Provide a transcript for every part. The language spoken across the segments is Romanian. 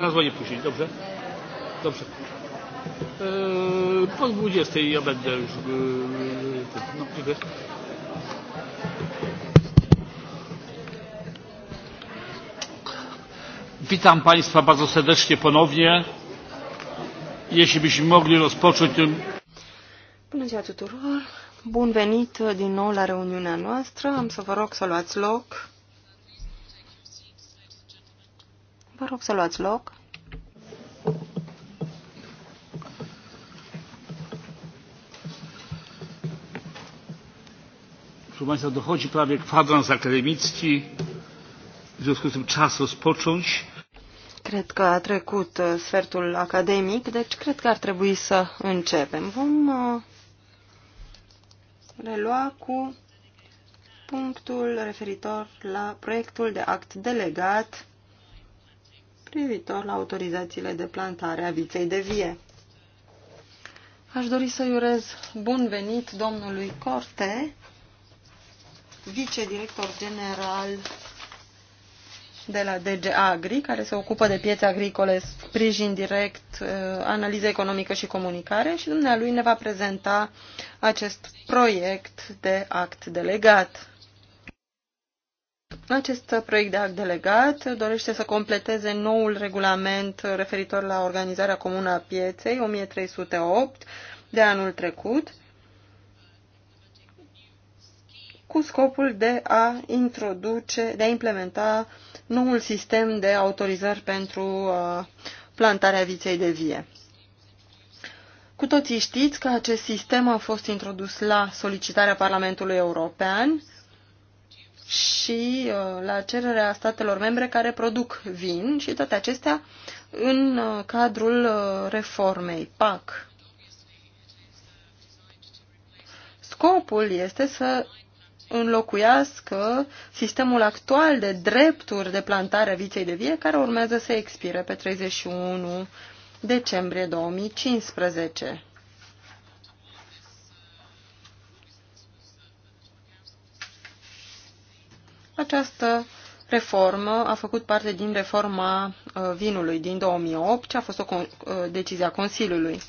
Zadzwonię później, dobrze? Dobrze. Eee, po 20 ja będę już. No, dziękuję. Witam Państwa bardzo serdecznie ponownie. Jeśli byśmy mogli rozpocząć tym. Bună ziua tuturor! Bun venit din nou la reuniunea noastră. Am să vă rog să luați loc. Vă rog să luați loc. Proszę Państwa, dochodzi prawie kwadrans akademicki. W związku z tym czas rozpocząć. Cred că a trecut sfertul academic, deci cred că ar trebui să începem. Vom relua cu punctul referitor la proiectul de act delegat privitor la autorizațiile de plantare a viței de vie. Aș dori să-i urez bun venit domnului Corte, vicedirector general de la DG Agri, care se ocupă de piețe agricole, sprijin direct, uh, analiză economică și comunicare și dumnealui ne va prezenta acest proiect de act delegat. Acest proiect de act delegat dorește să completeze noul regulament referitor la organizarea comună a pieței 1308 de anul trecut cu scopul de a introduce, de a implementa noul sistem de autorizări pentru uh, plantarea viței de vie. Cu toții știți că acest sistem a fost introdus la solicitarea Parlamentului European și uh, la cererea statelor membre care produc vin și toate acestea în uh, cadrul uh, reformei PAC. Scopul este să înlocuiască sistemul actual de drepturi de plantare a viței de vie care urmează să expire pe 31 decembrie 2015. Această reformă a făcut parte din reforma uh, vinului din 2008, ce a fost o uh, decizie a Consiliului.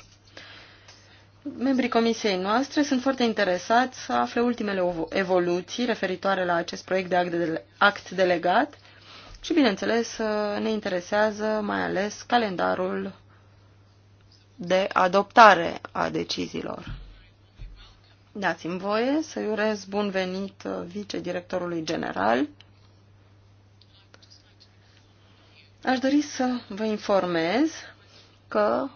Membrii comisiei noastre sunt foarte interesați să afle ultimele evoluții referitoare la acest proiect de act, de act delegat și, bineînțeles, uh, ne interesează mai ales calendarul de adoptare a deciziilor. Dați-mi voie să-i urez bun venit uh, vicedirectorului general. Aș dori să vă informez că,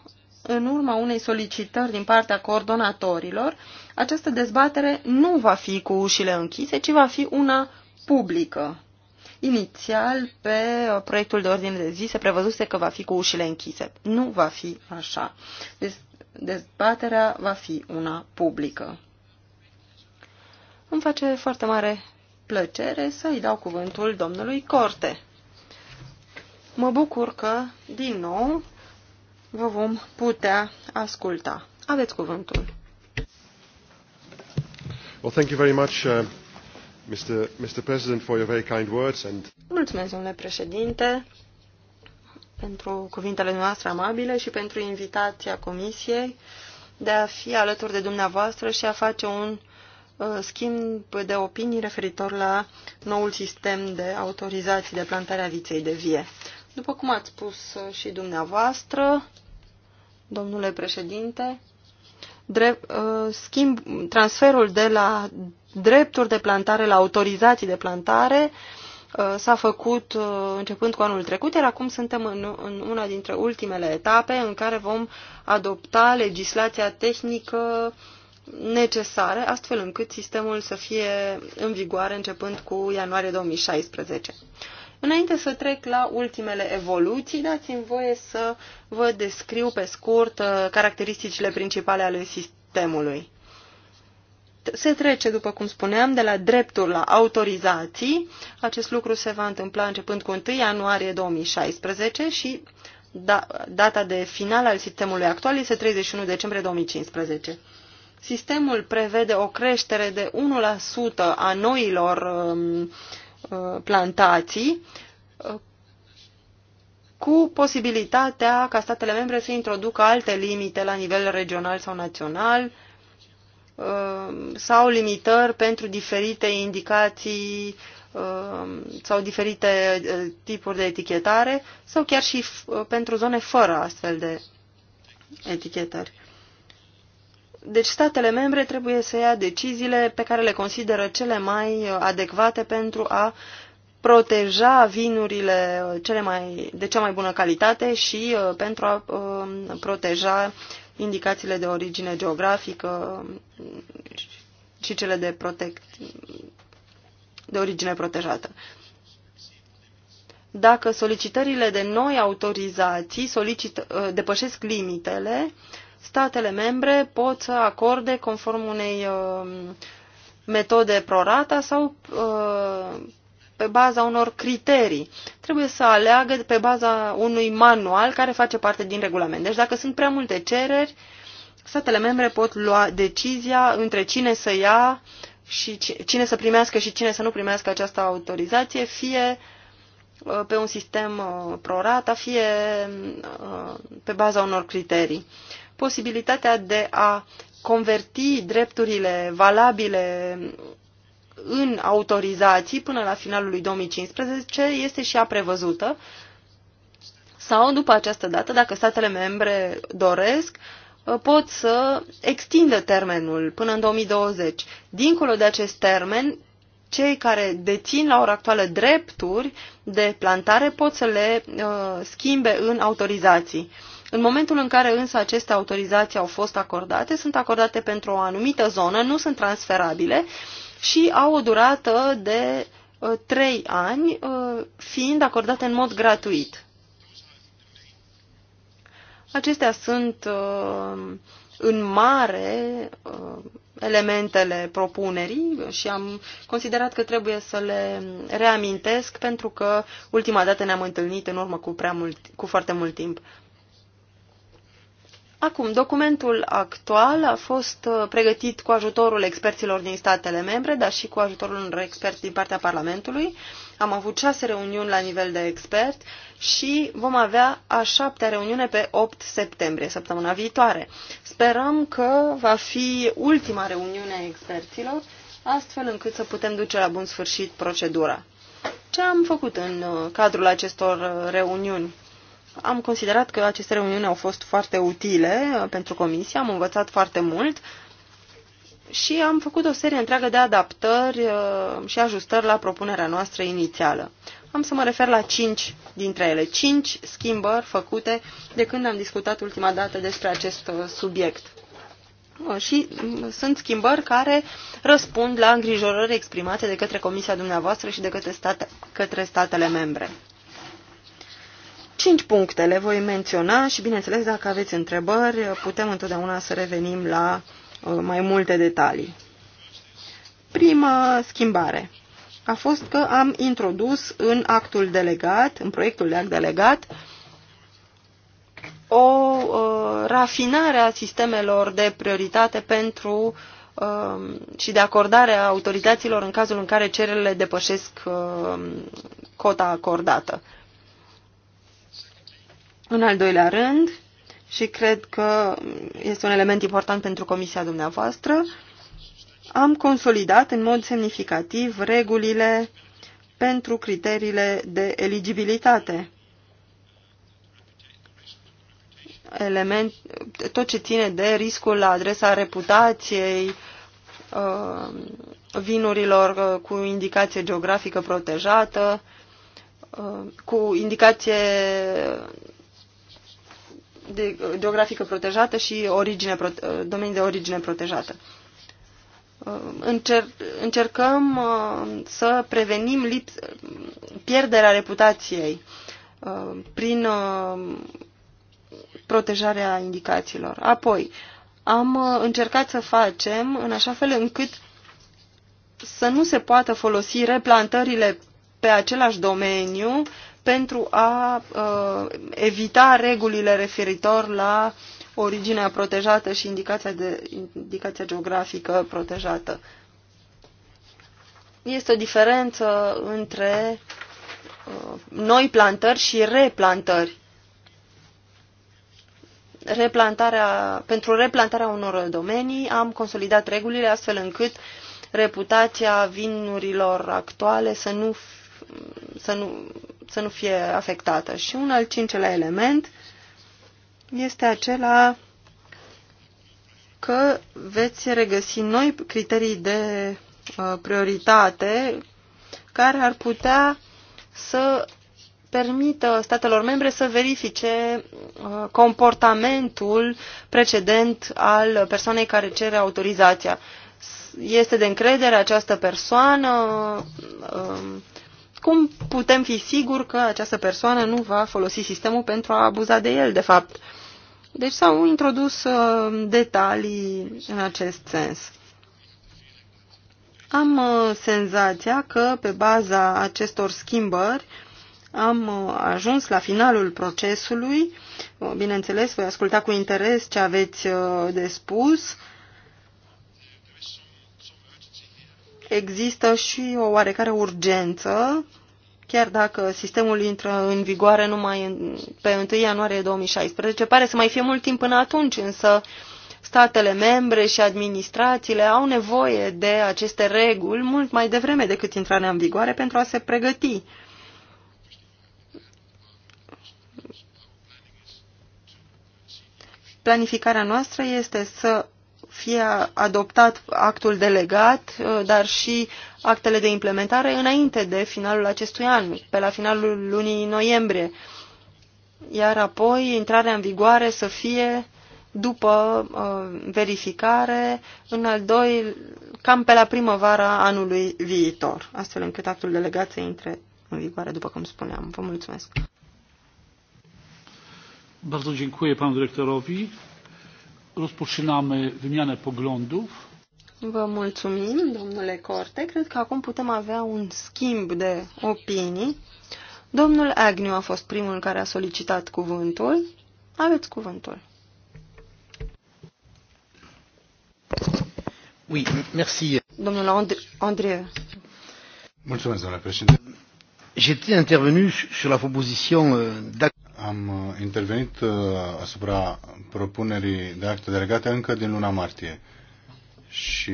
în urma unei solicitări din partea coordonatorilor, această dezbatere nu va fi cu ușile închise, ci va fi una publică. Inițial, pe uh, proiectul de ordine de zi se prevăzuse că va fi cu ușile închise. Nu va fi așa. Dezbaterea va fi una publică. Îmi face foarte mare plăcere să-i dau cuvântul domnului Corte. Mă bucur că, din nou, vă vom putea asculta. Aveți cuvântul. Well, thank you very much, uh, Mr. Mr. President, for your very kind words and... Mulțumesc, domnule președinte, pentru cuvintele noastre amabile și pentru invitația Comisiei de a fi alături de dumneavoastră și a face un Uh, schimb de opinii referitor la noul sistem de autorizații de plantare a viței de vie. După cum ați spus uh, și dumneavoastră, domnule președinte, drept, uh, schimb, transferul de la drepturi de plantare la autorizații de plantare s-a făcut începând cu anul trecut, iar acum suntem în, în una dintre ultimele etape în care vom adopta legislația tehnică necesare, astfel încât sistemul să fie în vigoare începând cu ianuarie 2016. Înainte să trec la ultimele evoluții, dați-mi voie să vă descriu pe scurt uh, caracteristicile principale ale sistemului. Se trece, după cum spuneam, de la dreptul la autorizații. Acest lucru se va întâmpla începând cu 1 ianuarie 2016 și da, data de final al sistemului actual este 31 decembrie 2015. Sistemul prevede o creștere de 1% a noilor um, uh, plantații uh, cu posibilitatea ca statele membre să introducă alte limite la nivel regional sau național um, sau limitări pentru diferite indicații um, sau diferite uh, tipuri de etichetare sau chiar și pentru zone fără astfel de etichetări. Deci statele membre trebuie să ia deciziile pe care le consideră cele mai adecvate pentru a proteja vinurile cele mai, de cea mai bună calitate și uh, pentru a uh, proteja indicațiile de origine geografică și cele de, protec- de origine protejată. Dacă solicitările de noi autorizații solicit, uh, depășesc limitele, statele membre pot să acorde conform unei uh, metode prorata sau uh, pe baza unor criterii. Trebuie să aleagă pe baza unui manual care face parte din regulament. Deci dacă sunt prea multe cereri, statele membre pot lua decizia între cine să ia și cine să primească și cine să nu primească această autorizație, fie uh, pe un sistem prorata, fie pe baza unor criterii posibilitatea de a converti drepturile valabile în autorizații până la finalul lui 2015 este și ea prevăzută sau după această dată, dacă statele membre doresc, pot să extindă termenul până în 2020. Dincolo de acest termen, cei care dețin la ora actuală drepturi de plantare pot să le uh, schimbe în autorizații. Uh, în momentul în care însă aceste autorizații au fost acordate, sunt acordate pentru o anumită zonă, nu sunt transferabile și au o durată de uh, trei ani, uh, fiind acordate în mod gratuit. Acestea sunt uh, în mare elementele propunerii și am considerat că trebuie să le reamintesc pentru că ultima dată ne-am întâlnit în urmă cu, prea mult, cu foarte mult timp. Acum, documentul actual a fost uh, pregătit cu ajutorul experților din statele membre, dar și cu ajutorul unor experți din partea Parlamentului. Am avut șase reuniuni la nivel de expert și vom avea a șaptea reuniune pe 8 septembrie, săptămâna viitoare. Sperăm că va fi ultima reuniune a experților, astfel încât să putem duce la bun sfârșit procedura. Ce am făcut în uh, cadrul acestor uh, reuniuni? Am considerat că aceste reuniuni au fost foarte utile uh, pentru comisie, am învățat foarte mult și am făcut o serie întreagă de adaptări uh, și ajustări la propunerea noastră inițială. Am să mă refer la cinci dintre ele, cinci schimbări făcute de când am discutat ultima dată despre acest uh, subiect. Și mm, sunt schimbări care răspund la îngrijorări exprimate de către Comisia dumneavoastră și de către, state, către statele membre. Cinci puncte le voi menționa și, bineînțeles, dacă aveți întrebări, putem întotdeauna să revenim la uh, mai multe detalii. Prima schimbare a fost că am introdus în actul delegat, în proiectul de act delegat, o uh, rafinare a sistemelor de prioritate pentru uh, și de acordare a autorităților în cazul în care cererile depășesc uh, cota acordată. Uh, în al doilea rând, și cred că este un element important pentru comisia dumneavoastră, am consolidat în mod semnificativ regulile pentru criteriile de eligibilitate. Element, tot ce ține de riscul la adresa reputației, uh, vinurilor uh, cu indicație geografică protejată, uh, cu indicație de, geografică protejată și origine, domenii de origine protejată. Uh, încer, încercăm uh, să prevenim lip, pierderea reputației uh, prin protejarea indicațiilor. Apoi, am încercat să facem în așa fel încât să nu se poată folosi replantările pe același domeniu pentru a uh, evita regulile referitor la originea protejată și indicația, de, indicația geografică protejată. Este o diferență între uh, noi plantări și replantări. Replantarea, pentru replantarea unor domenii am consolidat regulile astfel încât reputația vinurilor actuale să nu să nu, să nu fie afectată. Și un al cincelea element este acela că veți regăsi noi criterii de uh, prioritate care ar putea să permită statelor membre să verifice uh, comportamentul precedent al persoanei care cere autorizația. Este de încredere această persoană, uh, um, cum putem fi siguri că această persoană nu va folosi sistemul pentru a abuza de el, de fapt? Deci s-au introdus uh, detalii în acest sens. Am uh, senzația că pe baza acestor schimbări am uh, ajuns la finalul procesului. Bineînțeles, voi asculta cu interes ce aveți de spus există și o oarecare urgență, chiar dacă sistemul intră în vigoare numai în, pe 1 ianuarie 2016. Pare să mai fie mult timp până atunci, însă statele membre și administrațiile au nevoie de aceste reguli mult mai devreme decât intrarea în vigoare pentru a se pregăti. Planificarea noastră este să fie adoptat actul delegat, uh, dar și actele de implementare înainte de finalul acestui an, pe la finalul lunii noiembrie, iar apoi intrarea în vigoare să fie după uh, verificare în al doi, cam pe la primăvara anului viitor, astfel încât actul delegat să intre în vigoare, după cum spuneam. Vă mulțumesc. Bardzo dziękuję panu dyrektorowi. Rozpoczynamy wymianę poglądów. Vă mulțumim, domnule Corte. Cred că acum putem avea un schimb de opinii. Domnul Agnew a fost primul care a solicitat cuvântul. Aveți cuvântul. Oui, merci. Domnul Andrie. Mulțumesc, domnule președinte. J'étais intervenu sur la proposition euh, d'acte am uh, intervenit uh, asupra propunerii de acte delegate încă din luna martie și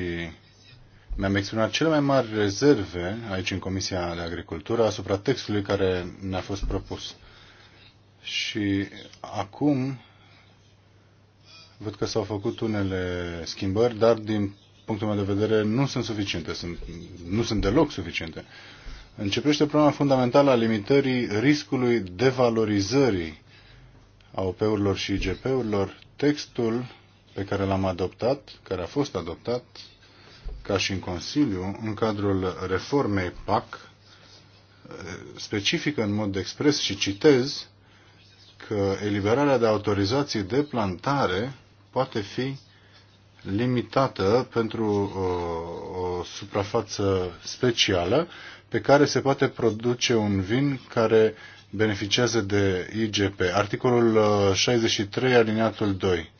mi-am exprimat cele mai mari rezerve aici în Comisia de Agricultură asupra textului care ne-a fost propus. Și acum văd că s-au făcut unele schimbări, dar din punctul meu de vedere nu sunt suficiente, sunt, nu sunt deloc suficiente. Începește problema fundamentală a limitării riscului devalorizării AOP-urilor și IGP-urilor. Textul pe care l-am adoptat, care a fost adoptat ca și în Consiliu, în cadrul reformei PAC, specifică în mod expres și citez că eliberarea de autorizații de plantare poate fi limitată pentru o, uh, o suprafață specială pe care se poate produce un vin care beneficiază de IGP. Articolul 63, uh, aliniatul 2.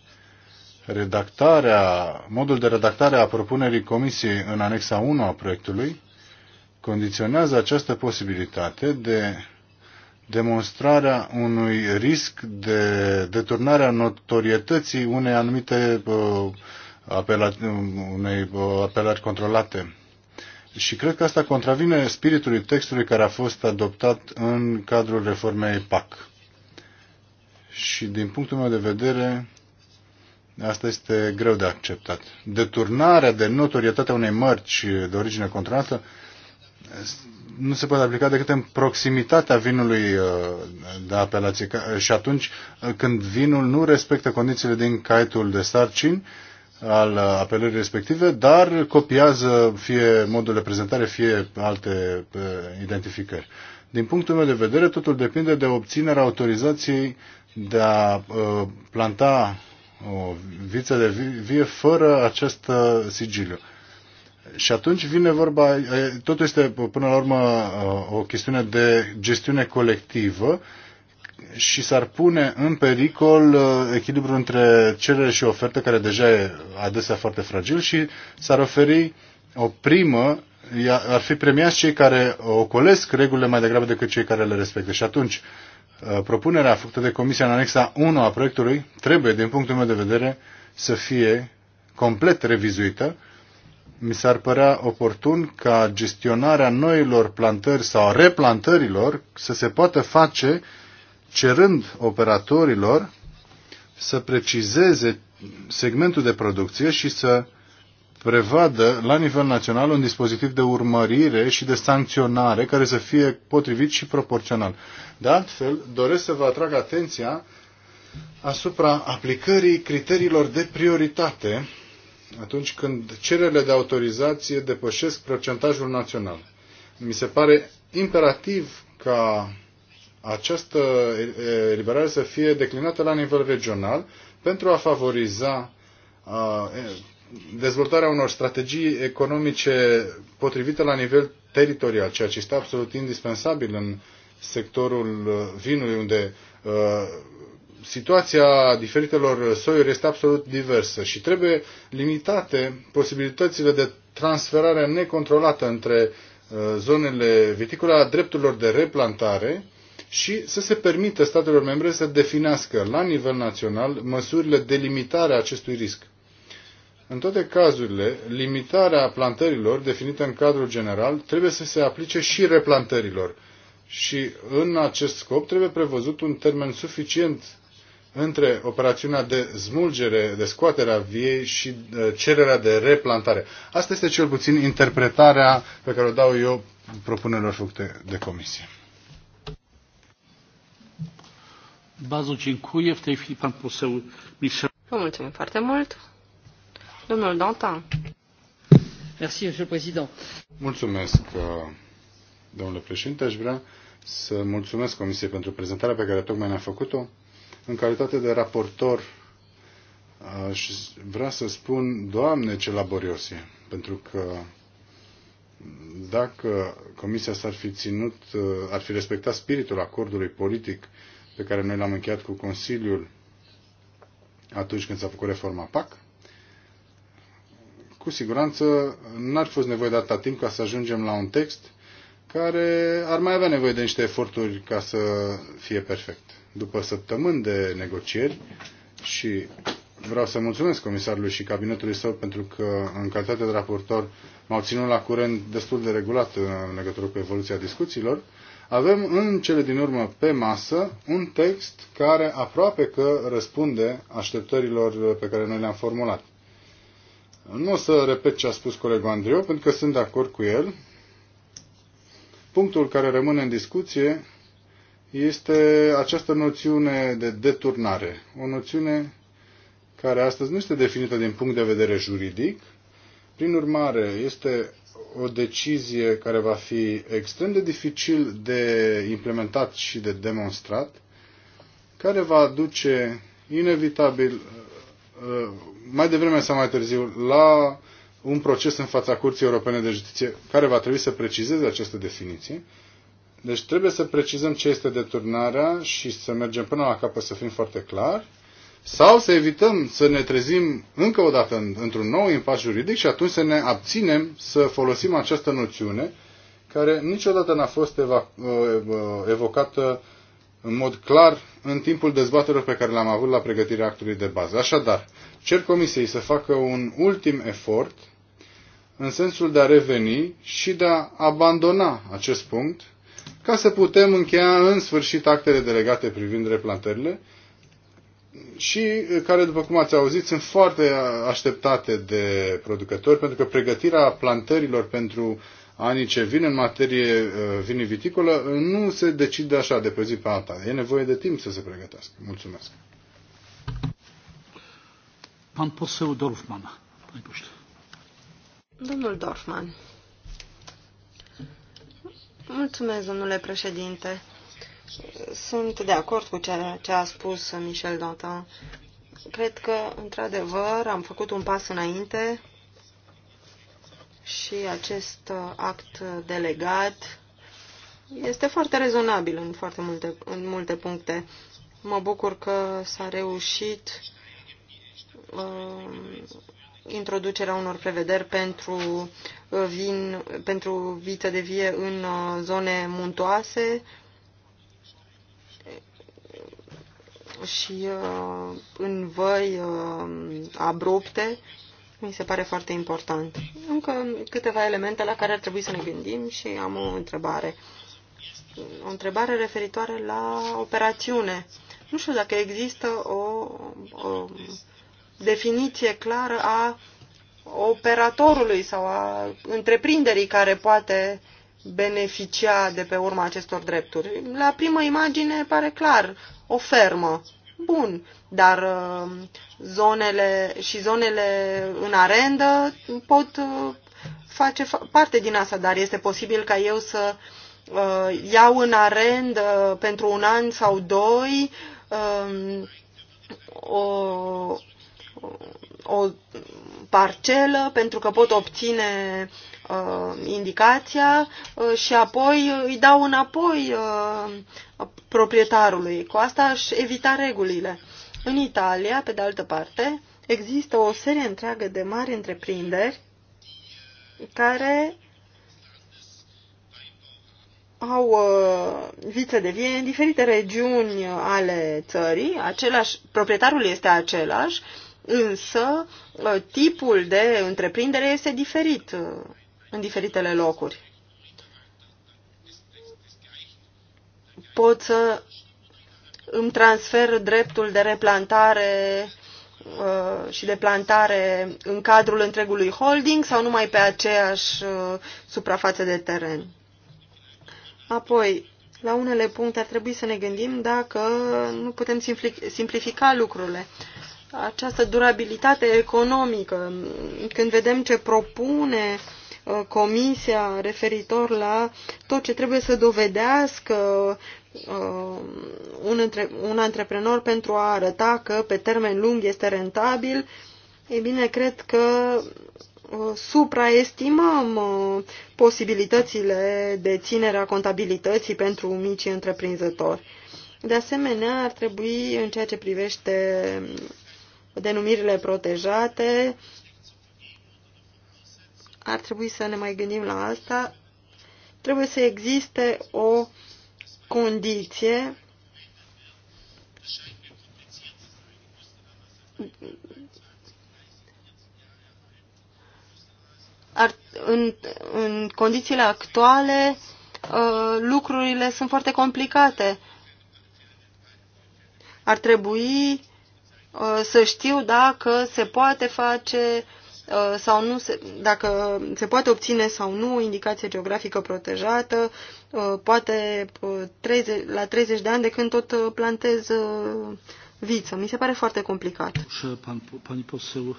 Redactarea, modul de redactare a propunerii Comisiei în anexa 1 a proiectului condiționează această posibilitate de demonstrarea unui risc de deturnarea notorietății unei anumite uh, apelari, unei uh, apelari controlate și cred că asta contravine spiritului textului care a fost adoptat în cadrul reformei PAC. Și din punctul meu de vedere, asta este greu de acceptat. Deturnarea de notorietatea unei mărci de origine controlată nu se poate aplica decât în proximitatea vinului uh, de apelație. Și atunci uh, când vinul nu respectă condițiile din caietul de sarcini, al apelării respective, dar copiază fie modul de prezentare, fie alte uh, identificări. Din punctul meu de vedere, totul depinde de obținerea autorizației de a uh, planta o viță de vie fără acest uh, sigiliu. Și atunci vine vorba, totul este până la urmă uh, o chestiune de gestiune colectivă și s-ar pune în pericol uh, echilibrul între cerere și ofertă, care deja e adesea foarte fragil, și s-ar oferi o primă, ar fi premiați cei care ocolesc regulile mai degrabă decât cei care le respectă. Și atunci, uh, propunerea făcută de Comisia în anexa 1 a proiectului trebuie, din punctul meu de vedere, să fie complet revizuită. Mi s-ar părea oportun ca gestionarea noilor plantări sau replantărilor să se poată face uh, cerând operatorilor să precizeze segmentul de producție și să prevadă la nivel național un dispozitiv de urmărire și de sancționare care să fie potrivit și proporțional. De altfel, doresc să vă atrag atenția asupra aplicării criteriilor de prioritate atunci când cererile de autorizație depășesc procentajul național. Mi se pare imperativ ca această eliberare să fie declinată la nivel regional pentru a favoriza dezvoltarea unor strategii economice potrivite la nivel teritorial, ceea ce este absolut indispensabil în sectorul vinului, unde situația diferitelor soiuri este absolut diversă și trebuie limitate posibilitățile de transferare necontrolată între zonele viticole a drepturilor de replantare și să se permită statelor membre să definească la nivel național măsurile de limitare a acestui risc. În toate cazurile, limitarea plantărilor definită în cadrul general trebuie să se aplice și replantărilor și în acest scop trebuie prevăzut un termen suficient între operațiunea de smulgere, de scoatere a viei și uh, cererea de replantare. Asta este cel puțin interpretarea pe care o dau eu propunerilor făcute de comisie. Bardzo dziękuję. W tej chwili pan poseł Michel. Vă mulțumim foarte mult. Domnul Merci, monsieur le président. Mulțumesc, uh, domnule președinte. Aș vrea să mulțumesc Comisiei pentru prezentarea pe care tocmai ne-a făcut-o. În calitate de raportor, aș vrea să spun, Doamne, ce laboriosie, pentru că dacă Comisia s-ar fi ținut, uh, ar fi respectat spiritul acordului politic pe care noi l-am încheiat cu Consiliul atunci când s-a făcut reforma PAC, cu siguranță n-ar fi fost nevoie de atâta timp ca să ajungem la un text care ar mai avea nevoie de niște eforturi ca să fie perfect. După săptămâni de negocieri și vreau să mulțumesc comisarului și cabinetului său pentru că în calitate de raportor m-au ținut la curent destul de regulat în legătură cu evoluția discuțiilor, avem în cele din urmă pe masă un text care aproape că răspunde așteptărilor pe care noi le-am formulat. Nu o să repet ce a spus colegul Andriu, pentru că sunt de acord cu el. Punctul care rămâne în discuție este această noțiune de deturnare, o noțiune care astăzi nu este definită din punct de vedere juridic, prin urmare, este o decizie care va fi extrem de dificil de implementat și de demonstrat, care va duce inevitabil uh, mai devreme sau mai târziu la un proces în fața Curții Europene de Justiție care va trebui să precizeze această definiție. Deci trebuie să precizăm ce este deturnarea și să mergem până la capăt să fim foarte clari sau să evităm să ne trezim încă o dată într-un nou impas juridic și atunci să ne abținem să folosim această noțiune care niciodată n-a fost uh, uh, evocată în mod clar în timpul dezbaterilor pe care le-am avut la pregătirea actului de bază. Așadar, cer Comisiei să facă un ultim efort în sensul de a reveni și de a abandona acest punct ca să putem încheia în sfârșit actele delegate privind replantările și care, după cum ați auzit, sunt foarte așteptate de producători, pentru că pregătirea plantărilor pentru anii ce vin în materie viniviticolă nu se decide așa de pe zi pe alta. E nevoie de timp să se pregătească. Mulțumesc. Pan poseu Dorfman. Domnul Dorfman. Mulțumesc, domnule președinte. Sunt de acord cu ceea ce a spus Michel Dantin. Cred că, într-adevăr, am făcut un pas înainte și acest act delegat este foarte rezonabil în foarte multe, în multe puncte. Mă bucur că s-a reușit uh, introducerea unor prevederi pentru, vin, pentru vită de vie în uh, zone muntoase, și uh, în văi uh, abrupte, mi se pare foarte important. Încă câteva elemente la care ar trebui să ne gândim și am o întrebare. O întrebare referitoare la operațiune. Nu știu dacă există o, o definiție clară a operatorului sau a întreprinderii care poate uh, beneficia de pe urma acestor drepturi? La prima imagine pare clar, o fermă. Bun, dar uh, zonele și zonele în arendă pot uh, face parte din asta, dar este posibil ca eu să uh, iau în arendă pentru un an sau doi um, o, o parcelă pentru că pot obține uh, uh, indicația uh, și apoi îi dau înapoi uh, proprietarului. Cu asta aș evita regulile. În Italia, pe de altă parte, există o serie întreagă de mari întreprinderi care au uh, viță de vie în diferite regiuni ale țării, același, proprietarul este același, însă uh, tipul de întreprindere este diferit. Uh, în diferitele locuri. Pot să îmi transfer dreptul de replantare uh, și de plantare în cadrul întregului holding sau numai pe aceeași uh, suprafață de teren. Apoi, la unele puncte ar trebui să ne gândim dacă nu putem simplifica lucrurile. Această durabilitate economică, când vedem ce propune uh, Uh, comisia referitor la tot ce trebuie să dovedească uh, un, între, un antreprenor pentru a arăta că pe termen lung este rentabil, e bine, cred că uh, supraestimăm posibilitățile de ținere a contabilității pentru micii întreprinzători. De asemenea, ar trebui, în ceea ce privește um, denumirile protejate, ar trebui să ne mai gândim la asta, trebuie să existe o condiție ar, în, în condițiile actuale uh, lucrurile sunt foarte complicate. Ar trebui uh, să știu dacă se poate face Uh, sau nu se, dacă se poate obține sau nu indicație geografică protejată, uh, poate 30, uh, la 30 de ani de când tot plantez viță. Mi se pare foarte complicat. Pani poseu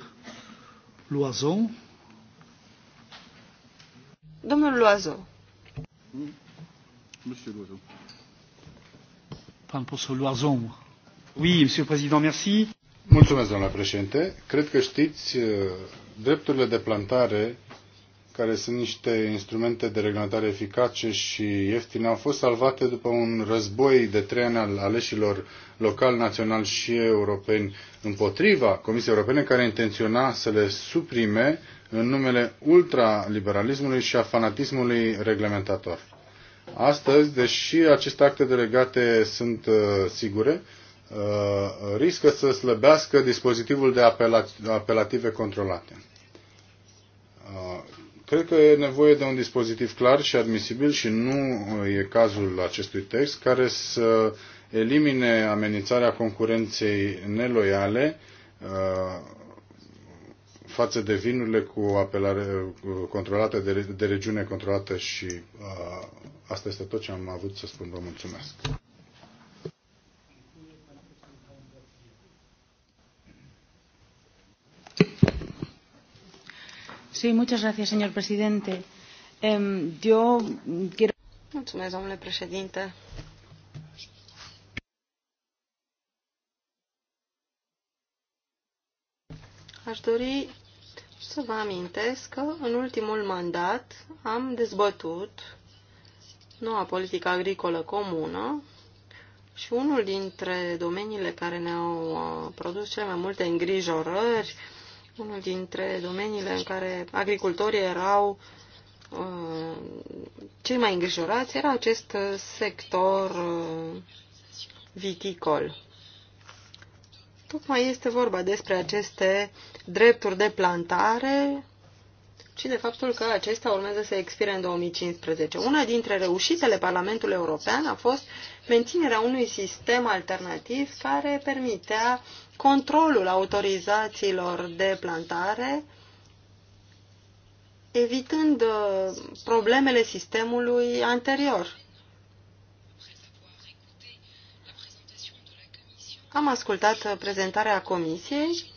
luazon Domnul luazon hmm? Monsieur Loazon. Pan poseu luazon Oui, monsieur le président, merci. Mulțumesc, domnule președinte. Cred că știți drepturile de plantare, care sunt niște instrumente de reglementare eficace și ieftine, au fost salvate după un război de trei ani al aleșilor local, național și europeni împotriva Comisiei Europene, care intenționa să le suprime în numele ultraliberalismului și a fanatismului reglementator. Astăzi, deși aceste acte delegate sunt uh, sigure, Uh, riscă să slăbească dispozitivul de apelative controlate. Uh, cred că e nevoie de un dispozitiv clar și admisibil și nu uh, e cazul acestui text care să elimine amenințarea concurenței neloiale față de vinurile cu apelare controlate de, de regiune controlată și asta este tot ce am avut să spun. Vă mulțumesc. Mulțumesc, domnule președinte. Aș dori să vă amintesc că în ultimul mandat am dezbătut noua politică agricolă comună și unul dintre domeniile care ne-au uh, produs cele mai multe îngrijorări unul dintre domeniile în care agricultorii erau uh, cei mai îngrijorați era acest uh, sector uh, viticol. Tocmai este vorba despre aceste drepturi de plantare ci de faptul că acesta urmează să expire în 2015. Una dintre reușitele Parlamentului European a fost menținerea unui sistem alternativ care permitea controlul autorizațiilor de plantare, evitând uh, problemele sistemului anterior. Am ascultat uh, prezentarea Comisiei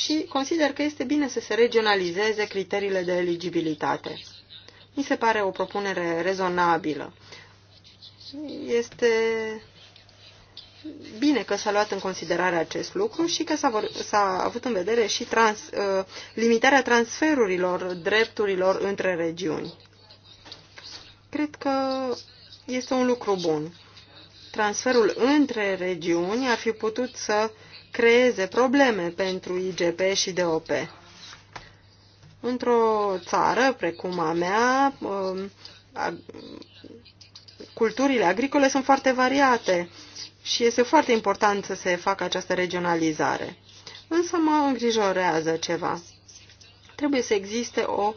și consider că este bine să se regionalizeze criteriile de eligibilitate. Mi se pare o propunere rezonabilă. Este bine că s-a luat în considerare acest lucru și că s-a avut în vedere și trans, uh, limitarea transferurilor drepturilor între regiuni. Cred că este un lucru bun. Transferul între regiuni ar fi putut să creeze probleme pentru IGP și DOP. Într-o țară precum a mea, um, culturile agricole sunt foarte variate și este foarte important să se facă această regionalizare. Însă mă îngrijorează ceva. Trebuie să existe o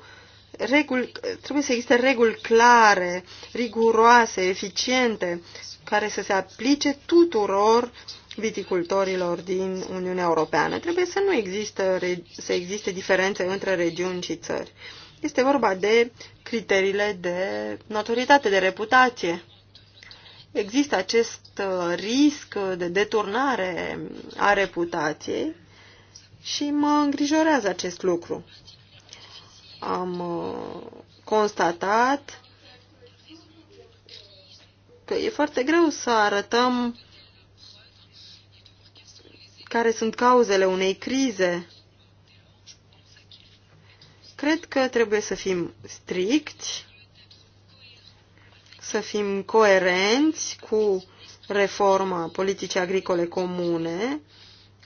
regul, trebuie să existe reguli clare, riguroase, eficiente, care să se aplice tuturor viticultorilor din Uniunea Europeană. Trebuie să nu există, să existe diferențe între regiuni și țări. Este vorba de criteriile de notoritate, de reputație. Există acest uh, risc de deturnare a reputației și mă îngrijorează acest lucru. Am uh, constatat că e foarte greu să arătăm care sunt cauzele unei crize. Cred că trebuie să fim stricți, să fim coerenți cu reforma politicii agricole comune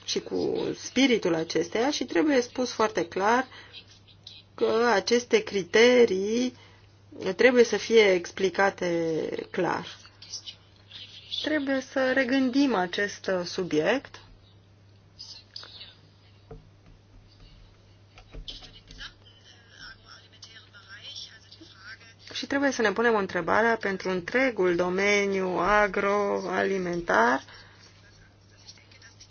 și cu spiritul acesteia și trebuie spus foarte clar că aceste criterii trebuie să fie explicate clar. Trebuie să regândim acest subiect trebuie să ne punem întrebarea pentru întregul domeniu agroalimentar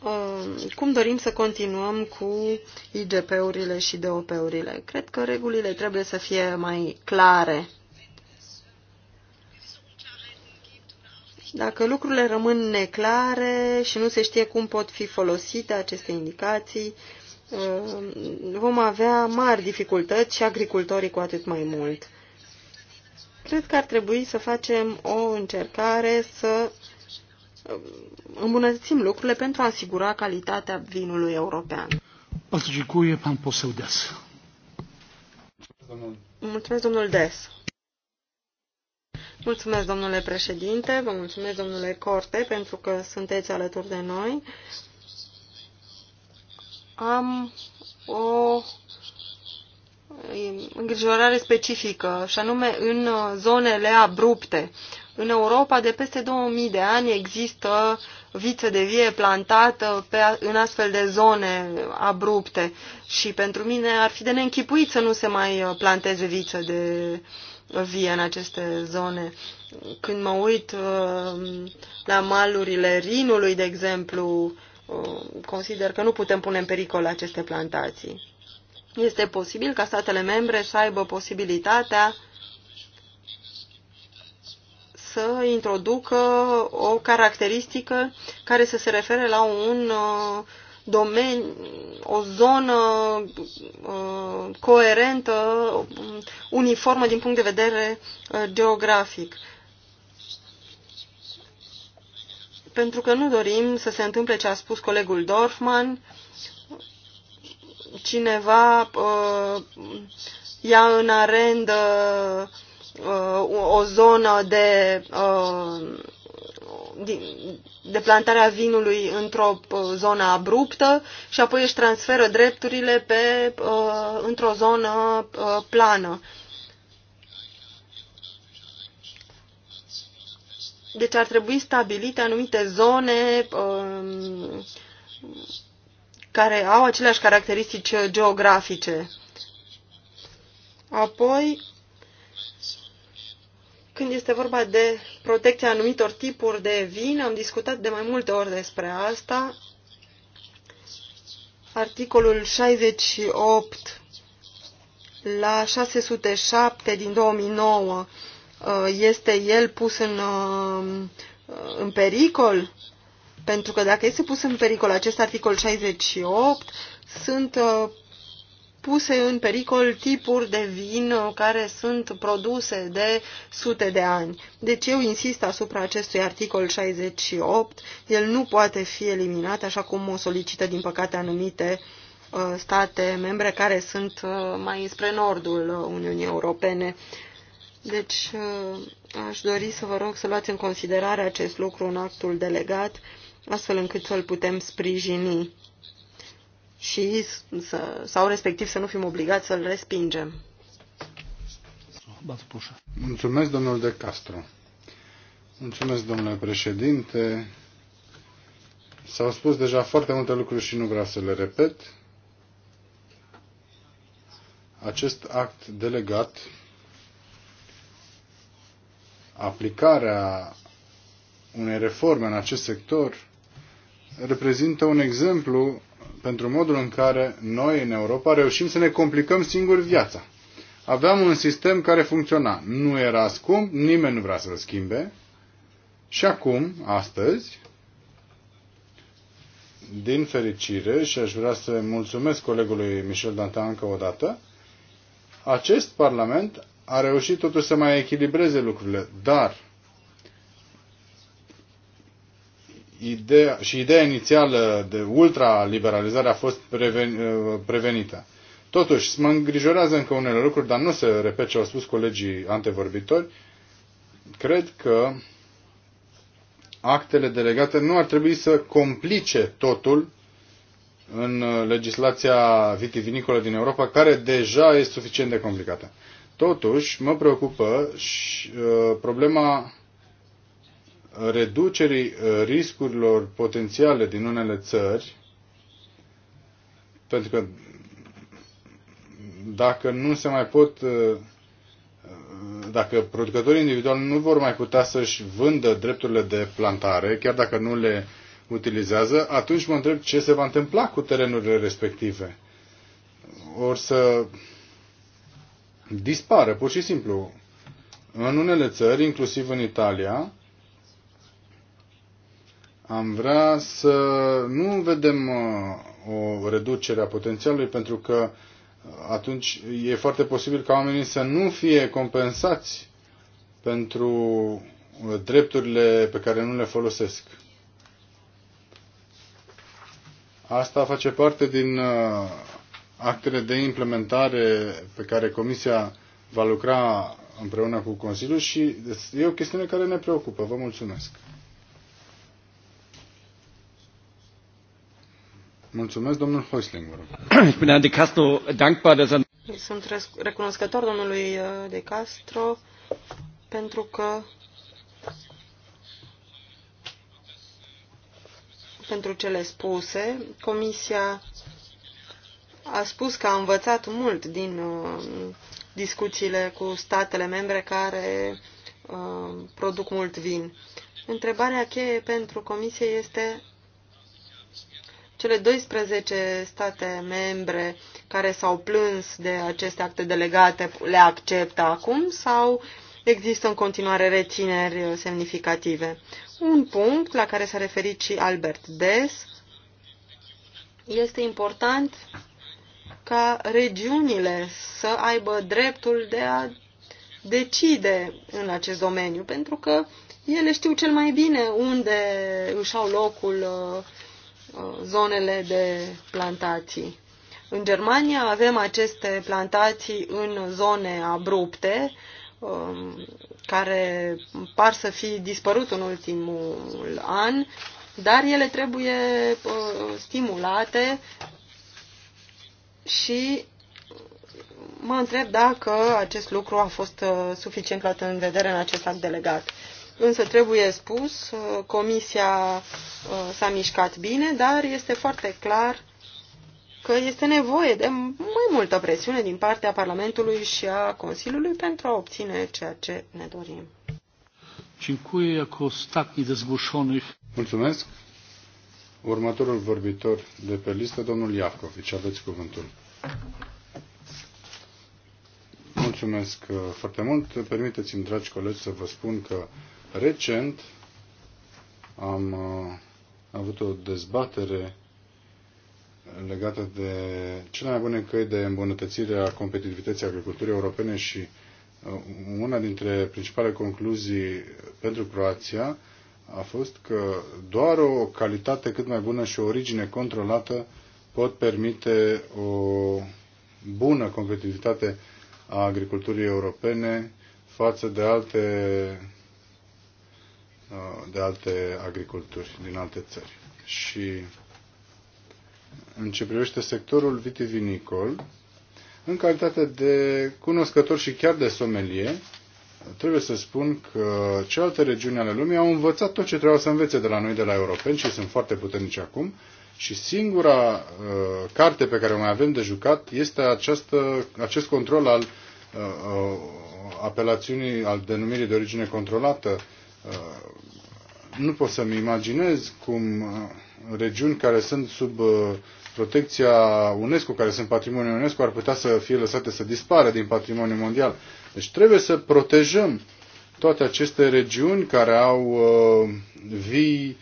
um, cum dorim să continuăm cu IGP-urile și DOP-urile. Cred că regulile trebuie să fie mai clare. Dacă lucrurile rămân neclare și nu se știe cum pot fi folosite aceste indicații, um, vom avea mari dificultăți și agricultorii cu atât mai mult. Cred că ar trebui să facem o încercare să um, îmbunătățim lucrurile pentru a asigura calitatea vinului european. Mulțumesc, domnul Des. Mulțumesc, domnule președinte, vă mulțumesc, domnule Corte, pentru că sunteți alături de noi. Am o îngrijorare specifică, și anume în uh, zonele abrupte. În Europa de peste 2000 de ani există viță de vie plantată pe, în astfel de zone abrupte și pentru mine ar fi de neînchipuit să nu se mai uh, planteze viță de vie în aceste zone. Când mă uit uh, la malurile Rinului, de exemplu, consider că nu putem pune în pericol aceste plantații. Este posibil ca statele membre să aibă posibilitatea să introducă o caracteristică care să se refere la un uh, domeniu, o zonă uh, coerentă, uniformă din punct de vedere uh, geografic. Pentru că nu dorim să se întâmple ce a spus colegul Dorfman, cineva uh, ia în arendă uh, o zonă de, uh, de plantarea vinului într-o uh, zonă abruptă și apoi își transferă drepturile pe, uh, într-o zonă uh, plană. Deci ar trebui stabilite anumite zone uh, care au aceleași caracteristici geografice. Apoi, când este vorba de protecția anumitor tipuri de vin, am discutat de mai multe ori despre asta. Articolul 68 la 607 din 2009 este el pus în, în pericol? Pentru că dacă este pus în pericol acest articol 68, sunt uh, puse în pericol tipuri de vin uh, care sunt produse de sute de ani. Deci eu insist asupra acestui articol 68, el nu poate fi eliminat așa cum o solicită din păcate anumite uh, state membre care sunt uh, mai spre nordul Uniunii Europene. Deci aș dori să vă rog să luați în considerare acest lucru în actul delegat astfel încât să-l putem sprijini și să, sau respectiv să nu fim obligați să-l respingem. Mulțumesc, domnul De Castro. Mulțumesc, domnule președinte. S-au spus deja foarte multe lucruri și nu vreau să le repet. Acest act delegat, aplicarea unei reforme în acest sector, reprezintă un exemplu pentru modul în care noi în Europa reușim să ne complicăm singuri viața. Aveam un sistem care funcționa. Nu era scump, nimeni nu vrea să-l schimbe. Și acum, astăzi, din fericire, și aș vrea să mulțumesc colegului Michel Dantan încă o dată, acest Parlament a reușit totuși să mai echilibreze lucrurile, dar ideea, și ideea inițială de ultraliberalizare a fost preven, prevenită. Totuși, mă îngrijorează încă unele lucruri, dar nu se repet ce au spus colegii antevorbitori. Cred că actele delegate nu ar trebui să complice totul în legislația vitivinicolă din Europa, care deja este suficient de complicată. Totuși, mă preocupă și, uh, problema reducerii uh, riscurilor potențiale din unele țări, pentru că dacă nu se mai pot, uh, uh, dacă producătorii individuali nu vor mai putea să-și vândă drepturile de plantare, chiar dacă nu le utilizează, atunci mă întreb ce se va întâmpla cu terenurile respective. Or să dispară, pur și simplu. În unele țări, inclusiv în Italia, am vrea să nu vedem uh, o reducere a potențialului, pentru că uh, atunci e foarte posibil ca oamenii să nu fie compensați pentru uh, drepturile pe care nu le folosesc. Asta face parte din actele de implementare pe care Comisia va lucra împreună cu Consiliul și e o chestiune care ne preocupă. Vă mulțumesc. Mulțumesc, domnul Hoisling, vă rog. de Castro dankbar, dass er... Sunt recunoscător domnului uh, de Castro pentru că pentru cele spuse. Comisia a spus că a învățat mult din uh, discuțiile cu statele membre care uh, produc mult vin. Întrebarea cheie pentru Comisie este cele 12 state membre care s-au plâns de aceste acte delegate le acceptă acum sau există în continuare rețineri semnificative? Un punct la care s-a referit și Albert Des este important ca regiunile să aibă dreptul de a decide în acest domeniu, pentru că ele știu cel mai bine unde își au locul uh, zonele de plantații. În Germania avem aceste plantații în zone abrupte, um, care par să fi dispărut în ultimul an, dar ele trebuie uh, stimulate și mă întreb dacă acest lucru a fost uh, suficient luat în vedere în acest act delegat. Însă trebuie spus, uh, comisia uh, s-a mișcat bine, dar este foarte clar că este nevoie de mai multă presiune din partea Parlamentului și a Consiliului pentru a obține ceea ce ne dorim. Mulțumesc. Următorul vorbitor de pe listă, domnul Iacovici, Aveți cuvântul. Mulțumesc uh, foarte mult. Permiteți-mi, dragi colegi, să vă spun că Recent am uh, avut o dezbatere legată de cele mai bune căi de îmbunătățire a competitivității agriculturii europene și uh, una dintre principalele concluzii pentru Croația a fost că doar o calitate cât mai bună și o origine controlată pot permite o bună competitivitate a agriculturii europene față de alte de alte agriculturi din alte țări. Și în ce privește sectorul vitivinicol, în calitate de cunoscător și chiar de somelie, trebuie să spun că celelalte regiuni ale lumii au învățat tot ce trebuia să învețe de la noi, de la europeni, și sunt foarte puternici acum. Și singura uh, carte pe care o mai avem de jucat este această, acest control al uh, uh, apelațiunii, al denumirii de origine controlată Uh, nu pot să-mi imaginez cum uh, regiuni care sunt sub uh, protecția UNESCO, care sunt patrimoniul UNESCO, ar putea să fie lăsate să dispară din patrimoniul mondial. Deci trebuie să protejăm toate aceste regiuni care au vii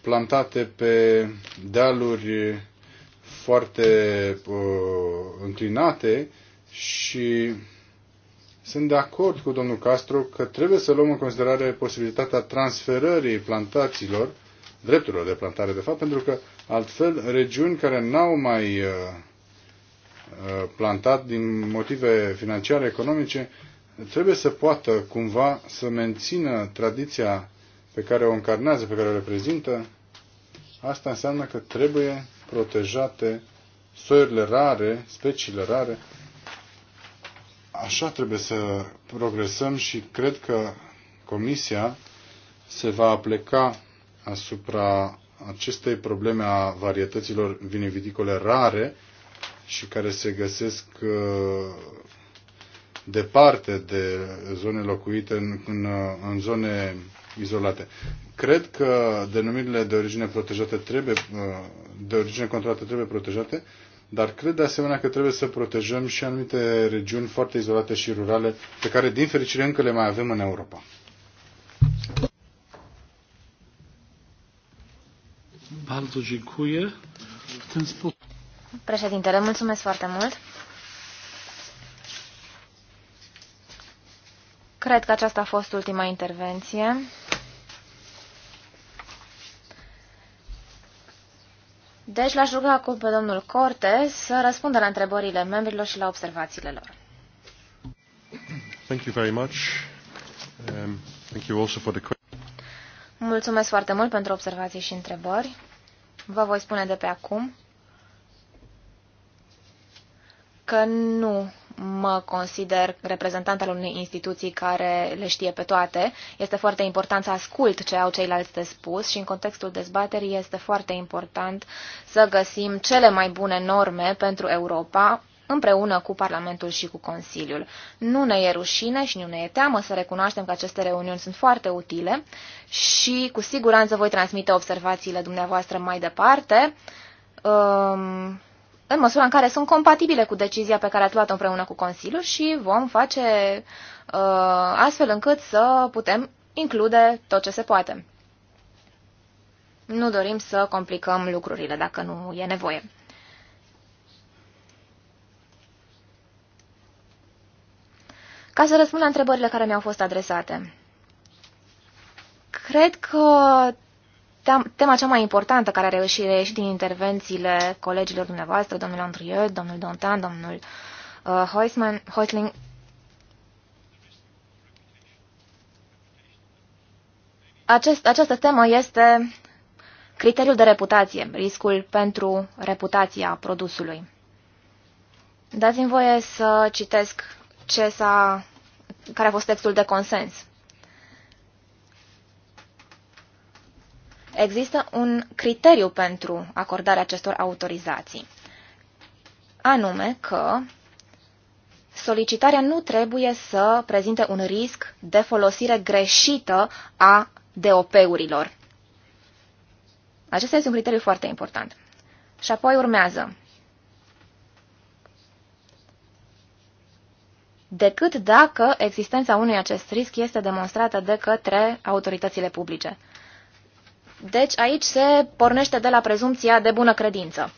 plantate pe dealuri foarte înclinate și sunt de acord cu domnul Castro că trebuie să luăm în considerare posibilitatea transferării plantațiilor, drepturilor de plantare, de fapt, pentru că altfel regiuni care n-au mai uh, uh, plantat din motive financiare, economice, trebuie să poată cumva să mențină tradiția pe care o încarnează, pe care o reprezintă. Asta înseamnă că trebuie protejate soiurile rare, speciile rare, așa trebuie să progresăm și cred că Comisia se va pleca asupra acestei probleme a varietăților viniviticole rare și care se găsesc uh, departe de zone locuite în, în, uh, în zone izolate. Cred că denumirile de origine protejate trebuie, uh, de origine controlată trebuie protejate dar cred de asemenea că trebuie să protejăm și anumite regiuni foarte izolate și rurale, pe care, din fericire, încă le mai avem în Europa. Președintele, mulțumesc foarte mult. Cred că aceasta a fost ultima intervenție. Deci l-aș ruga acum pe domnul Corte să răspundă la întrebările membrilor și la observațiile lor. Thank you very much. Um, thank you also for the Mulțumesc foarte mult pentru observații și întrebări. Vă voi spune de pe acum că nu mă consider reprezentant al unei instituții care le știe pe toate. Este foarte important să ascult ce au ceilalți de spus și în contextul dezbaterii este foarte important să găsim cele mai bune norme pentru Europa împreună cu Parlamentul și cu Consiliul. Nu ne e rușine și nu ne e teamă să recunoaștem că aceste reuniuni sunt foarte utile și cu siguranță voi transmite observațiile dumneavoastră mai departe. Um în măsura în care sunt compatibile cu decizia pe care ați luat-o împreună cu Consiliul și vom face uh, astfel încât să putem include tot ce se poate. Nu dorim să complicăm lucrurile dacă nu e nevoie. Ca să răspund la întrebările care mi-au fost adresate. Cred că tema cea mai importantă care a reușit și din intervențiile colegilor dumneavoastră, domnul Andrieu, domnul Dontan, domnul uh, Heusman, Heusling, Acest, această temă este criteriul de reputație, riscul pentru reputația produsului. Dați-mi voie să citesc ce a care a fost textul de consens. există un criteriu pentru acordarea acestor autorizații, anume că solicitarea nu trebuie să prezinte un risc de folosire greșită a DOP-urilor. Acesta este un criteriu foarte important. Și apoi urmează. decât dacă existența unui acest risc este demonstrată de către autoritățile publice. Deci aici se pornește de la prezumția de bună credință.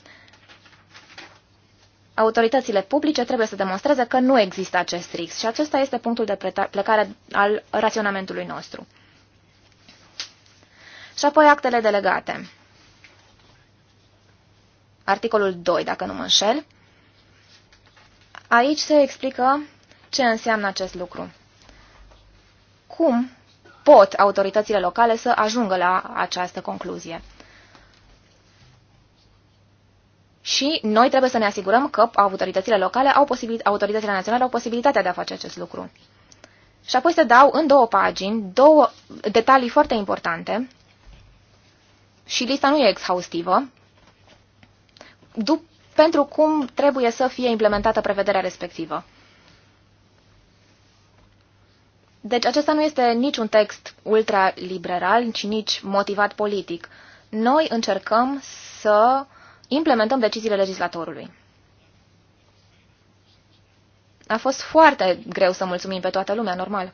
Autoritățile publice trebuie să demonstreze că nu există acest risc și acesta este punctul de plecare al raționamentului nostru. Și apoi actele delegate. Articolul 2, dacă nu mă înșel. Aici se explică ce înseamnă acest lucru. Cum pot autoritățile locale să ajungă la această concluzie. Și noi trebuie să ne asigurăm că autoritățile locale au autoritățile naționale au posibilitatea de a face acest lucru. Și apoi se dau în două pagini două detalii foarte importante și lista nu e exhaustivă, pentru cum trebuie să fie implementată prevederea respectivă. Deci acesta nu este niciun text ultraliberal, ci nici motivat politic. Noi încercăm să implementăm deciziile legislatorului. A fost foarte greu să mulțumim pe toată lumea, normal.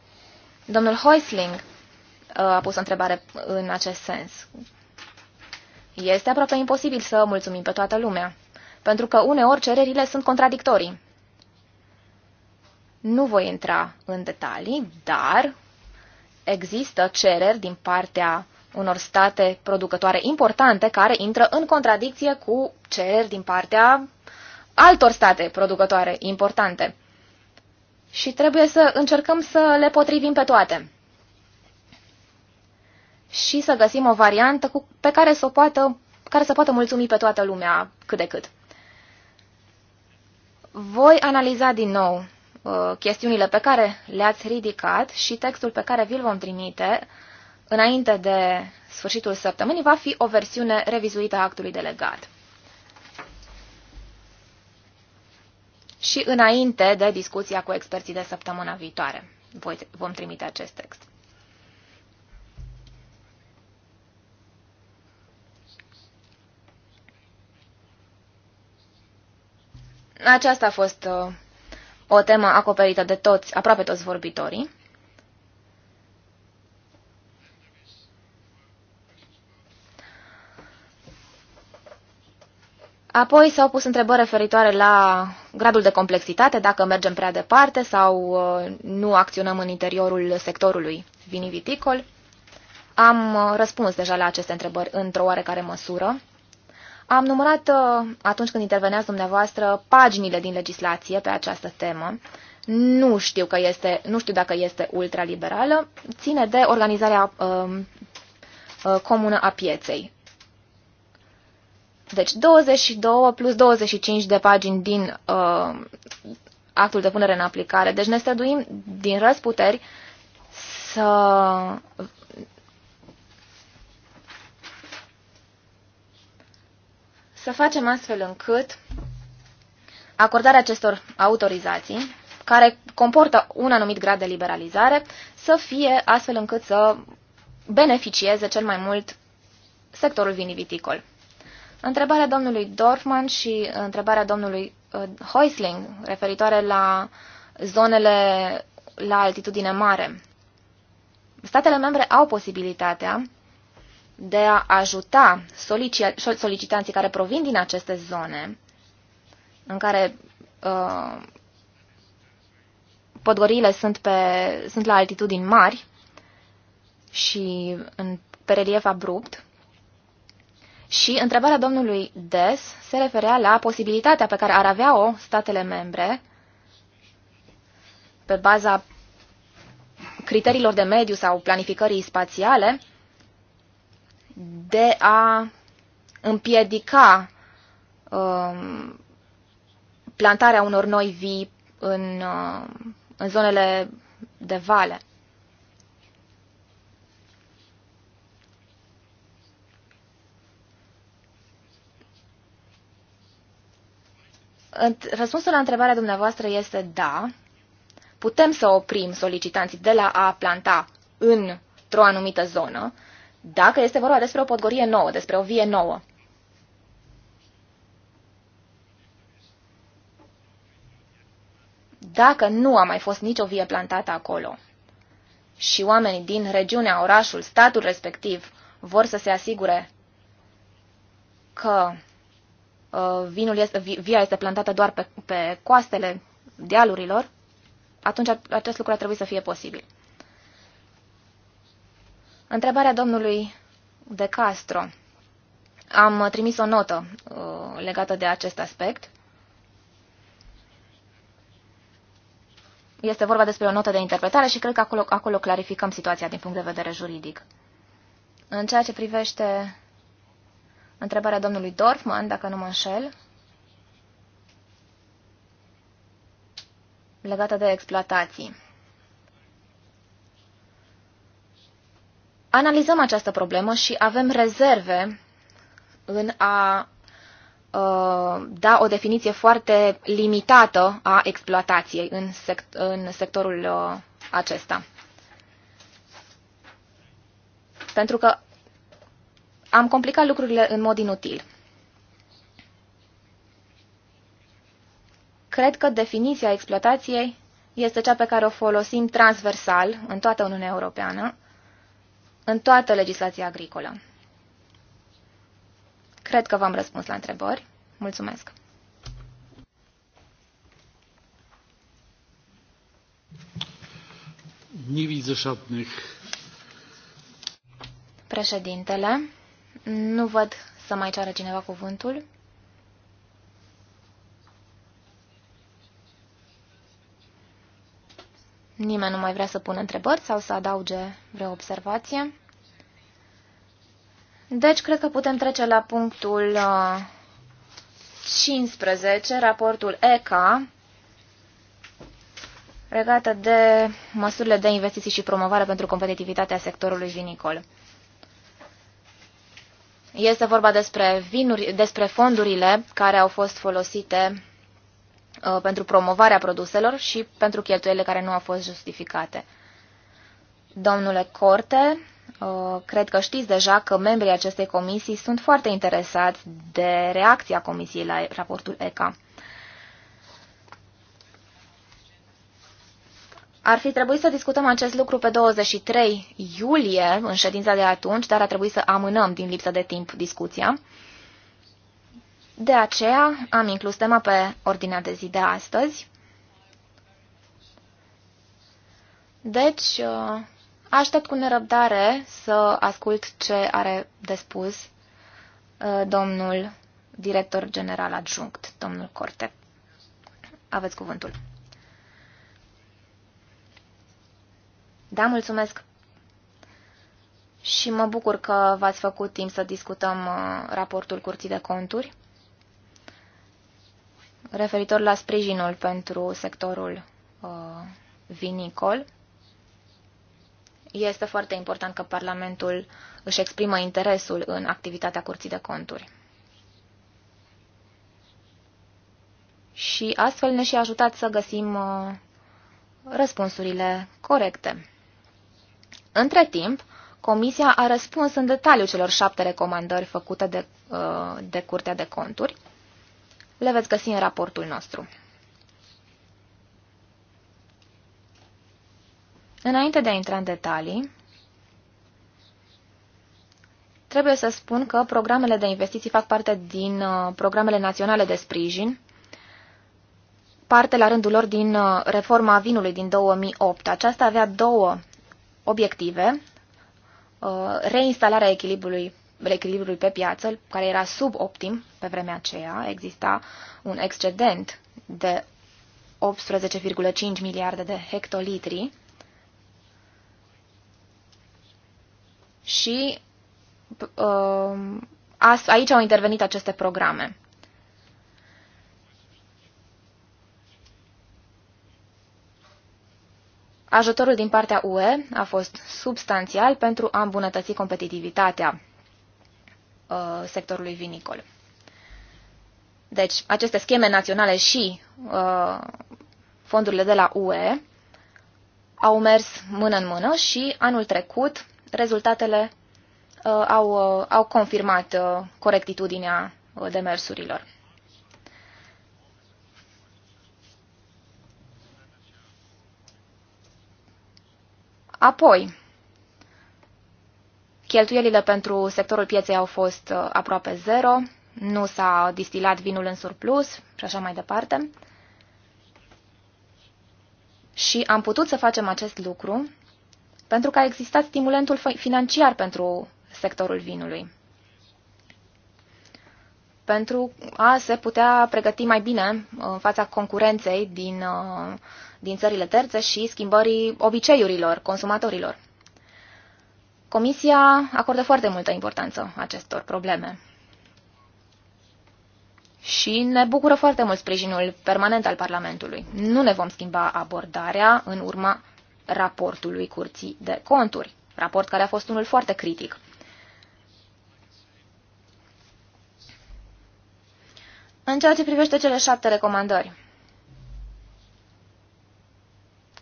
Domnul Heusling uh, a pus o întrebare în acest sens. Este aproape imposibil să mulțumim pe toată lumea, pentru că uneori cererile sunt contradictorii. Nu voi intra în detalii, dar există cereri din partea unor state producătoare importante care intră în contradicție cu cereri din partea altor state producătoare importante. Și trebuie să încercăm să le potrivim pe toate și să găsim o variantă cu, pe care să, o poată, care să poată mulțumi pe toată lumea cât de cât. Voi analiza din nou Uh, chestiunile pe care le-ați ridicat și textul pe care vi-l vom trimite înainte de sfârșitul săptămânii va fi o versiune revizuită a actului delegat. Și înainte de discuția cu experții de săptămâna viitoare voi, vom trimite acest text. Aceasta a fost uh, o temă acoperită de toți, aproape toți vorbitorii. Apoi s-au pus întrebări referitoare la gradul de complexitate, dacă mergem prea departe sau uh, nu acționăm în interiorul sectorului viniviticol. Am uh, răspuns deja la aceste întrebări într-o oarecare măsură. Am numărat uh, atunci când interveneați dumneavoastră paginile din legislație pe această temă. Nu știu, că este, nu știu dacă este ultraliberală. Ține de organizarea um, comună a pieței. Deci 22 plus 25 de pagini din uh, actul de punere în aplicare. Deci ne străduim din răsputeri să Să facem astfel încât acordarea acestor autorizații, care comportă un anumit grad de liberalizare, să fie astfel încât să beneficieze cel mai mult sectorul viniviticol. Întrebarea domnului Dorfman și întrebarea domnului Heusling uh, referitoare la zonele la altitudine mare. Statele membre au posibilitatea de a ajuta solicitanții care provin din aceste zone, în care uh, podgorile sunt, pe, sunt la altitudini mari și în, pe relief abrupt, și întrebarea domnului Des se referea la posibilitatea pe care ar avea-o statele membre pe baza criteriilor de mediu sau planificării spațiale de a împiedica um, plantarea unor noi vii în, uh, în zonele de vale. Răspunsul la întrebarea dumneavoastră este da. Putem să oprim solicitanții de la a planta într-o anumită zonă, dacă este vorba despre o podgorie nouă, despre o vie nouă. Dacă nu a mai fost nicio vie plantată acolo și oamenii din regiunea, orașul, statul respectiv vor să se asigure că uh, vinul este, via este plantată doar pe, pe coastele dealurilor, atunci acest lucru ar trebui să fie posibil. Întrebarea domnului De Castro. Am trimis o notă uh, legată de acest aspect. Este vorba despre o notă de interpretare și cred că acolo, acolo clarificăm situația din punct de vedere juridic. În ceea ce privește întrebarea domnului Dorfman, dacă nu mă înșel, legată de exploatații. analizăm această problemă și avem rezerve în a ă, da o definiție foarte limitată a exploatației în, sect- în sectorul ă, acesta. Pentru că am complicat lucrurile în mod inutil. Cred că definiția exploatației este cea pe care o folosim transversal în toată Uniunea Europeană în toată legislația agricolă. Cred că v-am răspuns la întrebări. Mulțumesc! Președintele, nu văd să mai ceară cineva cuvântul. Nimeni nu mai vrea să pună întrebări sau să adauge vreo observație. Deci, cred că putem trece la punctul 15, uh, raportul ECA, regată de măsurile de investiții și promovare pentru competitivitatea sectorului vinicol. Este vorba despre vinuri, despre fondurile care au fost folosite Uh, pentru promovarea produselor și pentru cheltuielile care nu au fost justificate. Domnule Corte, uh, cred că știți deja că membrii acestei comisii sunt foarte interesați de reacția comisiei la raportul ECA. Ar fi trebuit să discutăm acest lucru pe 23 iulie, în ședința de atunci, dar a trebuit să amânăm din lipsă de timp discuția. De aceea am inclus tema pe ordinea de zi de astăzi. Deci, uh, aștept cu nerăbdare să ascult ce are de spus uh, domnul director general adjunct, domnul Corte. Aveți cuvântul. Da, mulțumesc. Și mă bucur că v-ați făcut timp să discutăm uh, raportul Curții de Conturi referitor la sprijinul pentru sectorul uh, vinicol. Este foarte important că Parlamentul își exprimă interesul în activitatea Curții de Conturi. Și astfel ne și ajutat să găsim uh, răspunsurile corecte. Între timp, Comisia a răspuns în detaliu celor șapte recomandări făcute de, uh, de Curtea de Conturi le veți găsi în raportul nostru. Înainte de a intra în detalii, trebuie să spun că programele de investiții fac parte din uh, programele naționale de sprijin, parte la rândul lor din uh, reforma vinului din 2008. Aceasta avea două obiective, uh, reinstalarea echilibrului reechilibrului pe piață, care era suboptim pe vremea aceea. Exista un excedent de 18,5 miliarde de hectolitri și um, aici au intervenit aceste programe. Ajutorul din partea UE a fost substanțial pentru a îmbunătăți competitivitatea Uh, sectorului vinicol. Deci, aceste scheme naționale și uh, fondurile de la UE au mers mână în mână și anul trecut rezultatele uh, au, uh, au confirmat uh, corectitudinea uh, demersurilor. Apoi, Cheltuielile pentru sectorul pieței au fost uh, aproape zero, nu s-a distilat vinul în surplus și așa mai departe. Și am putut să facem acest lucru pentru că a existat stimulentul financiar pentru sectorul vinului. Pentru a se putea pregăti mai bine uh, în fața concurenței din, uh, din țările terțe și schimbării obiceiurilor consumatorilor. Comisia acordă foarte multă importanță acestor probleme. Și ne bucură foarte mult sprijinul permanent al Parlamentului. Nu ne vom schimba abordarea în urma raportului Curții de Conturi, raport care a fost unul foarte critic. În ceea ce privește cele șapte recomandări,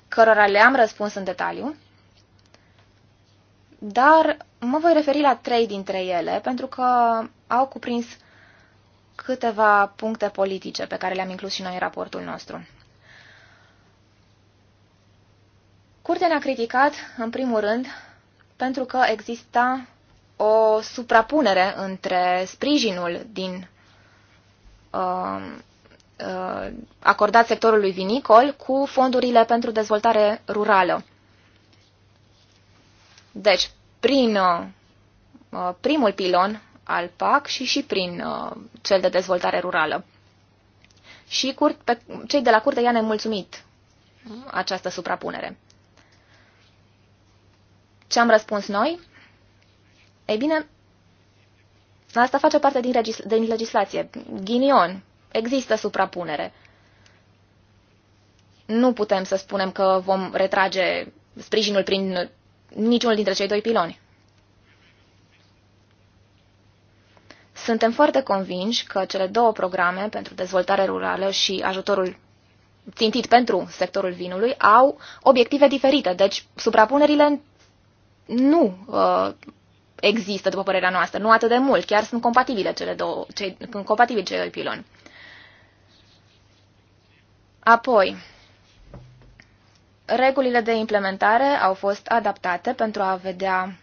cărora le-am răspuns în detaliu, dar mă voi referi la trei dintre ele, pentru că au cuprins câteva puncte politice pe care le-am inclus și noi în raportul nostru. Curtea ne-a criticat, în primul rând, pentru că exista o suprapunere între sprijinul din uh, uh, acordat sectorului vinicol cu fondurile pentru dezvoltare rurală. Deci, prin uh, uh, primul pilon al PAC și și prin uh, cel de dezvoltare rurală. Și curt, pe, cei de la curte i-a nemulțumit această suprapunere. Ce am răspuns noi? Ei bine, asta face parte din, regis, din legislație. Ghinion. Există suprapunere. Nu putem să spunem că vom retrage sprijinul prin niciunul dintre cei doi piloni. Suntem foarte convinși că cele două programe pentru dezvoltare rurală și ajutorul țintit pentru sectorul vinului au obiective diferite, deci suprapunerile nu uh, există, după părerea noastră, nu atât de mult, chiar sunt compatibile cele două, cei, compatibile cei doi piloni. Apoi, Regulile de implementare au fost adaptate pentru a vedea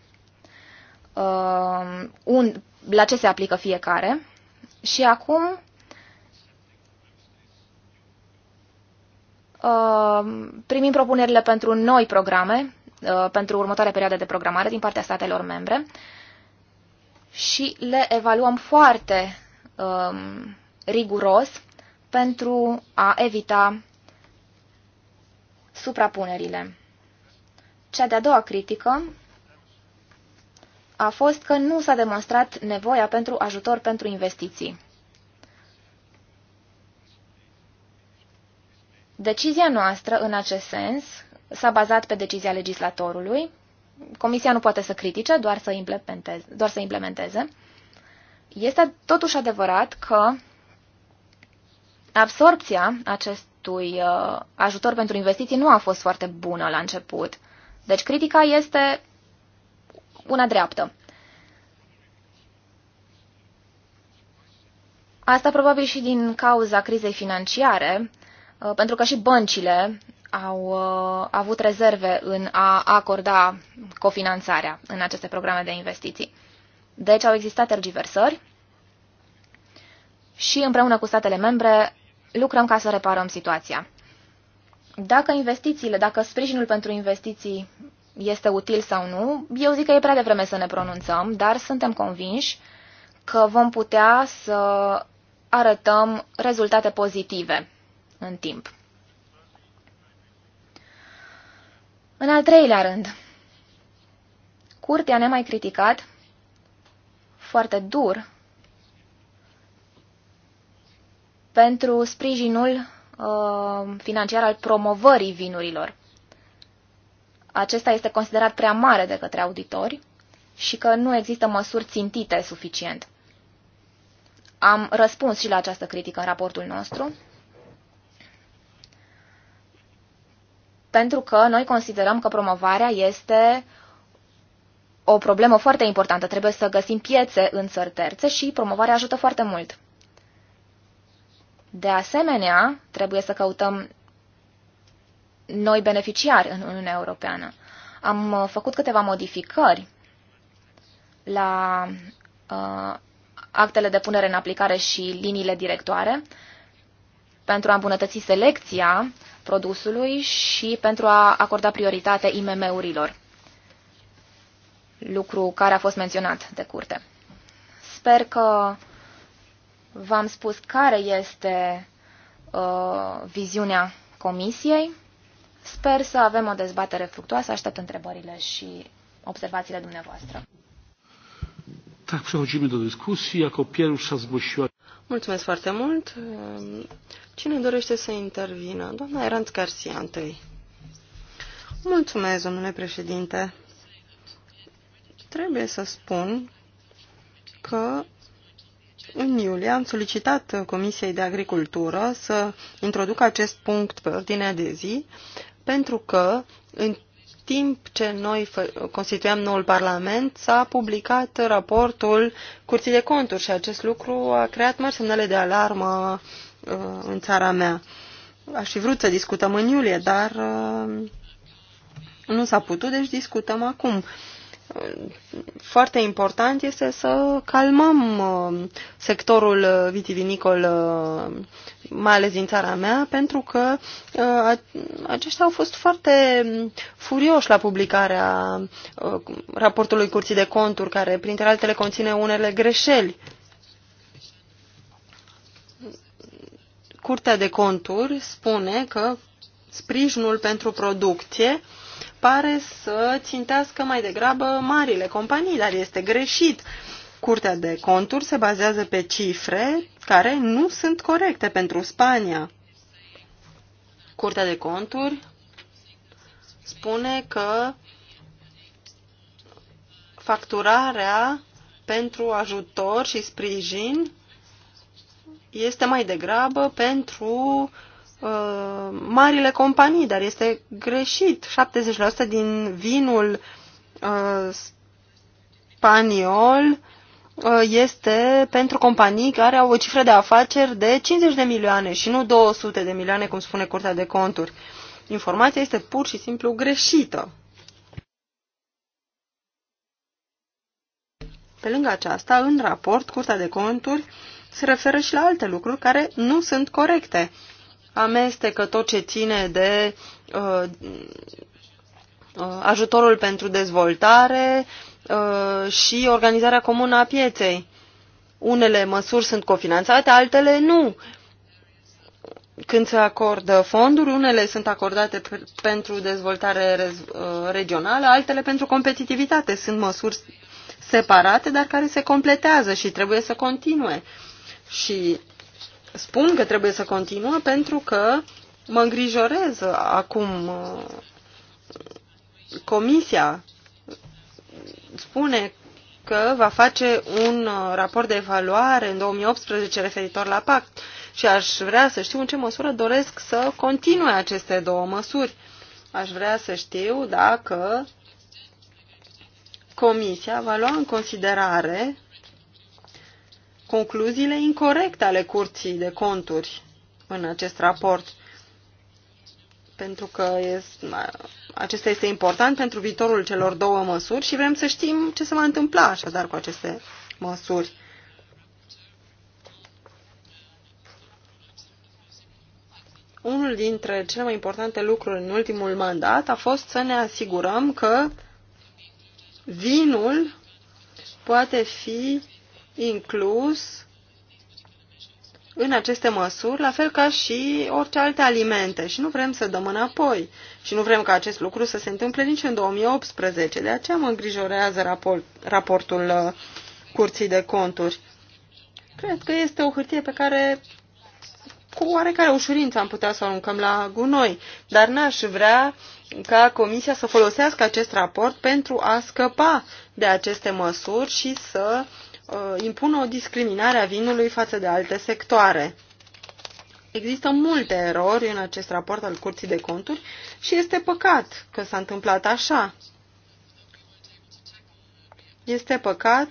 uh, un, la ce se aplică fiecare și acum uh, primim propunerile pentru noi programe, uh, pentru următoarea perioadă de programare din partea statelor membre și le evaluăm foarte uh, riguros pentru a evita suprapunerile. Cea de-a doua critică a fost că nu s-a demonstrat nevoia pentru ajutor pentru investiții. Decizia noastră, în acest sens, s-a bazat pe decizia legislatorului. Comisia nu poate să critique, doar să implementeze. Doar să implementeze. Este totuși adevărat că absorpția acest, acestui uh, ajutor pentru investiții nu a fost foarte bună la început. Deci critica este una dreaptă. Asta probabil și din cauza crizei financiare, uh, pentru că și băncile au uh, avut rezerve în a acorda cofinanțarea în aceste programe de investiții. Deci au existat tergiversări și împreună cu statele membre lucrăm ca să reparăm situația. Dacă investițiile, dacă sprijinul pentru investiții este util sau nu, eu zic că e prea devreme să ne pronunțăm, dar suntem convinși că vom putea să arătăm rezultate pozitive în timp. În al treilea rând, curtea ne-a mai criticat foarte dur pentru sprijinul uh, financiar al promovării vinurilor. Acesta este considerat prea mare de către auditori și că nu există măsuri țintite suficient. Am răspuns și la această critică în raportul nostru, pentru că noi considerăm că promovarea este o problemă foarte importantă. Trebuie să găsim piețe în țări terțe și promovarea ajută foarte mult. De asemenea, trebuie să căutăm noi beneficiari în Uniunea Europeană. Am uh, făcut câteva modificări la uh, actele de punere în aplicare și liniile directoare pentru a îmbunătăți selecția produsului și pentru a acorda prioritate IMM-urilor, lucru care a fost menționat de curte. Sper că V-am spus care este uh, viziunea comisiei. Sper să avem o dezbatere fructuoasă. Aștept întrebările și observațiile dumneavoastră. Tak, przechodzimy do dyskusji. Jako pierwsza zgłosiła... Mulțumesc foarte mult. Cine dorește să intervină? Doamna Erant Garcia întâi. Mulțumesc, domnule președinte. Trebuie să spun că în iulie am solicitat Comisiei de Agricultură să introducă acest punct pe ordinea de zi, pentru că în timp ce noi constituiam noul Parlament, s-a publicat raportul Curții de Conturi și acest lucru a creat mari semnale de alarmă uh, în țara mea. Aș fi vrut să discutăm în iulie, dar uh, nu s-a putut, deci discutăm acum foarte important este să calmăm uh, sectorul uh, vitivinicol, uh, mai ales din țara mea, pentru că aceștia au fost foarte mm, furioși la publicarea raportului Curții de Conturi, care, printre altele, conține unele greșeli. Curtea de Conturi spune că sprijinul pentru producție uh, pare să țintească mai degrabă marile companii, dar este greșit. Curtea de conturi se bazează pe cifre care nu sunt corecte pentru Spania. Curtea de conturi spune că facturarea pentru ajutor și sprijin este mai degrabă pentru uh, Uh, marile companii, dar este greșit. 70% din vinul uh, spaniol uh, este pentru companii care au o cifră de afaceri de 50 de milioane și nu 200 de milioane, cum spune Curtea de Conturi. Informația este pur și simplu greșită. Pe lângă aceasta, în raport, Curtea de Conturi se referă și la alte lucruri care nu sunt corecte amestecă tot ce ține de uh, uh, ajutorul pentru dezvoltare uh, și organizarea comună a pieței. Unele măsuri sunt cofinanțate, altele nu. Când se acordă fonduri, unele sunt acordate pentru dezvoltare uh, regională, altele pentru competitivitate. Sunt măsuri separate, dar care se completează și trebuie să continue. Și spun că trebuie să continuă pentru că mă îngrijorez acum uh, comisia spune că va face un uh, raport de evaluare în 2018 referitor la pact și aș vrea să știu în ce măsură doresc să continue aceste două măsuri. Aș vrea să știu dacă Comisia va lua în considerare concluziile incorrecte ale curții de conturi în acest raport. Pentru că este, acesta este important pentru viitorul celor două măsuri și vrem să știm ce se va întâmpla așadar cu aceste măsuri. Unul dintre cele mai importante lucruri în ultimul mandat a fost să ne asigurăm că vinul poate fi inclus în aceste măsuri, la fel ca și orice alte alimente și nu vrem să dăm înapoi și nu vrem ca acest lucru să se întâmple nici în 2018. De aceea mă îngrijorează raport, raportul uh, Curții de Conturi. Cred că este o hârtie pe care cu oarecare ușurință am putea să o aruncăm la gunoi, dar n-aș vrea ca Comisia să folosească acest raport pentru a scăpa de aceste măsuri și să Uh, impună o discriminare a vinului față de alte sectoare. Există multe erori în acest raport al Curții de Conturi și este păcat că s-a întâmplat așa. Este păcat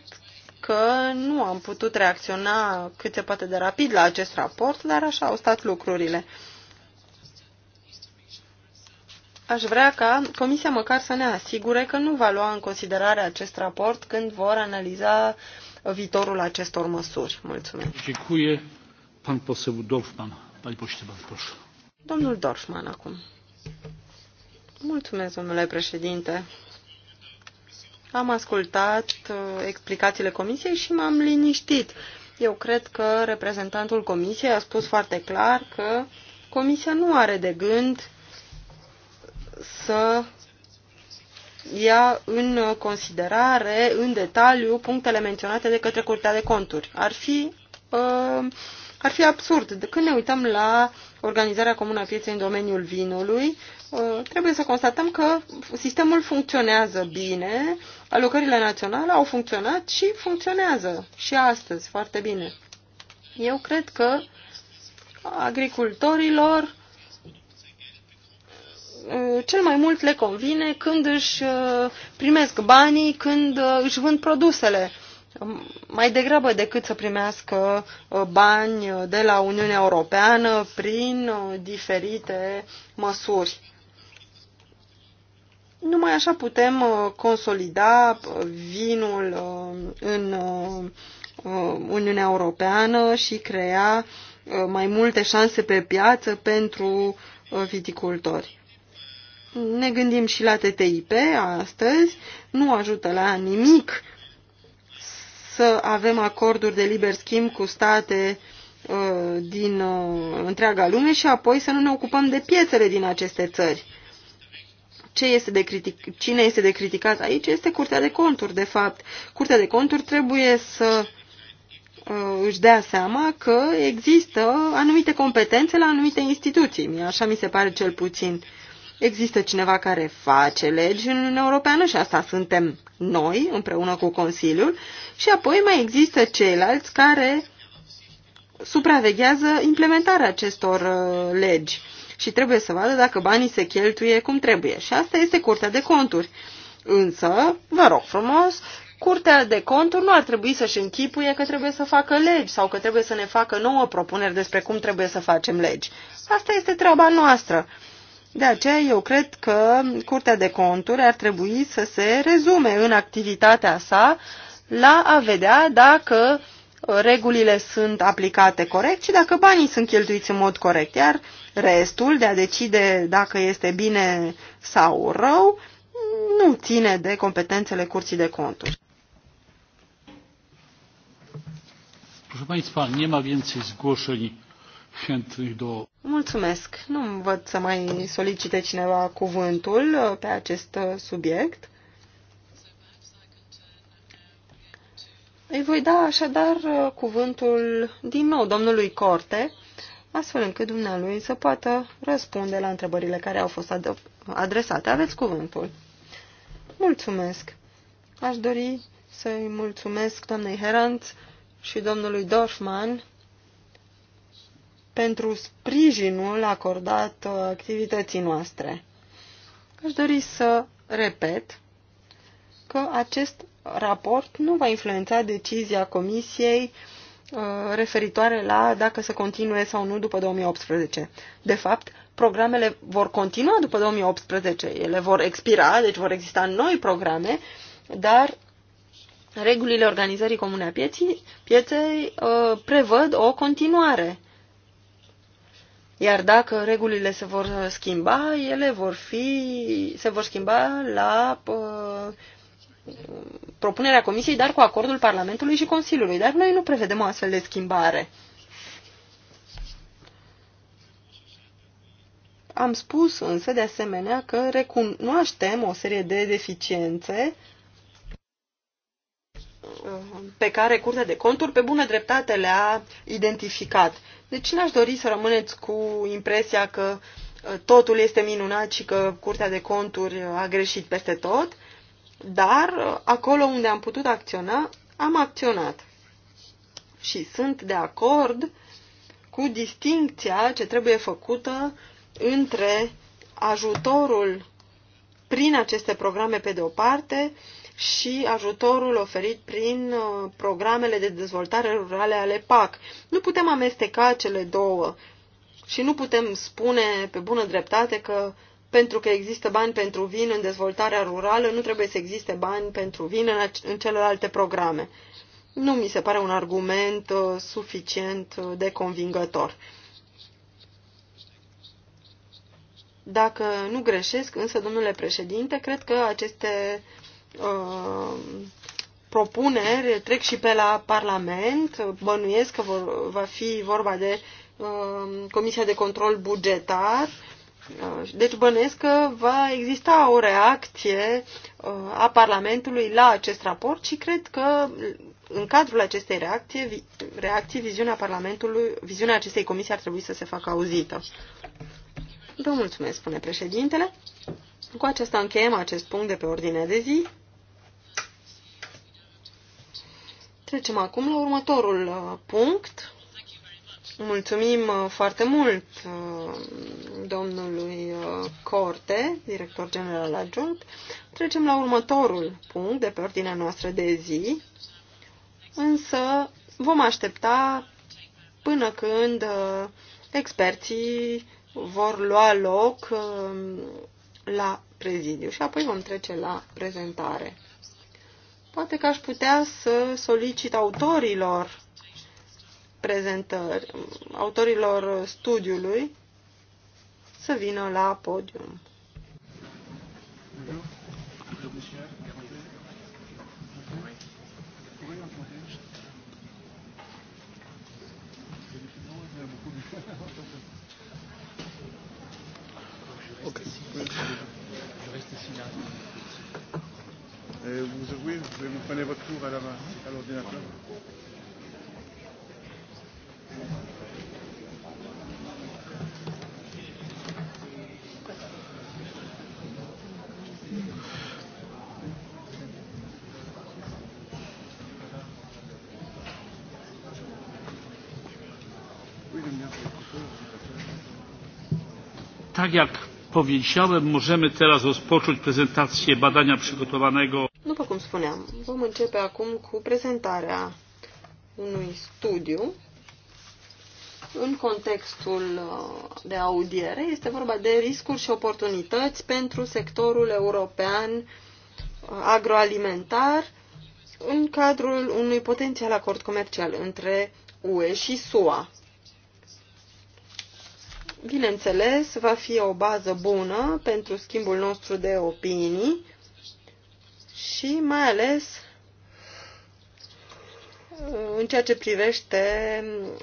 că nu am putut reacționa cât se poate de rapid la acest raport, dar așa au stat lucrurile. Aș vrea ca Comisia măcar să ne asigure că nu va lua în considerare acest raport când vor analiza uh, viitorul acestor măsuri. Mulțumesc. Dziękuję. Pan poseł Dorfman. Pani poște, proszę. Domnul Dorfman acum. Mulțumesc, domnule președinte. Am ascultat uh, explicațiile comisiei și m-am liniștit. Eu cred că reprezentantul comisiei a spus foarte clar că comisia nu are de gând să ia în considerare, în detaliu, punctele menționate de către Curtea de Conturi. Ar fi, uh, ar fi absurd. Când ne uităm la organizarea comună a pieței în domeniul vinului, uh, trebuie să constatăm că sistemul funcționează bine, alocările naționale au funcționat și funcționează și astăzi foarte bine. Eu cred că agricultorilor Uh, cel mai mult le convine când își uh, primesc banii, când uh, își vând produsele, um, mai degrabă decât să primească bani de la Uniunea Europeană prin diferite măsuri. Numai așa putem consolida vinul în Uniunea Europeană și crea mai multe șanse pe piață pentru viticultori. Ne gândim și la TTIP astăzi, nu ajută la nimic să avem acorduri de liber schimb cu state uh, din uh, întreaga lume și apoi să nu ne ocupăm de piețele din aceste țări. Ce este de critic, cine este de criticat aici este Curtea de Conturi, de fapt. Curtea de Conturi trebuie să uh, își dea seama că există anumite competențe la anumite instituții. Așa mi se pare cel puțin. Uh, Există cineva care face legi în Uniunea Europeană și asta suntem noi împreună cu Consiliul și apoi mai există ceilalți care supraveghează implementarea acestor uh, legi și trebuie să vadă dacă banii se cheltuie cum trebuie. Și asta este Curtea de Conturi. Însă, vă rog frumos, Curtea de Conturi nu ar trebui să-și închipuie că trebuie să facă legi sau că trebuie să ne facă nouă propuneri despre cum trebuie să facem legi. Asta este treaba noastră. De aceea eu cred că Curtea de Conturi ar trebui să se rezume în activitatea sa la a vedea dacă regulile sunt aplicate corect și dacă banii sunt cheltuiți în mod corect, iar restul de a decide dacă este bine sau rău nu ține de competențele Curții de Conturi. Proszę Państwa, nie ma więcej zgłoszeń Mulțumesc. Nu văd să mai solicite cineva cuvântul uh, pe acest uh, subiect. Îi voi da așadar uh, cuvântul din nou domnului Corte, astfel încât dumnealui să poată răspunde la întrebările care au fost adresate. Aveți cuvântul. Mulțumesc. Aș dori să-i mulțumesc doamnei Heranț și domnului Dorfman pentru sprijinul acordat uh, activității noastre. Aș dori să repet că acest raport nu va influența decizia Comisiei uh, referitoare la dacă să continue sau nu după 2018. De fapt, programele vor continua după 2018, ele vor expira, deci vor exista noi programe, dar regulile organizării comune a pieții, pieței uh, prevăd o continuare. Iar dacă regulile se vor schimba, ele vor fi, se vor schimba la pă, propunerea Comisiei, dar cu acordul Parlamentului și Consiliului. Dar noi nu prevedem o astfel de schimbare. Am spus însă de asemenea că recunoaștem o serie de deficiențe pe care Curtea de Conturi pe bună dreptate le-a identificat. Deci n-aș dori să rămâneți cu impresia că uh, totul este minunat și că Curtea de Conturi uh, a greșit peste tot, dar uh, acolo unde am putut acționa, am acționat. Și sunt de acord cu distincția ce trebuie făcută între ajutorul prin aceste programe pe de o parte și ajutorul oferit prin uh, programele de dezvoltare rurale ale PAC. Nu putem amesteca cele două și nu putem spune pe bună dreptate că pentru că există bani pentru vin în dezvoltarea rurală, nu trebuie să existe bani pentru vin în, celelalte programe. Nu mi se pare un argument uh, suficient uh, de convingător. Dacă nu greșesc, însă, domnule președinte, cred că aceste Uh, propuneri trec și pe la Parlament. Bănuiesc că vor, va fi vorba de uh, Comisia de Control Bugetar. Uh, deci bănuiesc că va exista o reacție a Parlamentului la acest raport și cred că în cadrul acestei reacții, reacții viziunea Parlamentului, viziunea acestei comisii ar trebui să se facă auzită. Vă mulțumesc, spune președintele. Cu aceasta încheiem acest punct de pe ordinea de zi. Trecem acum la următorul uh, punct. Mulțumim uh, foarte mult uh, domnului Corte, director general adjunct. Trecem la următorul punct de pe ordinea noastră de zi, însă vom aștepta până când experții vor lua loc la prezidiu și apoi vom trece la prezentare. Poate că aș putea să solicit autorilor prezentări, autorilor studiului, să vină la podium. Da. vous ouvrez, vous prenez votre tour à l'ordinateur. Tak jak powiedziałem, możemy teraz rozpocząć prezentację badania przygotowanego cum spuneam, vom începe acum cu prezentarea unui studiu în contextul uh, de audiere. Este vorba de riscuri și oportunități pentru sectorul european uh, agroalimentar în cadrul unui potențial acord comercial între UE și SUA. Bineînțeles, va fi o bază bună pentru schimbul nostru de opinii și mai ales în ceea ce privește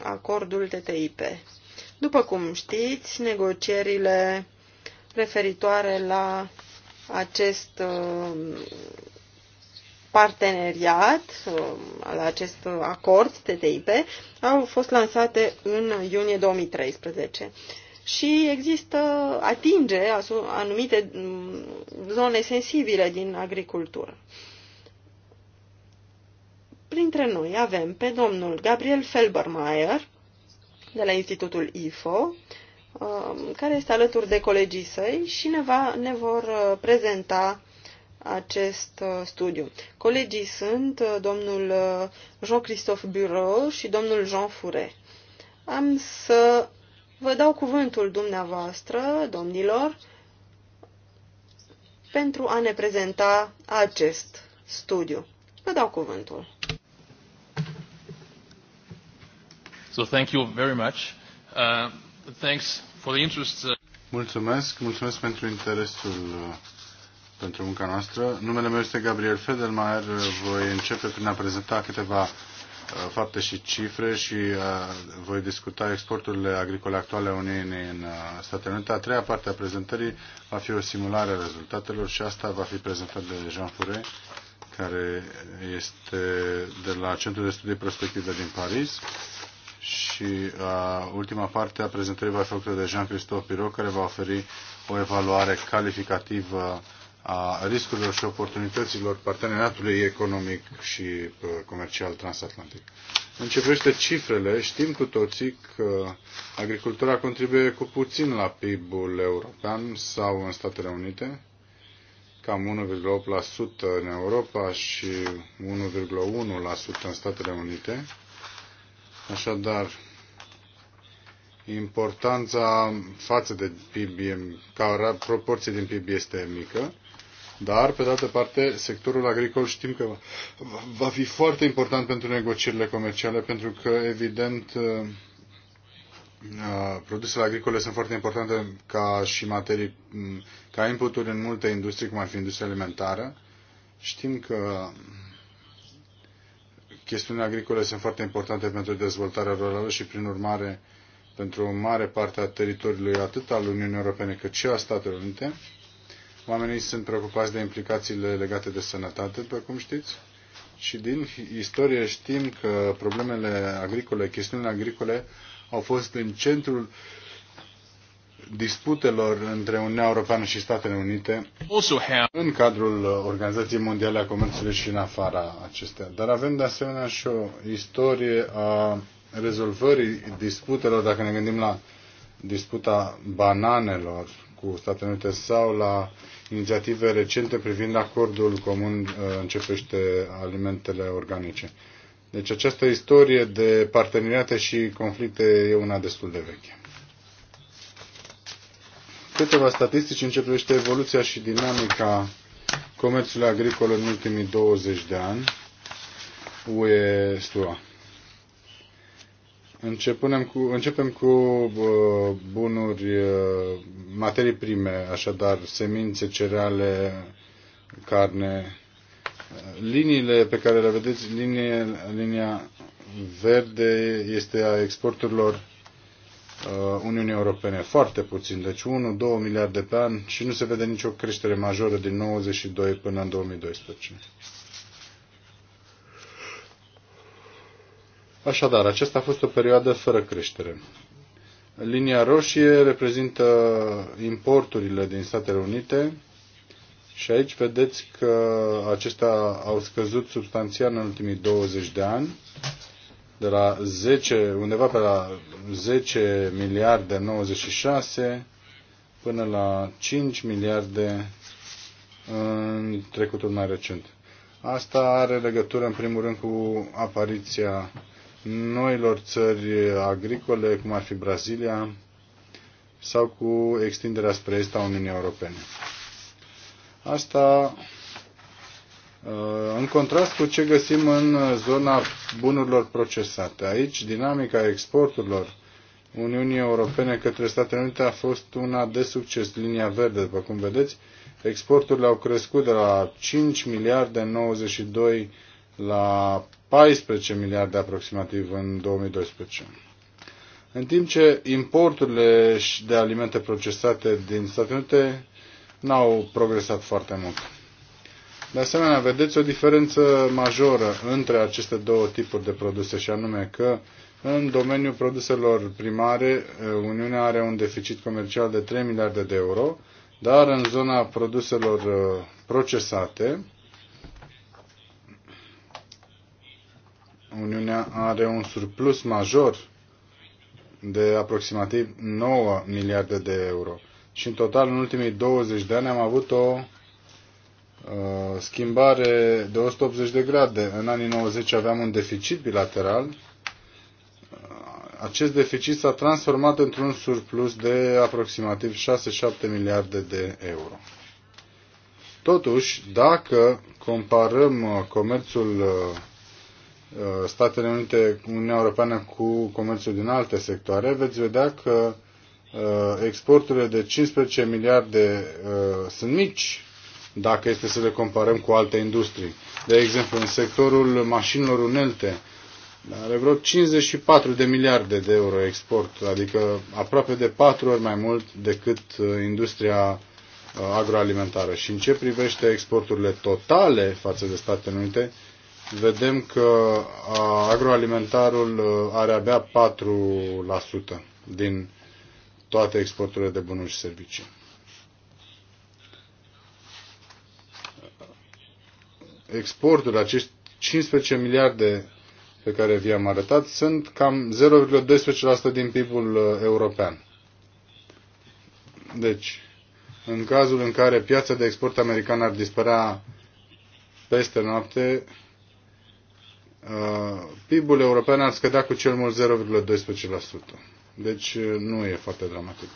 acordul TTIP. După cum știți, negocierile referitoare la acest uh, parteneriat, uh, la acest acord TTIP, au fost lansate în iunie 2013 și există atinge anumite mm, zone sensibile din agricultură. Printre noi avem pe domnul Gabriel Felbermayer de la Institutul IFO, um, care este alături de colegii săi și ne, va, ne vor uh, prezenta acest uh, studiu. Colegii sunt uh, domnul Jean-Christophe Bureau și domnul Jean Furet. Am să Vă dau cuvântul dumneavoastră, domnilor, pentru a ne prezenta acest studiu. Vă dau cuvântul. So thank you very much. Uh, thanks for the interest. Uh, mulțumesc, mulțumesc pentru interesul uh, pentru munca noastră. Numele meu este Gabriel Fedelmaier. Voi începe prin a prezenta câteva Uh, fapte și cifre și uh, voi discuta exporturile agricole actuale a Uniunii în uh, Statele Unite. A treia parte a prezentării va fi o simulare a rezultatelor și asta va fi prezentată de Jean Fure, care este de la Centrul de Studii Prospective din Paris. Și uh, ultima parte a prezentării va fi făcută de Jean-Christophe Piro, care va oferi o evaluare calificativă uh, a riscurilor și oportunităților parteneriatului economic și uh, comercial transatlantic. În ce privește cifrele, știm cu toții că agricultura contribuie cu puțin la PIB-ul european sau în Statele Unite, cam 1,8% în Europa și 1,1% în Statele Unite. Așadar, importanța față de PIB, ca proporție din PIB este mică. Dar, pe de altă parte, sectorul agricol știm că va fi foarte important pentru negocierile comerciale, pentru că, evident, uh, uh, produsele agricole sunt foarte importante ca și materii, mm, ca inputuri în multe industrie, cum ar fi industria alimentară. Știm că chestiunile agricole sunt foarte importante pentru dezvoltarea rurală și, prin urmare, pentru o mare parte a teritoriului atât al Uniunii Europene cât și a Statelor Unite. Oamenii sunt preocupați de implicațiile legate de sănătate, după cum știți. Și din istorie știm că problemele agricole, chestiunile agricole, au fost în centrul disputelor între Uniunea Europeană și Statele Unite în cadrul Organizației Mondiale a Comerțului și în afara acestea. Dar avem de asemenea și o istorie a rezolvării disputelor, dacă ne gândim la disputa bananelor cu Statele Unite sau la inițiative recente privind acordul comun uh, începește alimentele organice. Deci această istorie de parteneriate și conflicte e una destul de veche. Câteva statistici privește evoluția și dinamica comerțului agricol în ultimii 20 de ani. UE stua Începem cu, începem cu bunuri, materii prime, așadar semințe, cereale, carne. Liniile pe care le vedeți, linie, linia verde este a exporturilor ă, Uniunii Europene. Foarte puțin, deci 1-2 miliarde pe an și nu se vede nicio creștere majoră din 92 până în 2012. Așadar, acesta a fost o perioadă fără creștere. Linia roșie reprezintă importurile din Statele Unite și aici vedeți că acestea au scăzut substanțial în ultimii 20 de ani, de la 10, undeva pe la 10 miliarde 96 până la 5 miliarde în trecutul mai recent. Asta are legătură în primul rând cu apariția noilor țări agricole, cum ar fi Brazilia, sau cu extinderea spre est a Uniunii Europene. Asta uh, în contrast cu ce găsim în zona bunurilor procesate. Aici, dinamica exporturilor Uniunii Europene către Statele Unite a fost una de succes, linia verde, după cum vedeți. Exporturile au crescut de la 5 miliarde 92 la 14 miliarde aproximativ în 2012. În timp ce importurile de alimente procesate din Statele Unite n-au progresat foarte mult. De asemenea, vedeți o diferență majoră între aceste două tipuri de produse și anume că în domeniul produselor primare, eh, Uniunea are un deficit comercial de 3 miliarde de euro, dar în zona produselor eh, procesate, Uniunea are un surplus major de aproximativ 9 miliarde de euro. Și în total, în ultimii 20 de ani, am avut o uh, schimbare de 180 de grade. În anii 90 aveam un deficit bilateral. Acest deficit s-a transformat într-un surplus de aproximativ 6-7 miliarde de euro. Totuși, dacă comparăm uh, comerțul uh, Uh, Statele Unite, Uniunea Europeană cu comerțul din alte sectoare, veți vedea că uh, exporturile de 15 miliarde uh, sunt mici dacă este să le comparăm cu alte industrii. De exemplu, în sectorul mașinilor unelte are vreo 54 de miliarde de euro export, adică aproape de patru ori mai mult decât industria agroalimentară. Și în ce privește exporturile totale față de Statele Unite, vedem că agroalimentarul are abia 4% din toate exporturile de bunuri și servicii. Exporturile, acești 15 miliarde pe care vi-am arătat, sunt cam 0,12% din PIB-ul european. Deci, în cazul în care piața de export americană ar dispărea peste noapte, Uh, PIB-ul european ar scădea cu cel mult 0,12%. Deci uh, nu e foarte dramatic.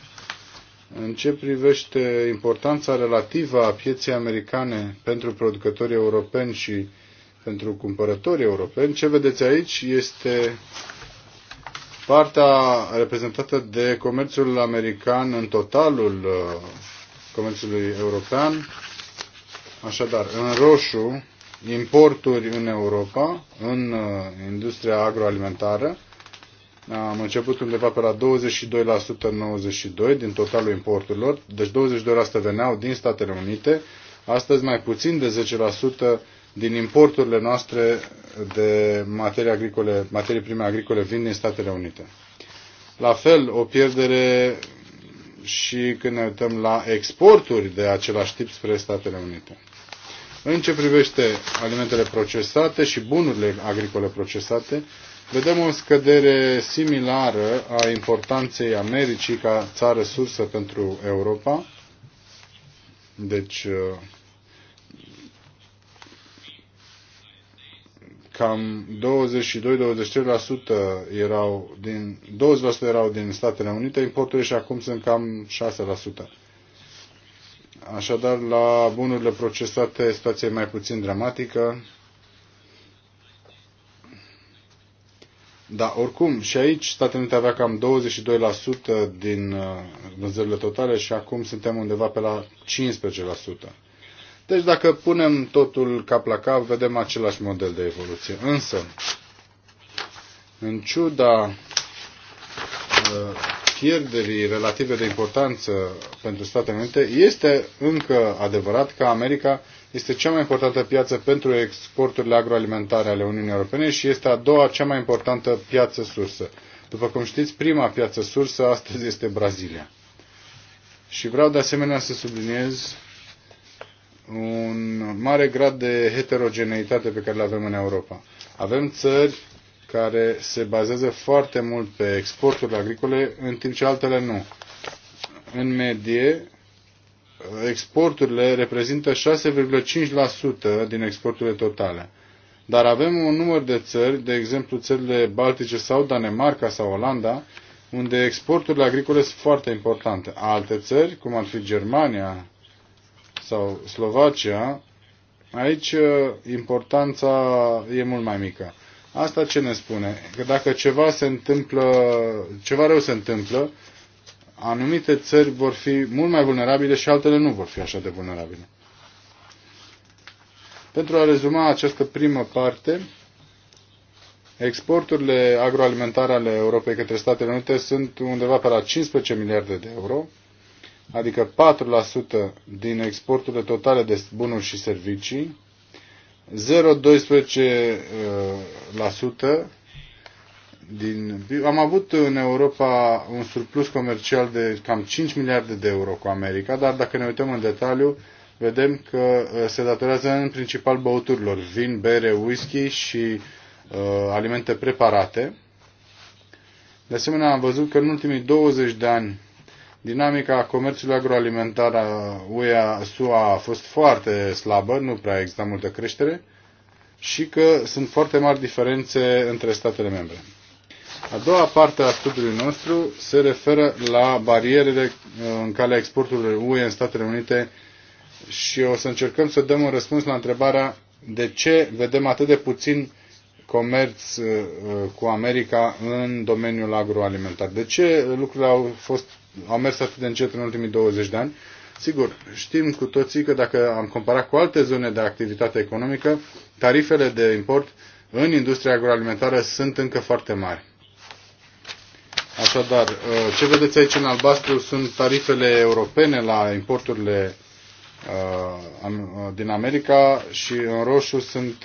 În ce privește importanța relativă a pieței americane pentru producătorii europeni și pentru cumpărătorii europeni, ce vedeți aici este partea reprezentată de comerțul american în totalul uh, comerțului european. Așadar, în roșu importuri în Europa, în uh, industria agroalimentară. Am început undeva pe la 22% în 92 din totalul importurilor, deci 22% veneau din Statele Unite, astăzi mai puțin de 10% din importurile noastre de materii, agricole, materii prime agricole vin din Statele Unite. La fel, o pierdere și când ne uităm la exporturi de același tip spre Statele Unite. În ce privește alimentele procesate și bunurile agricole procesate, vedem o scădere similară a importanței Americii ca țară sursă pentru Europa. Deci, uh, cam 22-23% erau din, 20% erau din Statele Unite, importurile și acum sunt cam 6%. Așadar, la bunurile procesate, situația e mai puțin dramatică. Da, oricum, și aici Statele Unite avea cam 22% din uh, vânzările totale și acum suntem undeva pe la 15%. Deci dacă punem totul cap la cap, vedem același model de evoluție. Însă, în ciuda uh, pierderii relative de importanță pentru Statele Unite, este încă adevărat că America este cea mai importantă piață pentru exporturile agroalimentare ale Uniunii Europene și este a doua cea mai importantă piață sursă. După cum știți, prima piață sursă astăzi este Brazilia. Și vreau de asemenea să subliniez un mare grad de heterogeneitate pe care le avem în Europa. Avem țări care se bazează foarte mult pe exporturile agricole, în timp ce altele nu. În medie, exporturile reprezintă 6,5% din exporturile totale. Dar avem un număr de țări, de exemplu țările Baltice sau Danemarca sau Olanda, unde exporturile agricole sunt foarte importante. Alte țări, cum ar fi Germania sau Slovacia, aici eh, importanța e mult mai mică. Asta ce ne spune? Că dacă ceva se întâmplă, ceva rău se întâmplă, anumite țări vor fi mult mai vulnerabile și altele nu vor fi așa de vulnerabile. Pentru a rezuma această primă parte, exporturile agroalimentare ale Europei către Statele Unite sunt undeva pe la 15 miliarde de euro, adică 4% din exporturile totale de bunuri și servicii, 0,12% uh, din Am avut în Europa un surplus comercial de cam 5 miliarde de euro cu America, dar dacă ne uităm în detaliu, vedem că uh, se datorează în principal băuturilor, vin, bere, whisky și uh, alimente preparate. De asemenea, am văzut că în ultimii 20 de ani Dinamica comerțului agroalimentar a UEA sua a fost foarte slabă, nu prea exista multă creștere și că sunt foarte mari diferențe între statele membre. A doua parte a studiului nostru se referă la barierele uh, în calea exporturilor UE în Statele Unite și o să încercăm să dăm un răspuns la întrebarea de ce vedem atât de puțin comerț uh, cu America în domeniul agroalimentar. De ce lucrurile au fost au mers atât de încet în ultimii 20 de ani. Sigur, știm cu toții că dacă am comparat cu alte zone de activitate economică, tarifele de import în industria agroalimentară sunt încă foarte mari. Așadar, uh, ce vedeți aici în albastru sunt tarifele europene la importurile uh, uh, din America și în roșu sunt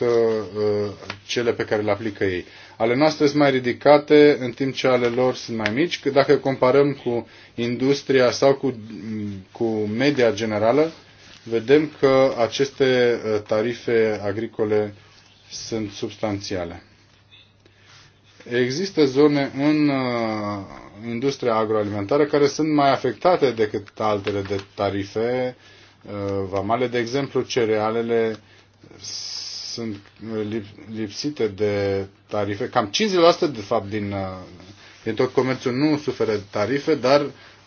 cele pe care le aplică ei ale noastre sunt mai ridicate, în timp ce ale lor sunt mai mici. Dacă comparăm cu industria sau cu, cu media generală, vedem că aceste uh, tarife agricole sunt substanțiale. Există zone în uh, industria agroalimentară care sunt mai afectate decât altele de tarife. Uh, vamale, de exemplu, cerealele sunt uh, lipsite de tarife. Cam 50% de fapt din, uh, din tot comerțul nu suferă tarife, dar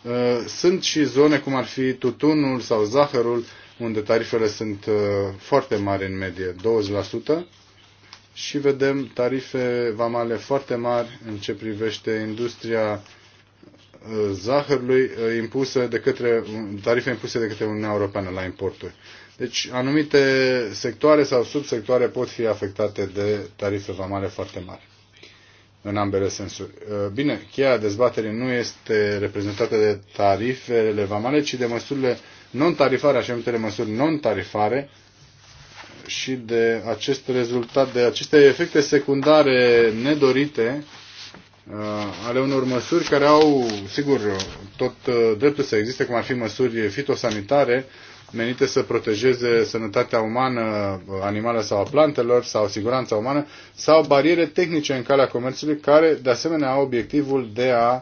uh, sunt și zone cum ar fi tutunul sau zahărul unde tarifele sunt uh, foarte mari în medie, 20% și vedem tarife vamale foarte mari în ce privește industria uh, zahărului impuse de către, tarife impuse de către Uniunea Europeană la importuri. Deci anumite sectoare sau subsectoare pot fi afectate de tarife vamale foarte mari în ambele sensuri. Uh, bine, cheia dezbaterii nu este reprezentată de tarifele vamale, ci de măsurile non-tarifare, așa numitele măsuri non-tarifare și de acest rezultat, de aceste efecte secundare nedorite uh, ale unor măsuri care au, sigur, tot uh, dreptul să existe, cum ar fi măsuri fitosanitare, menite să protejeze sănătatea umană, animală sau a plantelor sau siguranța umană sau bariere tehnice în calea comerțului care de asemenea au obiectivul de a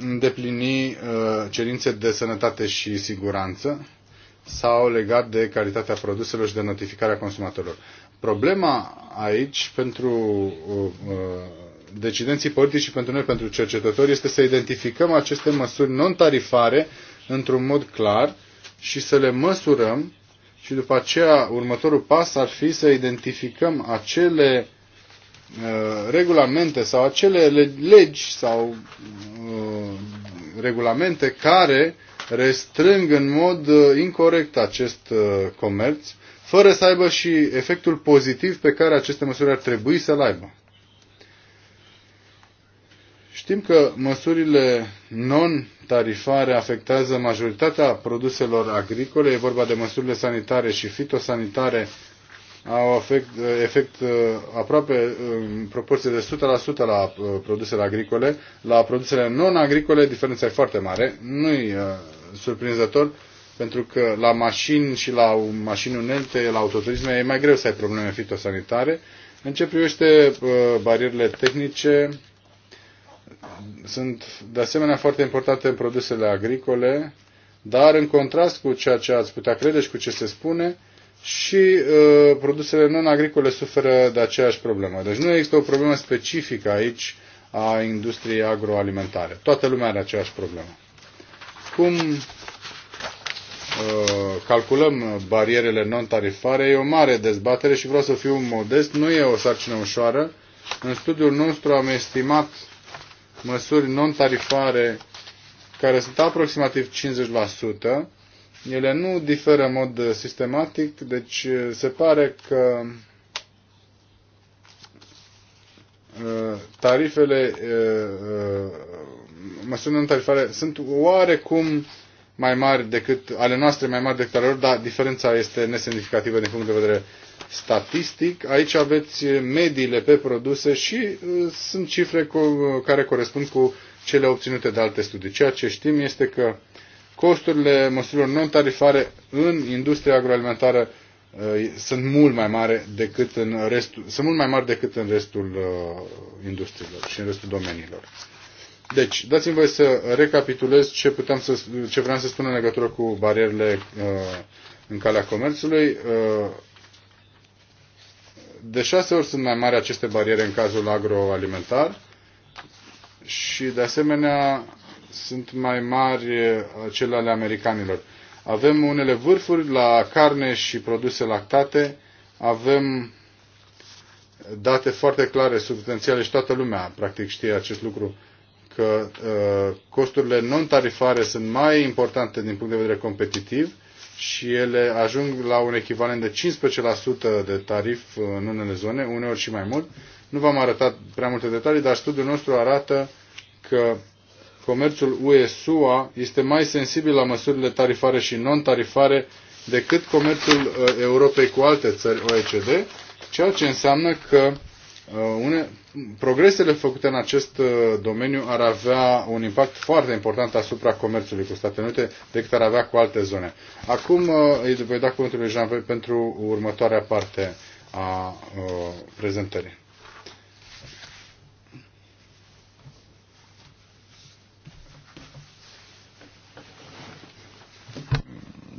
îndeplini uh, cerințe de sănătate și siguranță sau legat de calitatea produselor și de notificarea consumatorilor. Problema aici pentru uh, uh, decidenții politici și pentru noi, pentru cercetători, este să identificăm aceste măsuri non-tarifare într-un mod clar și să le măsurăm și după aceea următorul pas ar fi să identificăm acele uh, regulamente sau acele legi sau uh, regulamente care restrâng în mod uh, incorrect acest uh, comerț, fără să aibă și efectul pozitiv pe care aceste măsuri ar trebui să-l aibă. Știm că măsurile non-tarifare afectează majoritatea produselor agricole, e vorba de măsurile sanitare și fitosanitare au efect, efect uh, aproape în proporție de 100% la uh, produsele agricole. La produsele non-agricole diferența e foarte mare. Nu-i uh, surprinzător pentru că la mașini și la mașini unelte, la autoturisme, e mai greu să ai probleme fitosanitare. În ce privește barierele tehnice, sunt de asemenea foarte importante în produsele agricole, dar în contrast cu ceea ce ați putea crede și cu ce se spune, și uh, produsele non-agricole suferă de aceeași problemă. Deci nu există o problemă specifică aici a industriei agroalimentare. Toată lumea are aceeași problemă. Cum uh, calculăm barierele non-tarifare e o mare dezbatere și vreau să fiu modest, nu e o sarcină ușoară. În studiul nostru am estimat măsuri non-tarifare care sunt aproximativ 50%. Ele nu diferă în mod sistematic, deci uh, se pare că uh, tarifele, uh, măsurile non-tarifare sunt oarecum mai mari decât ale noastre, mai mari decât ale lor, dar diferența este nesemnificativă din punct de vedere statistic. Aici aveți mediile pe produse și uh, sunt cifre cu, care corespund cu cele obținute de alte studii. Ceea ce știm este că costurile măsurilor non-tarifare în industria agroalimentară uh, sunt mult mai mari decât în restul, sunt mult mai mari decât în restul uh, industriilor și în restul domeniilor. Deci, dați-mi voi să recapitulez ce, puteam să, ce vreau să spun în legătură cu barierele uh, în calea comerțului. Uh, de șase ori sunt mai mari aceste bariere în cazul agroalimentar și, de asemenea, sunt mai mari cele ale americanilor. Avem unele vârfuri la carne și produse lactate, avem date foarte clare, substanțiale și toată lumea practic știe acest lucru, că uh, costurile non-tarifare sunt mai importante din punct de vedere competitiv și ele ajung la un echivalent de 15% de tarif în unele zone, uneori și mai mult. Nu v-am arătat prea multe detalii, dar studiul nostru arată că comerțul UE-SUA este mai sensibil la măsurile tarifare și non-tarifare decât comerțul uh, Europei cu alte țări OECD, ceea ce înseamnă că Uh, une, progresele făcute în acest uh, domeniu ar avea un impact foarte important asupra comerțului cu Statele Unite decât ar avea cu alte zone. Acum uh, îi voi da cuvântul lui Jean pentru următoarea parte a uh, prezentării.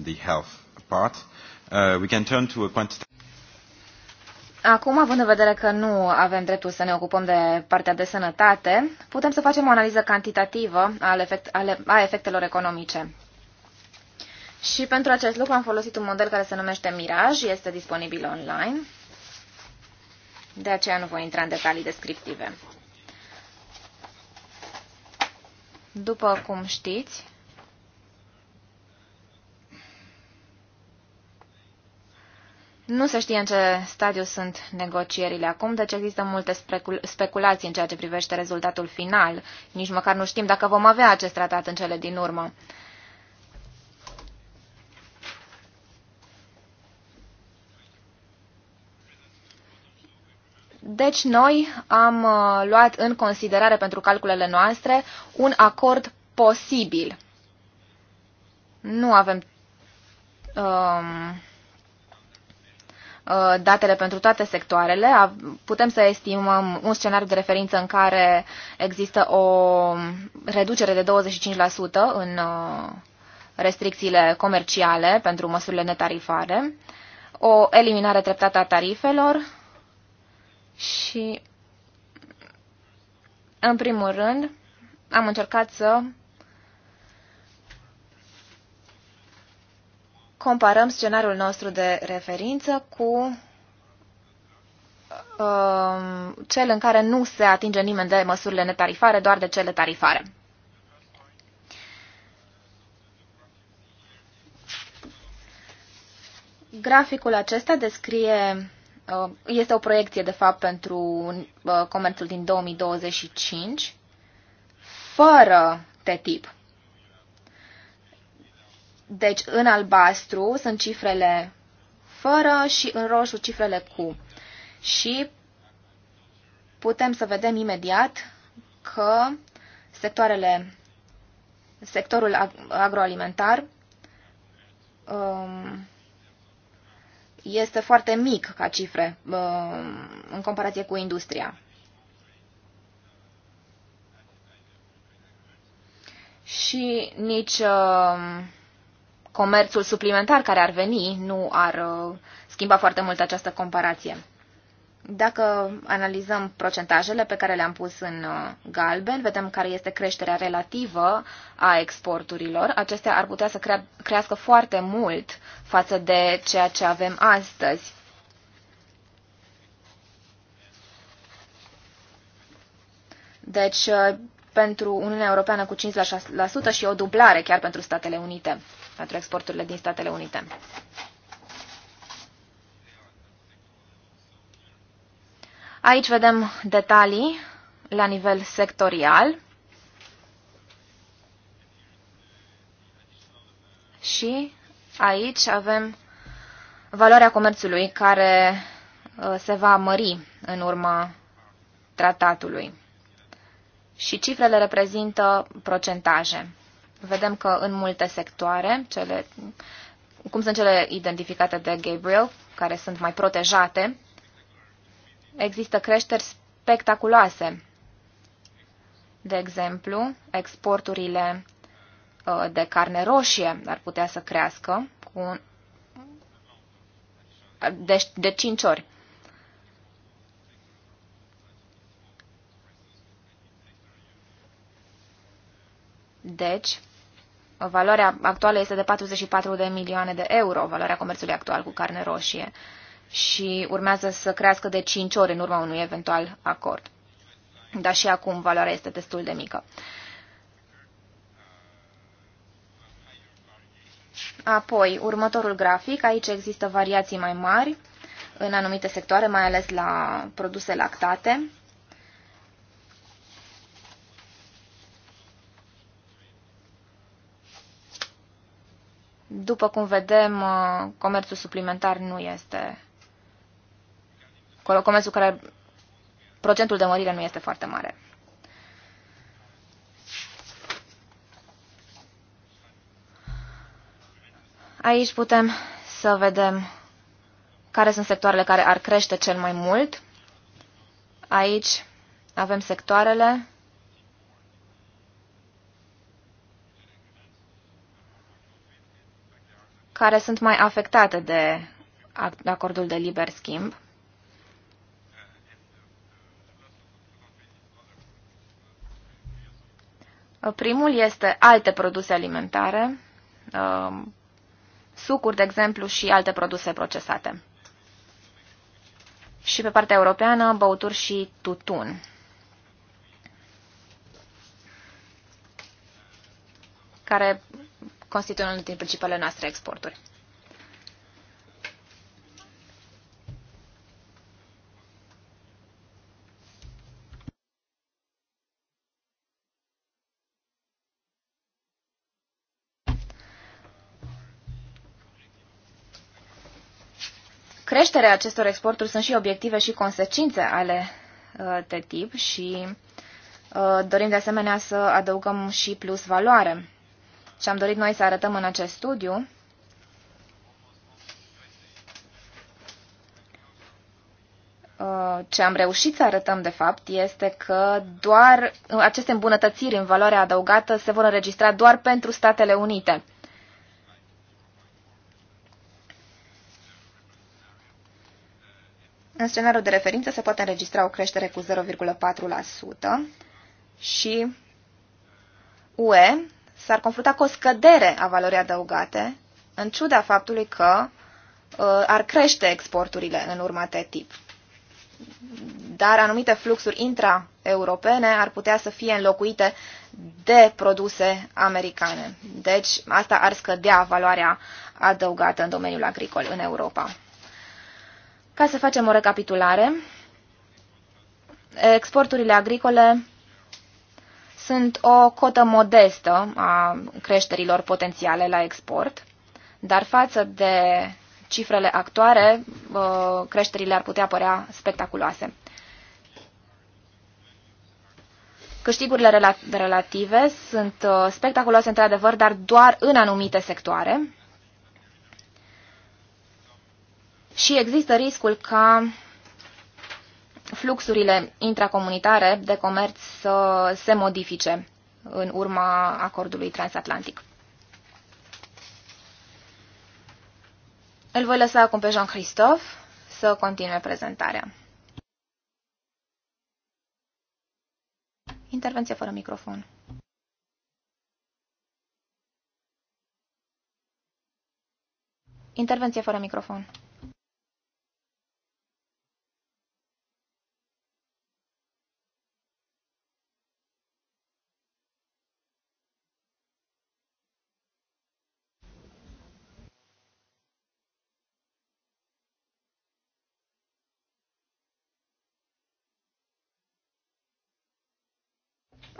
The health part. Uh, we can turn to a quantitative Acum, având în vedere că nu avem dreptul să ne ocupăm de partea de sănătate, putem să facem o analiză cantitativă al efect, ale, a efectelor economice. Și pentru acest lucru am folosit un model care se numește Mirage, este disponibil online, de aceea nu voi intra în detalii descriptive. După cum știți, Nu se știe în ce stadiu sunt negocierile acum, deci există multe specul- speculații în ceea ce privește rezultatul final. Nici măcar nu știm dacă vom avea acest tratat în cele din urmă. Deci noi am uh, luat în considerare pentru calculele noastre un acord posibil. Nu avem um, Uh, datele pentru toate sectoarele, putem să estimăm un scenariu de referință în care există o reducere de 25% în uh, restricțiile comerciale pentru măsurile netarifare, o eliminare treptată a tarifelor și, în primul rând, am încercat să comparăm scenariul nostru de referință cu uh, cel în care nu se atinge nimeni de măsurile netarifare, doar de cele tarifare. Graficul acesta descrie, uh, este o proiecție de fapt pentru uh, comerțul din 2025, fără TTIP. Deci în albastru sunt cifrele fără și în roșu cifrele cu. Și putem să vedem imediat că sectoarele, sectorul agroalimentar um, este foarte mic ca cifre um, în comparație cu industria. Și nici um, comerțul suplimentar care ar veni nu ar uh, schimba foarte mult această comparație. Dacă analizăm procentajele pe care le-am pus în uh, galben, vedem care este creșterea relativă a exporturilor. Acestea ar putea să crea, crească foarte mult față de ceea ce avem astăzi. Deci, uh, pentru Uniunea Europeană cu 5% și o dublare chiar pentru Statele Unite pentru exporturile din Statele Unite. Aici vedem detalii la nivel sectorial și aici avem valoarea comerțului care uh, se va mări în urma tratatului. Și cifrele reprezintă procentaje. Vedem că în multe sectoare, cele, cum sunt cele identificate de Gabriel, care sunt mai protejate, există creșteri spectaculoase. De exemplu, exporturile uh, de carne roșie ar putea să crească cu de, de 5 ori. Deci, Valoarea actuală este de 44 de milioane de euro, valoarea comerțului actual cu carne roșie, și urmează să crească de 5 ori în urma unui eventual acord. Dar și acum valoarea este destul de mică. Apoi, următorul grafic, aici există variații mai mari în anumite sectoare, mai ales la produse lactate. După cum vedem, uh, comerțul suplimentar nu este... Comerțul care... Procentul de mărire nu este foarte mare. Aici putem să vedem care sunt sectoarele care ar crește cel mai mult. Aici avem sectoarele care sunt mai afectate de acordul de liber schimb. Primul este alte produse alimentare, um, sucuri, de exemplu, și alte produse procesate. Și pe partea europeană, băuturi și tutun. care constituie unul dintre principalele noastre exporturi. creșterea acestor exporturi sunt și obiective și consecințe ale uh, TTIP și uh, dorim de asemenea să adăugăm și plus valoare ce am dorit noi să arătăm în acest studiu uh, ce am reușit să arătăm, de fapt, este că doar uh, aceste îmbunătățiri în valoare adăugată se vor înregistra doar pentru Statele Unite. În scenariul de referință se poate înregistra o creștere cu 0,4% și UE s-ar confrunta cu o scădere a valorii adăugate, în ciuda faptului că uh, ar crește exporturile în urma TTIP. Dar anumite fluxuri intra-europene ar putea să fie înlocuite de produse americane. Deci asta ar scădea valoarea adăugată în domeniul agricol în Europa. Ca să facem o recapitulare, exporturile agricole sunt o cotă modestă a creșterilor potențiale la export, dar față de cifrele actuare, uh, creșterile ar putea părea spectaculoase. Câștigurile relative sunt uh, spectaculoase într-adevăr, dar doar în anumite sectoare. Și există riscul ca fluxurile intracomunitare de comerț să se modifice în urma acordului transatlantic. Îl voi lăsa acum pe Jean-Christophe să continue prezentarea. Intervenție fără microfon. Intervenție fără microfon.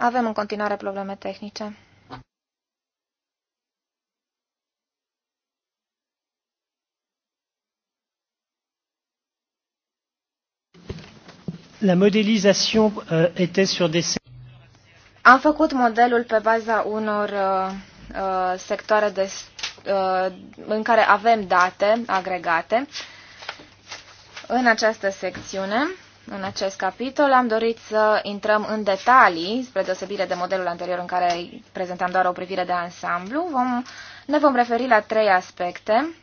Avem în continuare probleme tehnice. La modélisation uh, était sur des Am făcut modelul pe baza unor uh, uh sectoare de, uh, în care avem date agregate în această secțiune în acest capitol. Am dorit să intrăm în detalii, spre deosebire de modelul anterior în care prezentam doar o privire de ansamblu. Vom, ne vom referi la trei aspecte.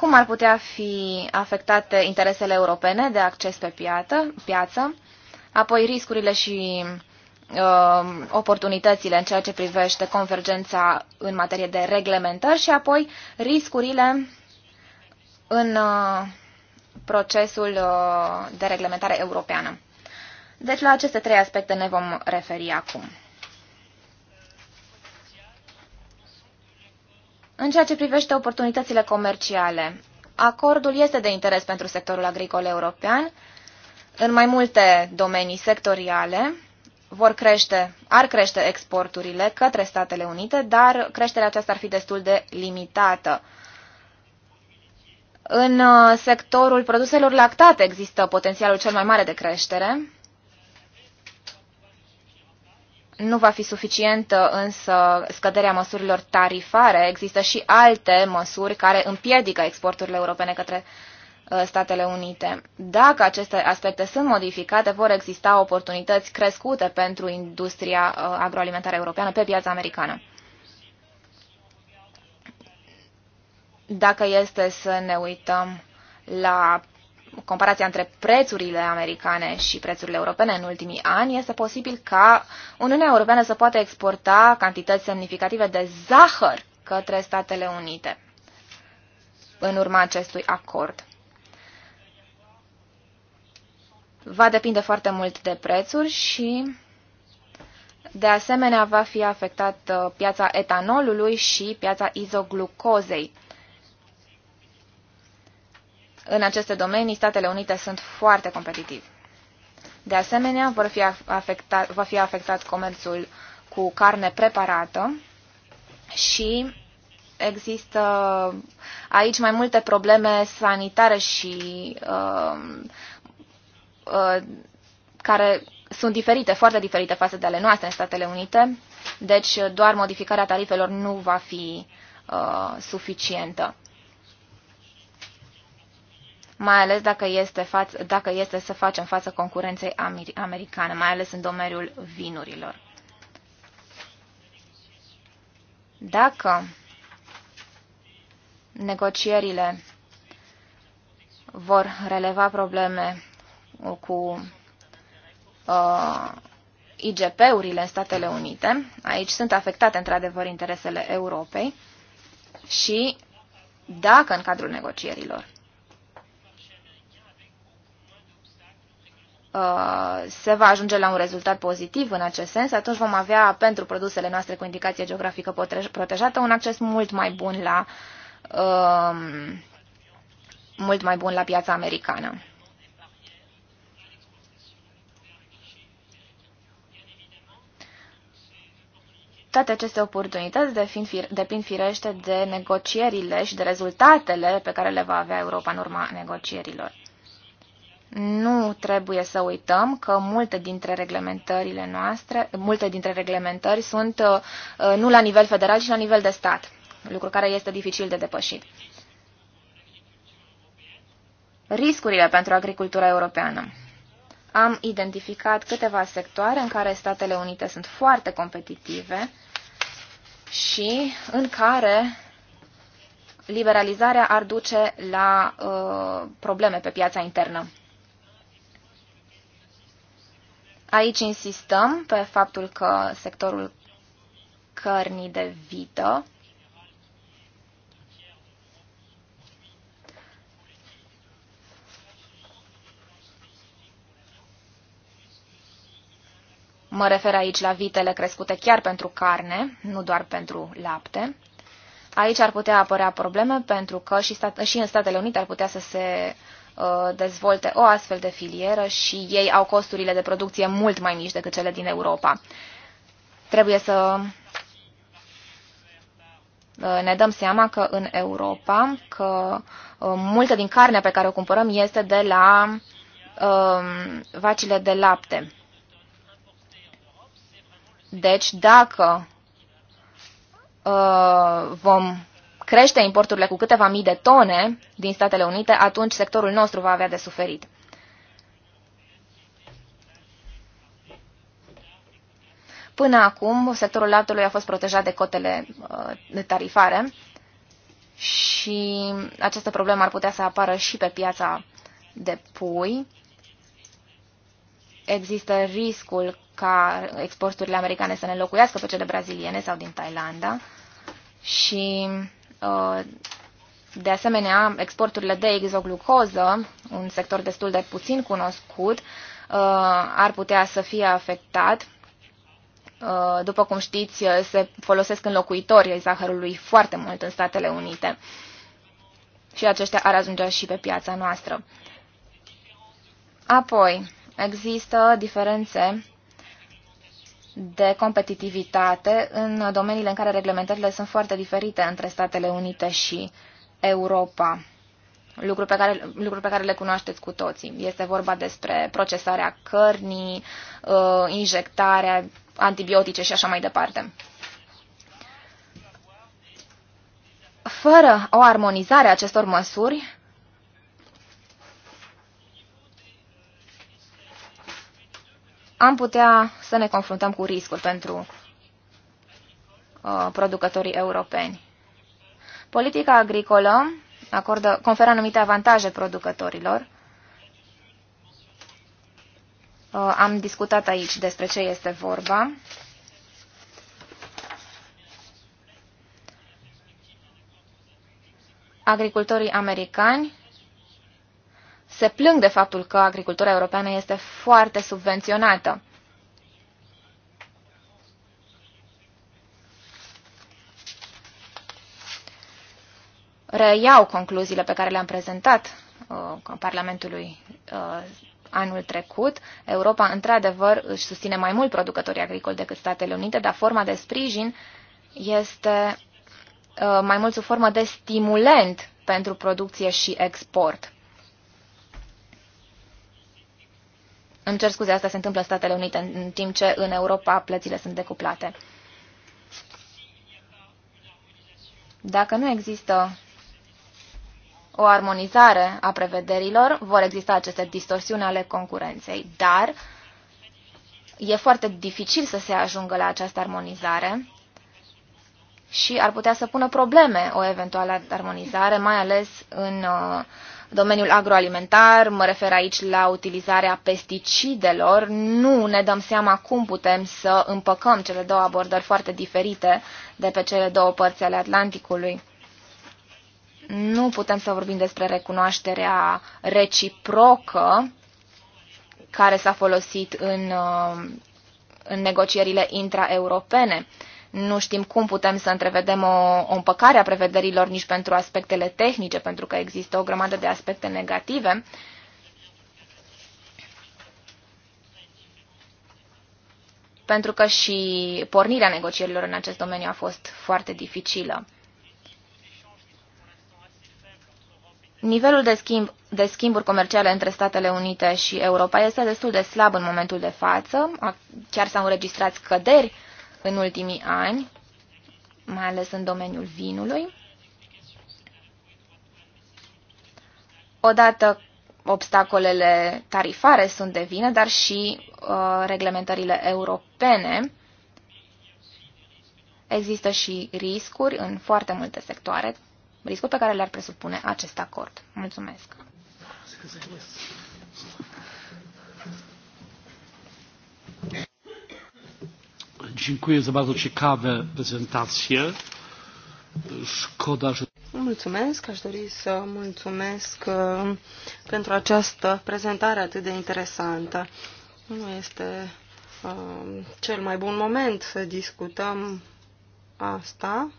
Cum ar putea fi afectate interesele europene de acces pe piață, piață apoi riscurile și uh, oportunitățile în ceea ce privește convergența în materie de reglementări și apoi riscurile în uh, procesul uh, de reglementare europeană. Deci la aceste trei aspecte ne vom referi acum. În ceea ce privește oportunitățile comerciale, acordul este de interes pentru sectorul agricol european în mai multe domenii sectoriale. Vor crește, ar crește exporturile către Statele Unite, dar creșterea aceasta ar fi destul de limitată. În uh, sectorul produselor lactate există potențialul cel mai mare de creștere. Nu va fi suficientă uh, însă scăderea măsurilor tarifare. Există și alte măsuri care împiedică exporturile europene către uh, Statele Unite. Dacă aceste aspecte sunt modificate, vor exista oportunități crescute pentru industria agroalimentară europeană pe piața americană. Dacă este să ne uităm la comparația între prețurile americane și prețurile europene în ultimii ani, este posibil ca Uniunea Europeană să poată exporta cantități semnificative de zahăr către Statele Unite în urma acestui acord. Va depinde foarte mult de prețuri și, de asemenea, va fi afectată uh, piața etanolului și piața izoglucozei. În aceste domenii, Statele Unite sunt foarte competitivi. De asemenea, vor fi afectat, va fi afectat comerțul cu carne preparată și există aici mai multe probleme sanitare și uh, uh, care sunt diferite, foarte diferite față de ale noastre în Statele Unite, deci doar modificarea tarifelor nu va fi uh, suficientă mai ales dacă este, faț, dacă este să facem față concurenței americane, mai ales în domeniul vinurilor. Dacă negocierile vor releva probleme cu uh, IGP-urile în Statele Unite. Aici sunt afectate, într-adevăr, interesele Europei și dacă în cadrul negocierilor Uh, se va ajunge la un rezultat pozitiv în acest sens, atunci vom avea pentru produsele noastre cu indicație geografică protejată un acces mult mai bun la um, mult mai bun la piața americană. Toate aceste oportunități depind, depind firește de negocierile și de rezultatele pe care le va avea Europa în urma negocierilor. Nu trebuie să uităm că multe dintre reglementările noastre, multe dintre reglementări sunt uh, uh, nu la nivel federal, ci la nivel de stat, lucru care este dificil de depășit. Riscurile pentru agricultura europeană. Am identificat câteva sectoare în care Statele Unite sunt foarte competitive și în care liberalizarea ar duce la uh, probleme pe piața internă. Aici insistăm pe faptul că sectorul cărnii de vită Mă refer aici la vitele crescute chiar pentru carne, nu doar pentru lapte. Aici ar putea apărea probleme pentru că și, stat, și în Statele Unite ar putea să se Uh, dezvolte o astfel de filieră și ei au costurile de producție mult mai mici decât cele din Europa. Trebuie să uh, ne dăm seama că în Europa, că uh, multă din carnea pe care o cumpărăm este de la um, vacile de lapte. Deci, dacă vom crește importurile cu câteva mii de tone din Statele Unite, atunci sectorul nostru va avea de suferit. Până acum, sectorul laptelui a fost protejat de cotele de uh, tarifare și această problemă ar putea să apară și pe piața de pui. Există riscul ca exporturile americane să ne locuiască pe cele braziliene sau din Thailanda și Uh, de asemenea, exporturile de exoglucoză, un sector destul de puțin cunoscut, uh, ar putea să fie afectat. Uh, după cum știți, se folosesc înlocuitori ai zahărului foarte mult în Statele Unite și aceștia ar ajunge și pe piața noastră. Apoi, există diferențe de competitivitate în domeniile în care reglementările sunt foarte diferite între Statele Unite și Europa. Lucru pe, care, lucruri pe care le cunoașteți cu toții. Este vorba despre procesarea cărnii, uh, injectarea, antibiotice și așa mai departe. Fără o armonizare a acestor măsuri, am putea să ne confruntăm cu riscuri pentru uh, producătorii europeni. Politica agricolă acordă, conferă anumite avantaje producătorilor. Uh, am discutat aici despre ce este vorba. Agricultorii americani se plâng de faptul că agricultura europeană este foarte subvenționată. Reiau concluziile pe care le-am prezentat uh, Parlamentului uh, anul trecut. Europa, într-adevăr, își susține mai mult producătorii agricoli decât Statele Unite, dar forma de sprijin este uh, mai mult sub formă de stimulent pentru producție și export. Îmi cer scuze, asta se întâmplă în Statele Unite, în timp ce în Europa plățile sunt decuplate. Dacă nu există o armonizare a prevederilor, vor exista aceste distorsiuni ale concurenței, dar e foarte dificil să se ajungă la această armonizare și ar putea să pună probleme o eventuală armonizare, mai ales în uh, domeniul agroalimentar, mă refer aici la utilizarea pesticidelor, nu ne dăm seama cum putem să împăcăm cele două abordări foarte diferite de pe cele două părți ale Atlanticului. Nu putem să vorbim despre recunoașterea reciprocă care s-a folosit în, uh, în negocierile intraeuropene. europene nu știm cum putem să întrevedem o, o împăcare a prevederilor nici pentru aspectele tehnice, pentru că există o grămadă de aspecte negative. Pentru că și pornirea negocierilor în acest domeniu a fost foarte dificilă. Nivelul de, schimb, de schimburi comerciale între Statele Unite și Europa este destul de slab în momentul de față, chiar s-au înregistrat scăderi în ultimii ani, mai ales în domeniul vinului. Odată obstacolele tarifare sunt de vină, dar și uh, reglementările europene. Există și riscuri în foarte multe sectoare, riscuri pe care le-ar presupune acest acord. Mulțumesc! Dziękuję za bardzo ciekawe prezentacje. Mulțumesc, aș dori să mulțumesc uh, pentru această prezentare atât de interesantă. Nu este uh, cel mai bun moment să discutăm asta.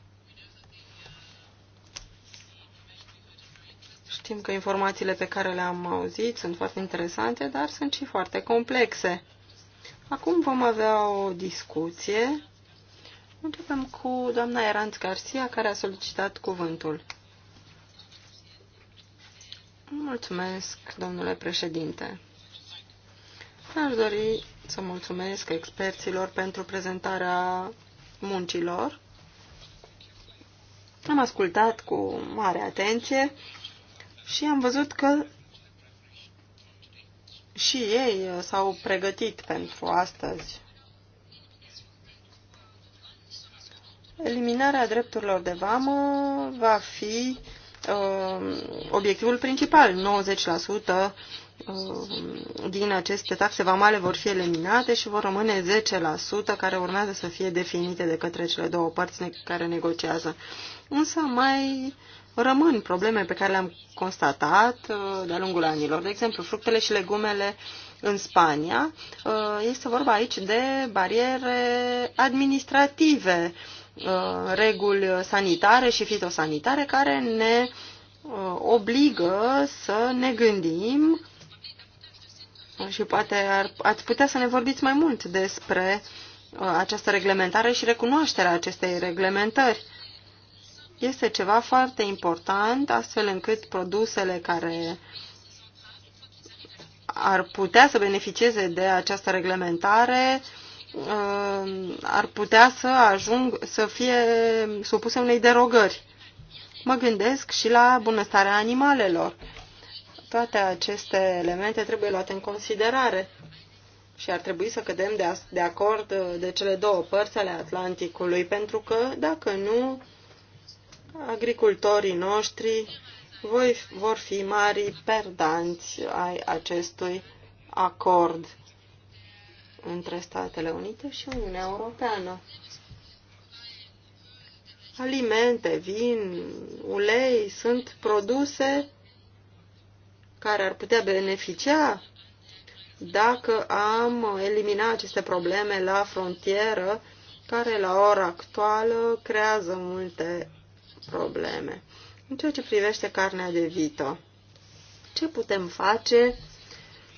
Știm că informațiile pe care le-am auzit sunt foarte interesante, dar sunt și foarte complexe. Acum vom avea o discuție. Începem cu doamna Eranț Garcia, care a solicitat cuvântul. Mulțumesc, domnule președinte. Aș dori să mulțumesc experților pentru prezentarea muncilor. Am ascultat cu mare atenție și am văzut că și ei uh, s-au pregătit pentru astăzi. Eliminarea drepturilor de vamă va fi uh, obiectivul principal. 90% uh, din aceste taxe vamale vor fi eliminate și vor rămâne 10% care urmează să fie definite de către cele două părți care negociază. Însă mai rămân probleme pe care le-am constatat uh, de-a lungul anilor. De exemplu, fructele și legumele în Spania. Uh, este vorba aici de bariere administrative, uh, reguli sanitare și fitosanitare care ne obligă să ne gândim și poate ar, ați putea să ne vorbiți mai mult despre această reglementare și recunoașterea acestei reglementări este ceva foarte important, astfel încât produsele care ar putea să beneficieze de această reglementare uh, ar putea să ajung să fie supuse unei derogări. Mă gândesc și la bunăstarea animalelor. Toate aceste elemente trebuie luate în considerare și ar trebui să cădem de, de acord de cele două părți ale Atlanticului, pentru că, dacă nu, agricultorii noștri voi, vor fi mari perdanți ai acestui acord între Statele Unite și Uniunea Europeană. Alimente, vin, ulei sunt produse care ar putea beneficia dacă am eliminat aceste probleme la frontieră care la ora actuală creează multe probleme. În ceea ce privește carnea de vită, ce putem face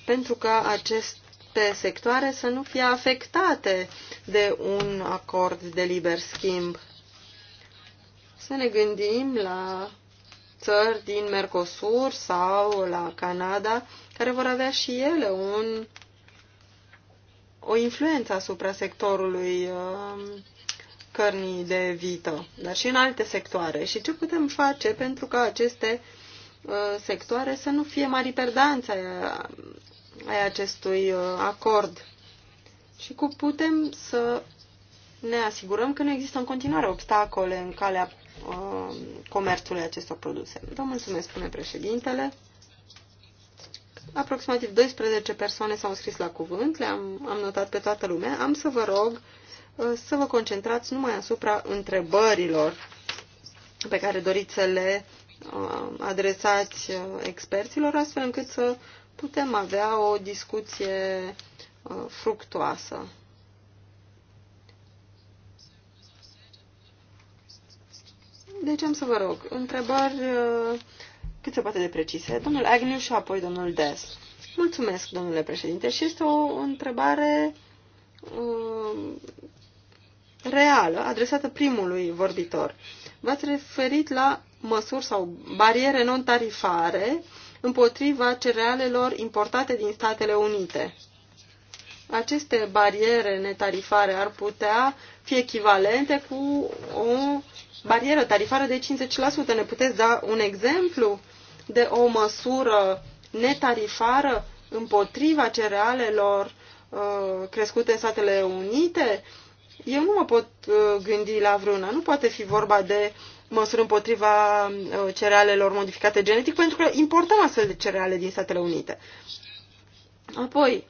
pentru ca aceste sectoare să nu fie afectate de un acord de liber schimb? Să ne gândim la țări din Mercosur sau la Canada, care vor avea și ele un, o influență asupra sectorului uh, cărnii de vită, dar și în alte sectoare. Și ce putem face pentru ca aceste uh, sectoare să nu fie mari perdanți ai, ai acestui uh, acord și cum putem să ne asigurăm că nu există în continuare obstacole în calea uh, comerțului acestor produse. Vă mulțumesc, spune președintele. Aproximativ 12 persoane s-au înscris la cuvânt, le-am am notat pe toată lumea. Am să vă rog să vă concentrați numai asupra întrebărilor pe care doriți să le uh, adresați uh, experților, astfel încât să putem avea o discuție uh, fructoasă. Deci am să vă rog, întrebări cât se poate de precise. Domnul Agnew și apoi domnul Des. Mulțumesc, domnule președinte, și este o întrebare reală adresată primului vorbitor. V-ați referit la măsuri sau bariere non-tarifare împotriva cerealelor importate din Statele Unite. Aceste bariere netarifare ar putea fi echivalente cu o barieră tarifară de 50%. Ne puteți da un exemplu de o măsură netarifară împotriva cerealelor uh, crescute în Statele Unite eu nu mă pot uh, gândi la vreuna. Nu poate fi vorba de măsuri împotriva uh, cerealelor modificate genetic, pentru că importăm astfel de cereale din Statele Unite. Apoi,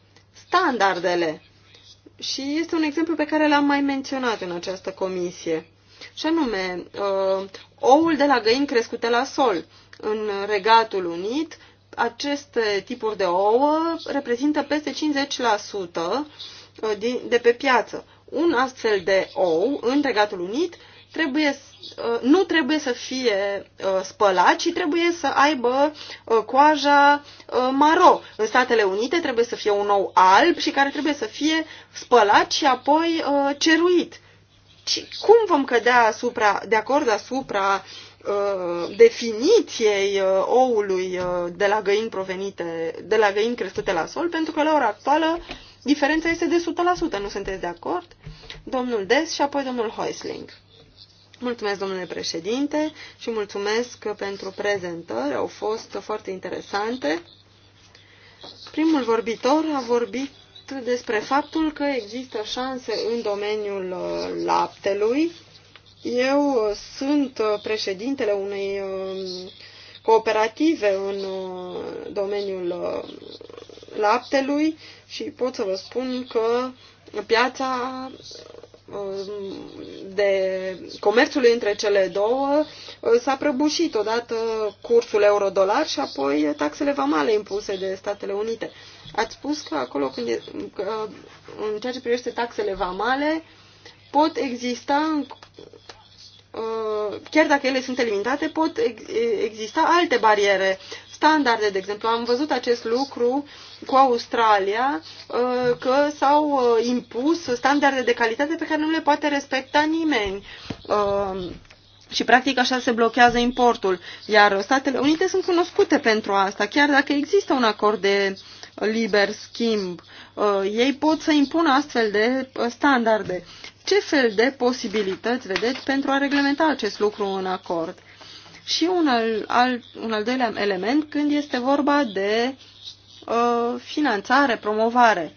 standardele. Și este un exemplu pe care l-am mai menționat în această comisie. Și anume, uh, oul de la găini crescute la sol. În Regatul Unit, aceste tipuri de ouă reprezintă peste 50% de pe piață un astfel de ou în Regatul Unit trebuie, uh, nu trebuie să fie uh, spălat, ci trebuie să aibă uh, coaja maro. În Statele Unite trebuie să fie un ou alb și care trebuie să fie spălat și apoi ceruit. Și cum vom cădea asupra, de acord asupra definiției oului de la găini provenite, de la găini crescute la sol, pentru că la ora actuală diferența este de 100%, nu sunteți de acord? Domnul Des și apoi domnul Heusling. Mulțumesc, domnule președinte, și mulțumesc pentru prezentări, au fost foarte interesante. Primul vorbitor a vorbit despre faptul că există șanse în domeniul uh, laptelui. Eu uh, sunt uh, președintele unei cooperative în domeniul laptelui și pot să vă spun că piața um, de comerțul între cele două uh, s-a prăbușit odată cursul euro-dolar și apoi taxele vamale impuse de Statele Unite. Ați spus că acolo când e, că uh, în ceea ce privește taxele vamale pot exista Uh, chiar dacă ele sunt eliminate, pot exista alte bariere. Standarde, de exemplu. Am văzut acest lucru cu Australia, uh, că s-au uh, impus standarde de calitate pe care nu le poate respecta nimeni. Și, practic, așa se blochează importul. Iar Statele Unite sunt cunoscute pentru asta, chiar dacă există un acord de liber schimb. Ei pot să impună astfel de standarde ce fel de posibilități vedeți pentru a reglementa acest lucru în acord? Și un al, al, un al doilea element când este vorba de uh, finanțare, promovare.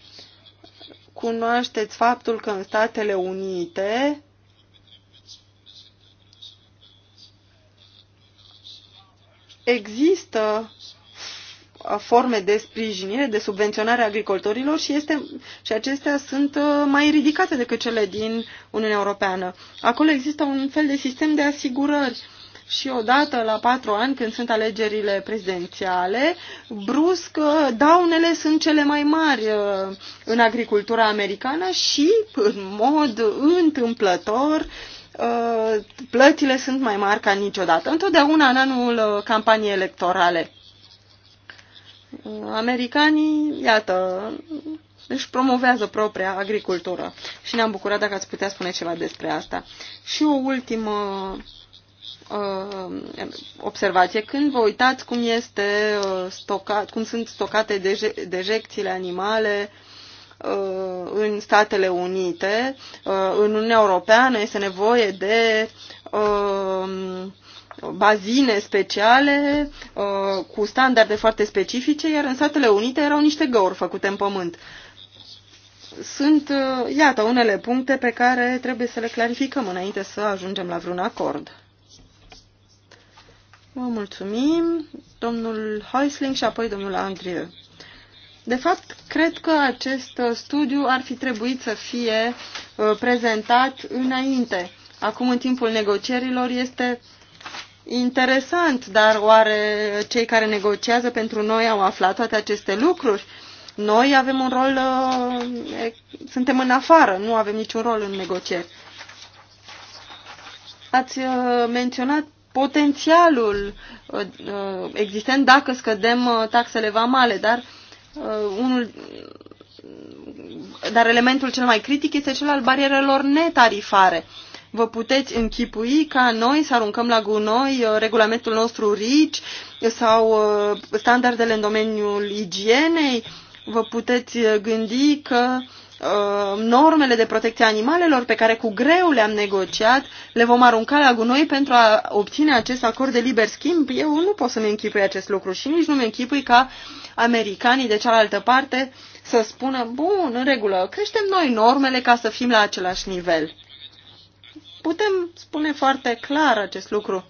Cunoașteți faptul că în Statele Unite există forme de sprijinire, de subvenționare a agricultorilor și, este, și acestea sunt uh, mai ridicate decât cele din Uniunea Europeană. Acolo există un fel de sistem de asigurări și odată la patru ani, când sunt alegerile prezidențiale, brusc uh, daunele sunt cele mai mari uh, în agricultura americană și, în mod întâmplător, plățile sunt mai mari ca niciodată, întotdeauna în anul campaniei electorale. Americanii, iată, își promovează propria agricultură și ne-am bucurat dacă ați putea spune ceva despre asta. Și o ultimă uh, observație. Când vă uitați cum, este uh, stocat, cum sunt stocate deje, dejecțiile animale uh, în Statele Unite, uh, în Uniunea Europeană este nevoie de uh, bazine speciale uh, cu standarde foarte specifice, iar în Statele Unite erau niște găuri făcute în pământ. Sunt, uh, iată, unele puncte pe care trebuie să le clarificăm înainte să ajungem la vreun acord. Vă mulțumim, domnul Heusling și apoi domnul Andrieu. De fapt, cred că acest uh, studiu ar fi trebuit să fie prezentat înainte. Acum, în timpul negocierilor, este interesant, dar oare cei care negociază pentru noi au aflat toate aceste lucruri? Noi avem un rol, uh, suntem în afară, nu avem niciun rol în negocieri. Ați uh, menționat potențialul uh, existent dacă scădem taxele vamale, dar unul dar elementul cel mai critic este cel al barierelor netarifare. Vă puteți închipui ca noi să aruncăm la gunoi uh, regulamentul nostru RICI sau uh, standardele în domeniul igienei? Vă puteți uh, gândi că normele de protecție animalelor pe care cu greu le-am negociat, le vom arunca la gunoi pentru a obține acest acord de liber schimb? Eu nu pot să-mi închipui acest lucru și nici nu-mi închipui ca americanii de cealaltă parte să spună, bun, în regulă, creștem noi normele ca să fim la același nivel. Putem spune foarte clar acest lucru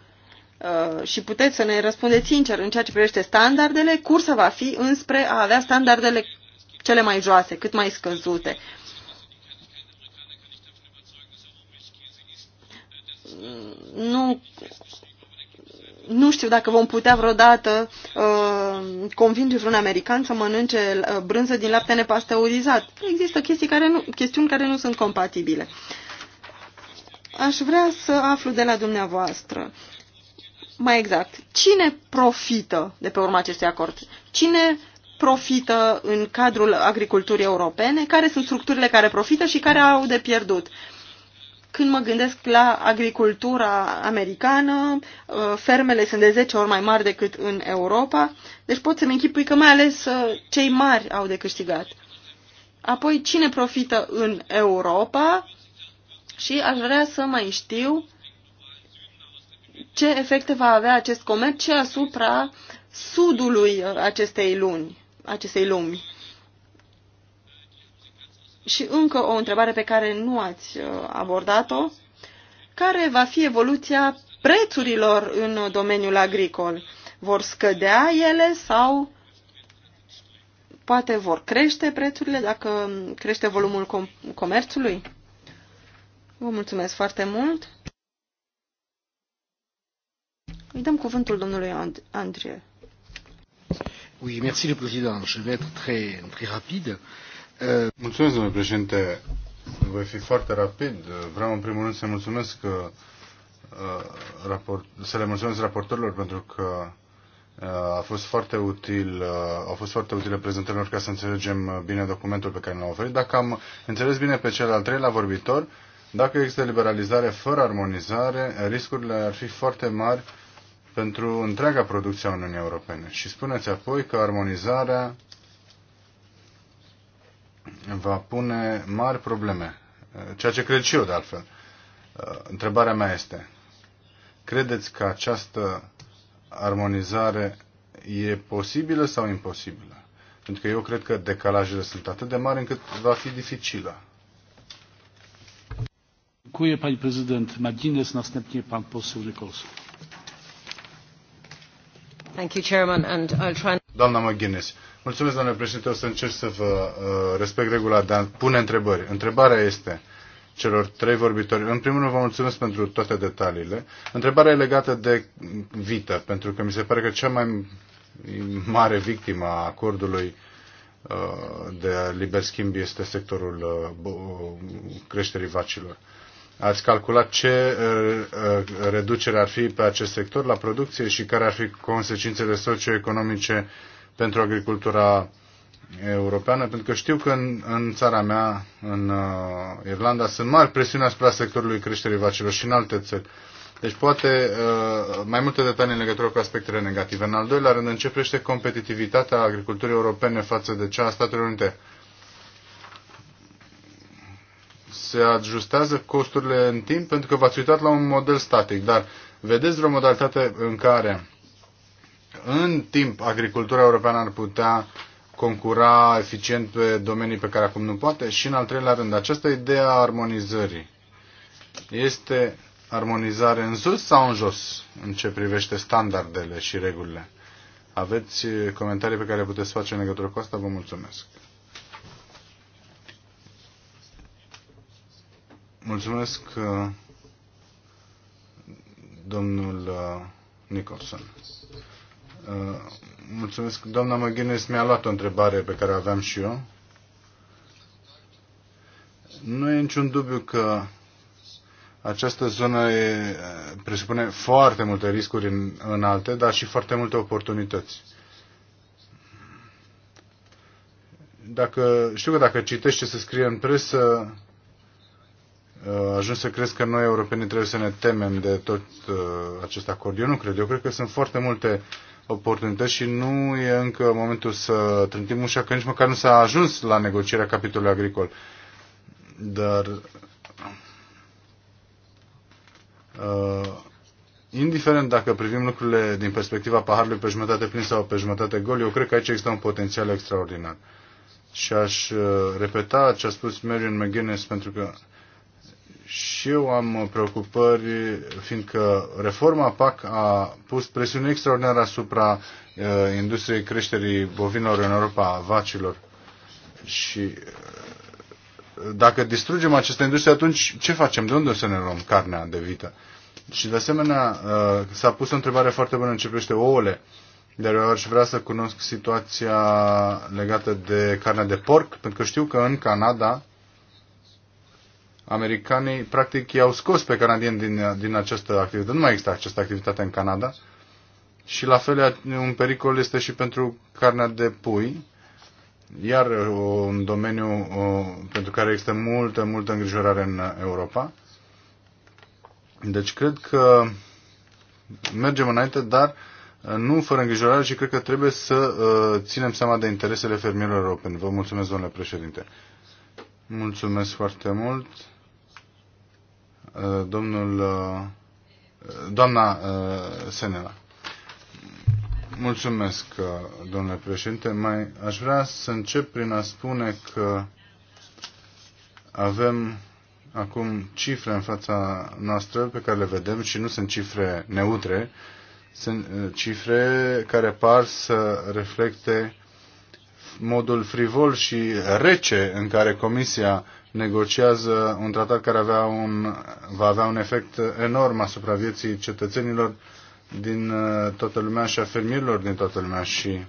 uh, și puteți să ne răspundeți sincer în ceea ce privește standardele, cursa va fi înspre a avea standardele cele mai joase, cât mai scăzute. Nu, nu știu dacă vom putea vreodată uh, convinge vreun american să mănânce uh, brânză din lapte nepasteurizat. Există chestii care nu, chestiuni care nu sunt compatibile. Uh, aș vrea să aflu de la dumneavoastră mai exact, cine profită de pe urma acestui acord? Cine profită în cadrul agriculturii europene? Care sunt structurile care profită și care au de pierdut? Când mă gândesc la agricultura americană, uh, fermele sunt de 10 ori mai mari decât în Europa, deci pot să-mi închipui că mai ales uh, cei mari au de câștigat. Apoi, cine profită în Europa? și aș vrea să mai știu ce efecte va avea acest comerț și asupra sudului acestei luni, acestei lumi. Și încă o întrebare pe care nu ați uh, abordat-o. Care va fi evoluția prețurilor în domeniul agricol? Vor scădea ele sau poate vor crește prețurile dacă crește volumul comerțului? Vă mulțumesc foarte mult. Îi dăm cuvântul domnului Andrie. Oui, merci le président. Je vais être très, très rapide. Euh... Mulțumesc, domnule președinte. Voi fi foarte rapid. Vreau în primul rând să mulțumesc că, uh, să le mulțumesc raportorilor pentru că uh, a fost foarte util, uh, au fost foarte utile prezentărilor ca să înțelegem uh, bine documentul pe care l-au oferit. Dacă am înțeles bine pe cel al treilea vorbitor, dacă există liberalizare fără armonizare, riscurile ar fi foarte mari pentru întreaga producție a Uniunii Europene. Și spuneți apoi că armonizarea va pune mari probleme, ceea ce cred și eu de altfel. Întrebarea mea este, credeți că această armonizare e posibilă sau imposibilă? Pentru că eu cred că decalajele sunt atât de mari încât va fi dificilă. Dziękuję președinte, prezydent McGuinness, następnie pan poseł Thank you, Chairman, and I'll try... McGuinness, mulțumesc, domnule președinte, o să încerc să vă uh, respect regula de a pune întrebări. Întrebarea este, celor trei vorbitori. În primul rând, vă mulțumesc pentru toate detaliile. Întrebarea e legată de vită, pentru că mi se pare că cea mai mare victimă a acordului uh, de liber schimb este sectorul uh, creșterii vacilor. Ați calculat ce uh, uh, reducere ar fi pe acest sector la producție și care ar fi consecințele socioeconomice pentru agricultura europeană, pentru că știu că în, în țara mea, în uh, Irlanda, sunt mari presiuni asupra sectorului creșterii vacilor și în alte țări. Deci poate uh, mai multe detalii în legătură cu aspectele negative. În al doilea rând, începește competitivitatea agriculturii europene față de cea a Statelor Unite se ajustează costurile în timp pentru că v-ați uitat la un model static. Dar vedeți vreo modalitate în care în timp agricultura europeană ar putea concura eficient pe domenii pe care acum nu poate? Și în al treilea rând, această idee a armonizării este armonizare în sus sau în jos în ce privește standardele și regulile? Aveți comentarii pe care puteți face în legătură cu asta? Vă mulțumesc. Mulțumesc, uh, domnul uh, Nicholson. Uh, mulțumesc. Doamna McGuinness mi-a luat o întrebare pe care o aveam și eu. Nu e niciun dubiu că această zonă e, presupune foarte multe riscuri în, în alte, dar și foarte multe oportunități. Dacă, știu că dacă citești ce se scrie în presă, Uh, ajuns să crezi că noi europenii trebuie să ne temem de tot uh, acest acord. Eu nu cred. Eu cred că sunt foarte multe oportunități și nu e încă momentul să trântim ușa, că nici măcar nu s-a ajuns la negocierea capitolului agricol. Dar uh, indiferent dacă privim lucrurile din perspectiva paharului pe jumătate plin sau pe jumătate gol, eu cred că aici există un potențial extraordinar. Și aș uh, repeta ce a spus Marion McGuinness pentru că și eu am preocupări, fiindcă reforma PAC a pus presiune extraordinară asupra uh, industriei creșterii bovinilor în Europa, a vacilor. Și uh, dacă distrugem această industrie, atunci ce facem? De unde o să ne luăm carnea de vită? Și de asemenea, uh, s-a pus o întrebare foarte bună în ce privește ouăle, dar eu aș vrea să cunosc situația legată de carnea de porc, pentru că știu că în Canada americanii practic i-au scos pe canadieni din, din această activitate. Nu mai există această activitate în Canada. Și la fel un pericol este și pentru carnea de pui, iar uh, un domeniu uh, pentru care există multă, multă îngrijorare în Europa. Deci cred că mergem înainte, dar uh, nu fără îngrijorare și cred că trebuie să ținem seama de interesele fermierilor europeni. Vă mulțumesc, domnule președinte. Mulțumesc foarte mult. Uh, domnul, uh, doamna uh, Senela. Mulțumesc, domnule președinte. Mai aș vrea să încep prin a spune că avem acum cifre în fața noastră pe care le vedem și nu sunt cifre neutre, sunt cifre care par să reflecte modul frivol și rece în care Comisia negociază un tratat care avea un, va avea un efect enorm asupra vieții cetățenilor din uh, toată lumea și a fermierilor din toată lumea și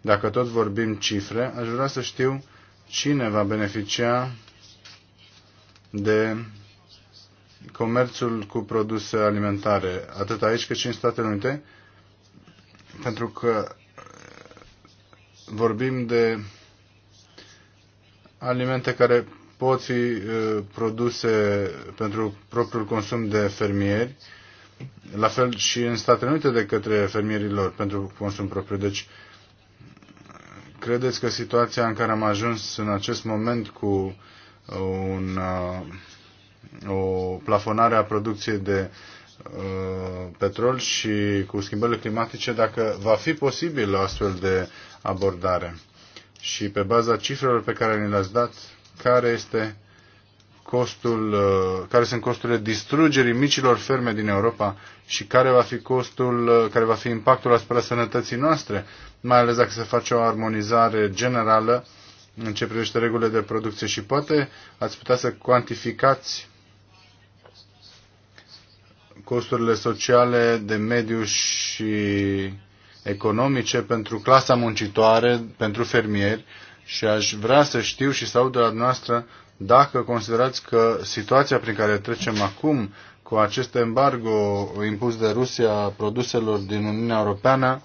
dacă tot vorbim cifre, aș vrea să știu cine va beneficia de comerțul cu produse alimentare, atât aici cât și în Statele Unite, pentru că vorbim de alimente care pot fi produse pentru propriul consum de fermieri, la fel și în Statele Unite de către fermierilor pentru consum propriu. Deci, credeți că situația în care am ajuns în acest moment cu un, o plafonare a producției de petrol și cu schimbările climatice, dacă va fi posibil o astfel de abordare. Și pe baza cifrelor pe care ni le-ați dat, care este costul, uh, care sunt costurile distrugerii micilor ferme din Europa și care va fi costul, uh, care va fi impactul asupra sănătății noastre, mai ales dacă se face o armonizare generală în ce privește regulile de producție și poate ați putea să cuantificați costurile sociale, de mediu și economice pentru clasa muncitoare, pentru fermieri, și aș vrea să știu și să aud de la noastră dacă considerați că situația prin care trecem acum cu acest embargo impus de Rusia produselor din Uniunea Europeană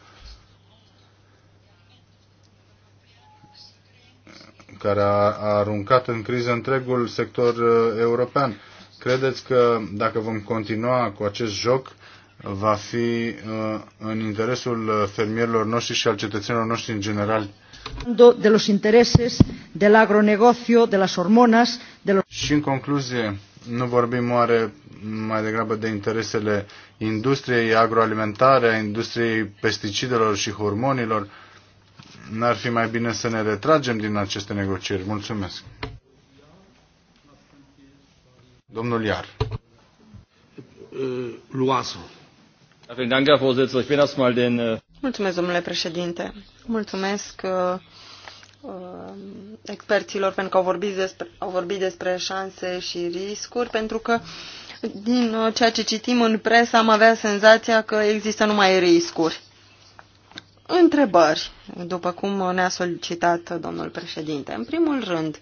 care a, aruncat în criză întregul sector uh, european. Credeți că dacă vom continua cu acest joc, va fi uh, în interesul uh, fermierilor noștri și al cetățenilor noștri în general de los intereses del agronegocio, de las hormonas, de los... Și în concluzie, nu vorbim oare mai degrabă de interesele industriei agroalimentare, a industriei pesticidelor și hormonilor? N-ar fi mai bine să ne retragem din aceste negocieri. Mulțumesc. Domnul Iar. Uh, Luasu. Vielen Dank, Herr Vorsitzender. Ich bin erstmal den äh, Mulțumesc, domnule președinte. Mulțumesc uh, uh, experților pentru că au vorbit, despre, au vorbit despre șanse și riscuri, pentru că din uh, ceea ce citim în presă am avea senzația că există numai riscuri. Întrebări, după cum ne-a solicitat domnul președinte. În primul rând,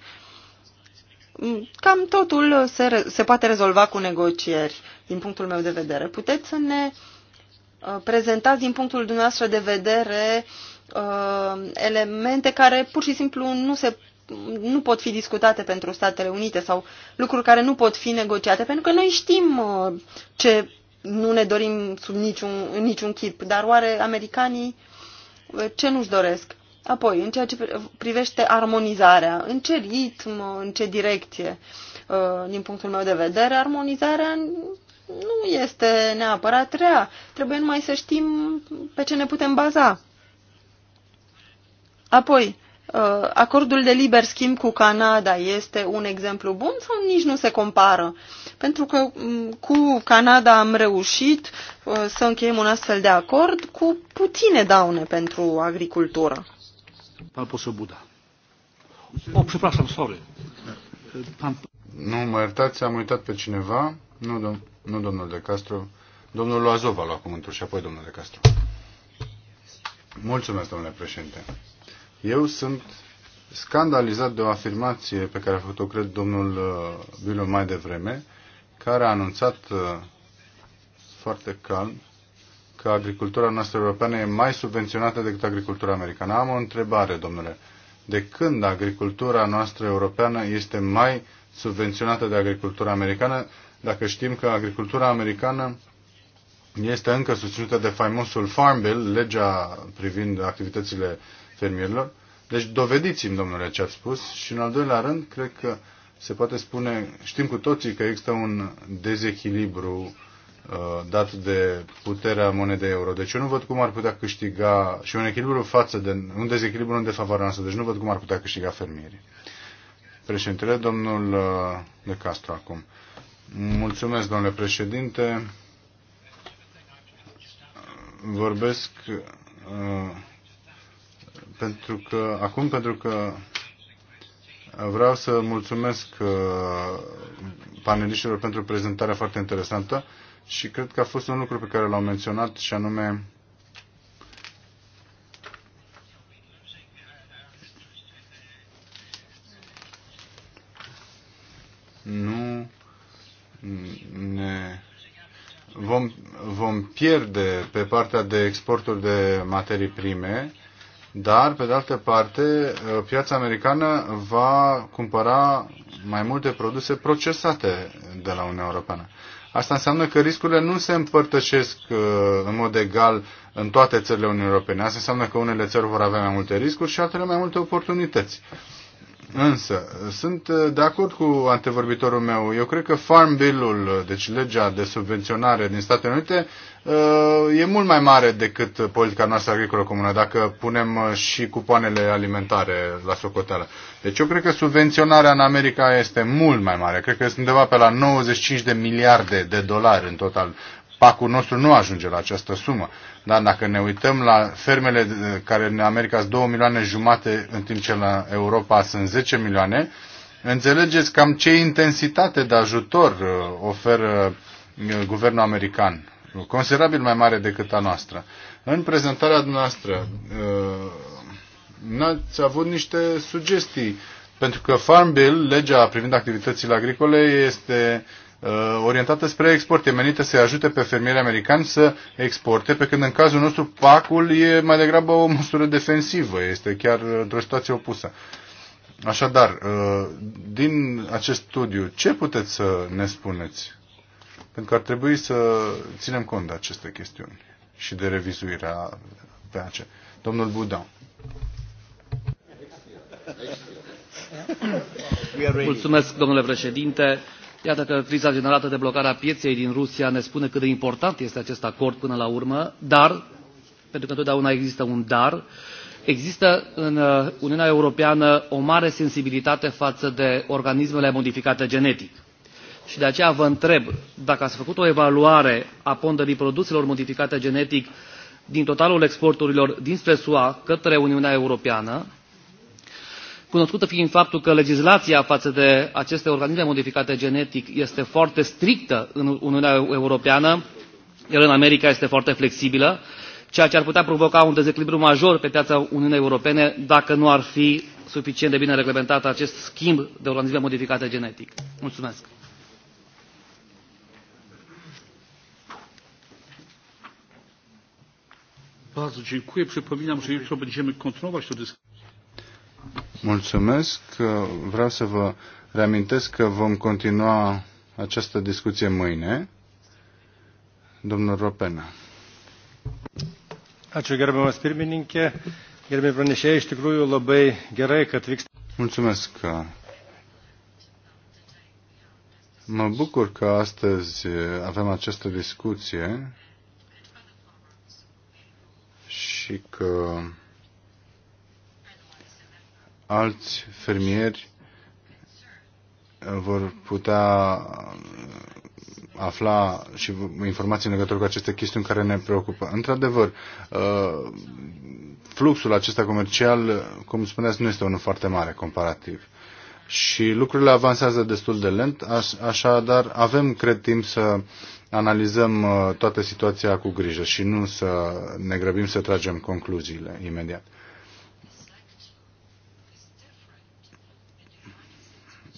cam totul se, se poate rezolva cu negocieri, din punctul meu de vedere. Puteți să ne uh, Uh, prezentați din punctul dumneavoastră de vedere uh, elemente care pur și simplu nu, se, nu pot fi discutate pentru Statele Unite sau lucruri care nu pot fi negociate, pentru că noi știm uh, ce nu ne dorim sub niciun, în niciun chip, dar oare americanii ce nu-și doresc? Apoi, în ceea ce privește armonizarea, în ce ritm, în ce direcție, din punctul meu de vedere, armonizarea nu este neapărat rea. Trebuie numai să știm pe ce ne putem baza. Apoi, uh, acordul de liber schimb cu Canada este un exemplu bun sau nici nu se compară? Pentru că mm, cu Canada am reușit uh, să încheiem un astfel de acord cu puține daune pentru agricultură. Pan Buda. O, przepraszam, sorry. Pan... Nu, mă iertați, am uitat pe cineva. Nu, domn. Nu domnul De Castro. Domnul Loazov a luat cuvântul și apoi domnul De Castro. Mulțumesc, domnule președinte. Eu sunt scandalizat de o afirmație pe care a făcut-o, cred, domnul uh, Bilo mai devreme, care a anunțat uh, foarte calm că agricultura noastră europeană e mai subvenționată decât agricultura americană. Am o întrebare, domnule. De când agricultura noastră europeană este mai subvenționată de agricultura americană? dacă știm că agricultura americană este încă susținută de faimosul Farm Bill, legea privind activitățile fermierilor. Deci dovediți-mi, domnule, ce ați spus. Și în al doilea rând, cred că se poate spune, știm cu toții că există un dezechilibru uh, dat de puterea monedei euro. Deci eu nu văd cum ar putea câștiga și un echilibru față de un dezechilibru în defavoarea noastră. Deci nu văd cum ar putea câștiga fermierii. Președintele, domnul uh, De Castro acum. Mulțumesc, domnule președinte. Vorbesc uh, pentru că, acum pentru că vreau să mulțumesc uh, paneliștilor pentru prezentarea foarte interesantă și cred că a fost un lucru pe care l-au menționat și anume ne vom, vom pierde pe partea de exporturi de materii prime, dar, pe de altă parte, piața americană va cumpăra mai multe produse procesate de la Uniunea Europeană. Asta înseamnă că riscurile nu se împărtășesc uh, în mod egal în toate țările Uniunii Europene. Asta înseamnă că unele țări vor avea mai multe riscuri și altele mai multe oportunități. Însă, sunt uh, de acord cu antevorbitorul meu. Eu cred că Farm Bill-ul, uh, deci legea de subvenționare din Statele Unite, uh, e mult mai mare decât politica noastră agricolă comună, dacă punem și cupoanele alimentare la socoteală. Deci eu cred că subvenționarea în America este mult mai mare. Cred că este undeva pe la 95 de miliarde de dolari în total. Pacul nostru nu ajunge la această sumă. Dar dacă ne uităm la fermele care în America sunt 2 milioane jumate, în timp ce la Europa sunt 10 milioane, înțelegeți cam ce intensitate de ajutor uh, oferă uh, guvernul american. Considerabil mai mare decât a noastră. În prezentarea noastră uh, n-ați avut niște sugestii, pentru că Farm Bill, legea privind activitățile agricole, este uh, Uh, orientată spre export, e menită să ajute pe fermierii americani să exporte, pe când în cazul nostru pacul e mai degrabă o măsură defensivă, este chiar într-o situație opusă. Așadar, uh, din acest studiu, ce puteți să ne spuneți? Pentru că ar trebui să ținem cont de aceste chestiuni și de revizuirea ace. Domnul Budan. Mulțumesc, domnule președinte Iată că criza generată de blocarea pieței din Rusia ne spune cât de important este acest acord până la urmă, dar, pentru că întotdeauna există un dar, există în uh, Uniunea Europeană o mare sensibilitate față de organismele modificate genetic. Și de aceea vă întreb dacă ați făcut o evaluare a ponderii produselor modificate genetic din totalul exporturilor dinspre SUA către Uniunea Europeană cunoscută fiind faptul că legislația față de aceste organisme modificate genetic este foarte strictă în Uniunea Europeană, iar în America este foarte flexibilă, ceea ce ar putea provoca un dezechilibru major pe piața Uniunii Europene dacă nu ar fi suficient de bine reglementat acest schimb de organisme modificate genetic. Mulțumesc! Bardzo dziękuję. Przypominam, że jutro będziemy kontynuować tę dyskusję. Mulțumesc. Vreau să vă reamintesc că vom continua această discuție mâine. Domnul Ropena. Ačiū gerbiamas pirmininkė, gerbiami pranešėjai, iš tikrųjų labai gerai, kad vyksta. Mulțumesc. Mă bucur că astăzi avem această discuție și că alți fermieri vor putea afla și informații în legătură cu aceste chestiuni care ne preocupă. Într-adevăr, fluxul acesta comercial, cum spuneați, nu este unul foarte mare comparativ. Și lucrurile avansează destul de lent, așadar avem, cred, timp să analizăm uh, toată situația cu grijă și nu să ne grăbim să tragem concluziile imediat.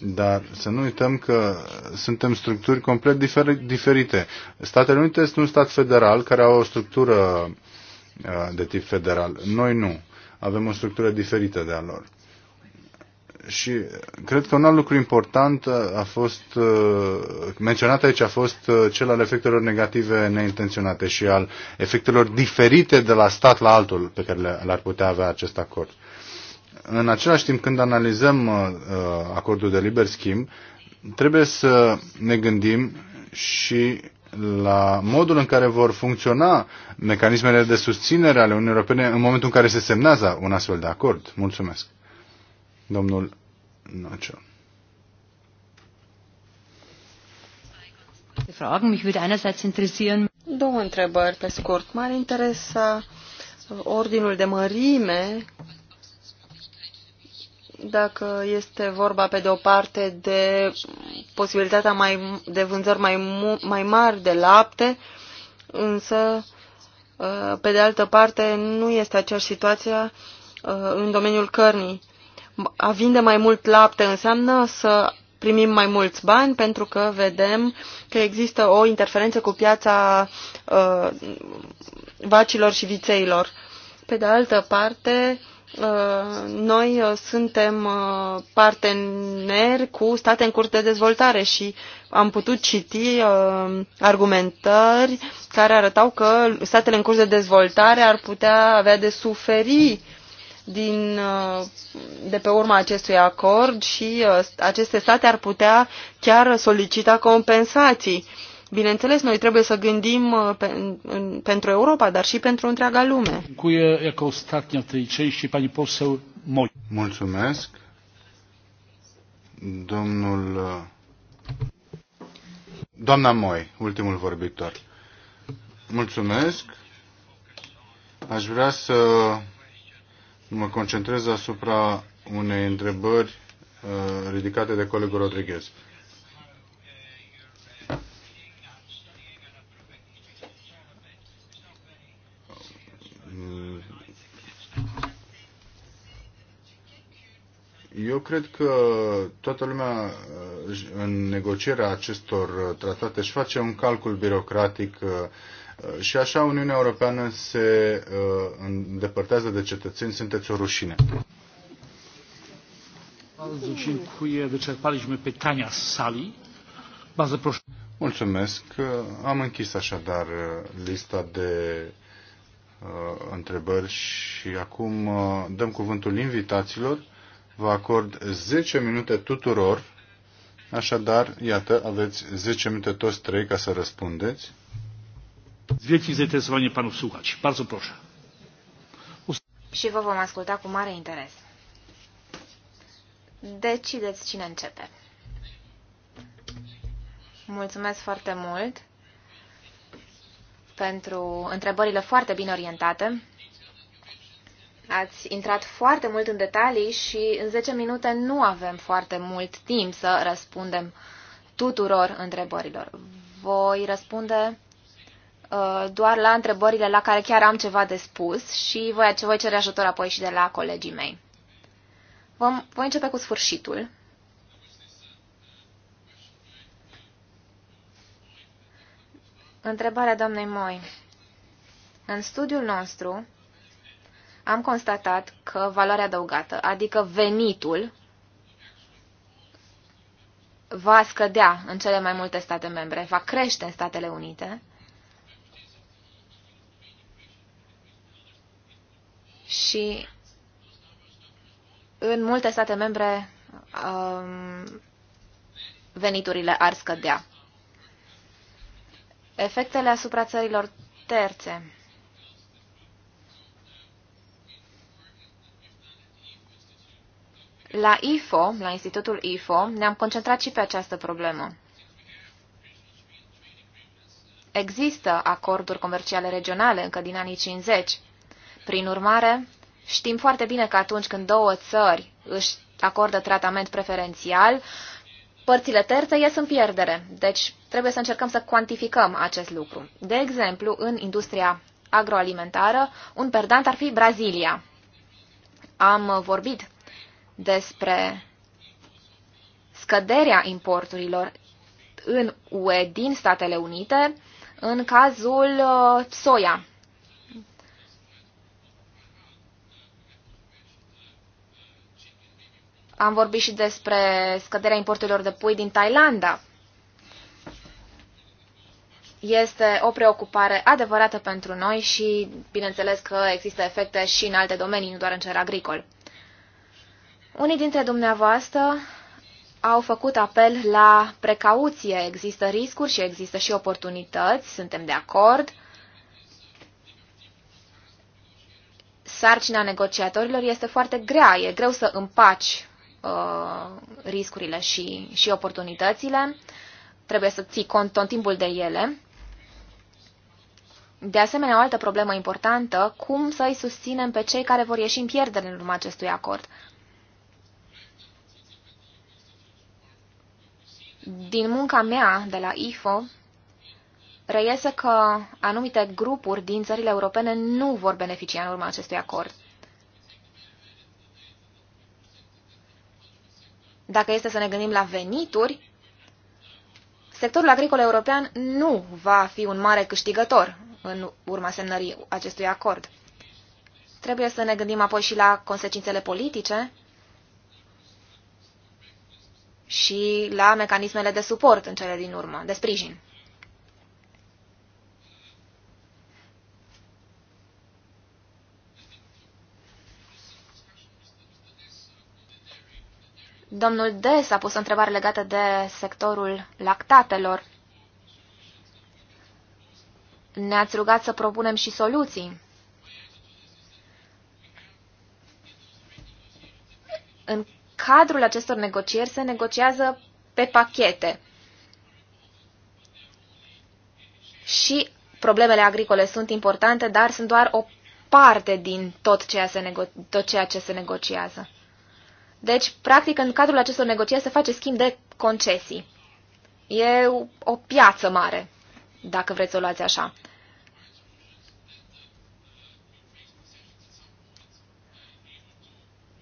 Dar să nu uităm că suntem structuri complet diferite. Statele Unite este un stat federal care are o structură uh, de tip federal. Noi nu. Avem o structură diferită de a lor. Și cred că un alt lucru important uh, a fost uh, menționat aici a fost cel al efectelor negative neintenționate și al efectelor diferite de la stat la altul pe care le-ar putea avea acest acord. În același timp, când analizăm uh, uh, acordul de liber schimb, trebuie să ne gândim și la modul în care vor funcționa mecanismele de susținere ale Uniunii Europene în momentul în care se semnează un astfel de acord. Mulțumesc. Domnul Nacio. Două întrebări pe scurt. M-ar interesa ordinul de mărime dacă este vorba pe de o parte de posibilitatea mai, de vânzări mai, mai mari de lapte, însă uh, pe de altă parte nu este aceeași situație uh, în domeniul cărnii. A vinde mai mult lapte înseamnă să primim mai mulți bani pentru că vedem că există o interferență cu piața uh, vacilor și vițeilor. Pe de altă parte, noi uh, suntem uh, parteneri cu state în curs de dezvoltare și am putut citi uh, argumentări care arătau că statele în curs de dezvoltare ar putea avea de suferi din, de pe urma acestui acord și aceste state ar putea chiar solicita compensații Bineînțeles, noi trebuie să gândim uh, pe, în, pentru Europa, dar și pentru întreaga lume. Mulțumesc. Domnul... Uh, doamna Moi, ultimul vorbitor. Mulțumesc. Aș vrea să mă concentrez asupra unei întrebări uh, ridicate de colegul Rodriguez. Eu cred că toată lumea uh, în negocierea acestor uh, tratate își face un calcul birocratic uh, și așa Uniunea Europeană se îndepărtează de cetățeni. Sunteți o rușine. sali. Mulțumesc. Am închis așadar lista de întrebări și acum dăm cuvântul invitaților Vă acord 10 minute tuturor. Așadar, iată, aveți 10 minute toți trei ca să răspundeți. Z wielkim zainteresowaniem panów słuchać. Bardzo proszę. Și vă vom asculta cu mare interes. Decideți cine începe. Mulțumesc foarte mult pentru întrebările foarte bine orientate. Ați intrat foarte mult în detalii și în 10 minute nu avem foarte mult timp să răspundem tuturor întrebărilor. Voi răspunde uh, doar la întrebările la care chiar am ceva de spus și voi, voi cere ajutor apoi și de la colegii mei. Vom, voi începe cu sfârșitul. Întrebarea doamnei Moi. În studiul nostru, am constatat că valoarea adăugată, adică venitul, va scădea în cele mai multe state membre, va crește în Statele Unite și în multe state membre um, veniturile ar scădea. Efectele asupra țărilor terțe. La IFO, la Institutul IFO, ne-am concentrat și pe această problemă. Există acorduri comerciale regionale încă din anii 50. Prin urmare, știm foarte bine că atunci când două țări își acordă tratament preferențial, părțile terțe ies în pierdere. Deci trebuie să încercăm să cuantificăm acest lucru. De exemplu, în industria agroalimentară, un perdant ar fi Brazilia. Am vorbit despre scăderea importurilor în UE din Statele Unite în cazul uh, soia. Am vorbit și despre scăderea importurilor de pui din Thailanda. Este o preocupare adevărată pentru noi și bineînțeles că există efecte și în alte domenii, nu doar în cer agricol. Unii dintre dumneavoastră au făcut apel la precauție. Există riscuri și există și oportunități, suntem de acord. Sarcina negociatorilor este foarte grea, e greu să împaci uh, riscurile și, și oportunitățile. Trebuie să ții cont tot timpul de ele. De asemenea, o altă problemă importantă, cum să-i susținem pe cei care vor ieși în pierdere în urma acestui acord. Din munca mea de la IFO, reiese că anumite grupuri din țările europene nu vor beneficia în urma acestui acord. Dacă este să ne gândim la venituri, sectorul agricol european nu va fi un mare câștigător în urma semnării acestui acord. Trebuie să ne gândim apoi și la consecințele politice și la mecanismele de suport în cele din urmă, de sprijin. Domnul Des a pus o întrebare legată de sectorul lactatelor. Ne-ați rugat să propunem și soluții. În cadrul acestor negocieri se negociază pe pachete. Și problemele agricole sunt importante, dar sunt doar o parte din tot ceea, se nego- tot ceea ce se negociază. Deci, practic, în cadrul acestor negocieri se face schimb de concesii. E o piață mare, dacă vreți să o luați așa.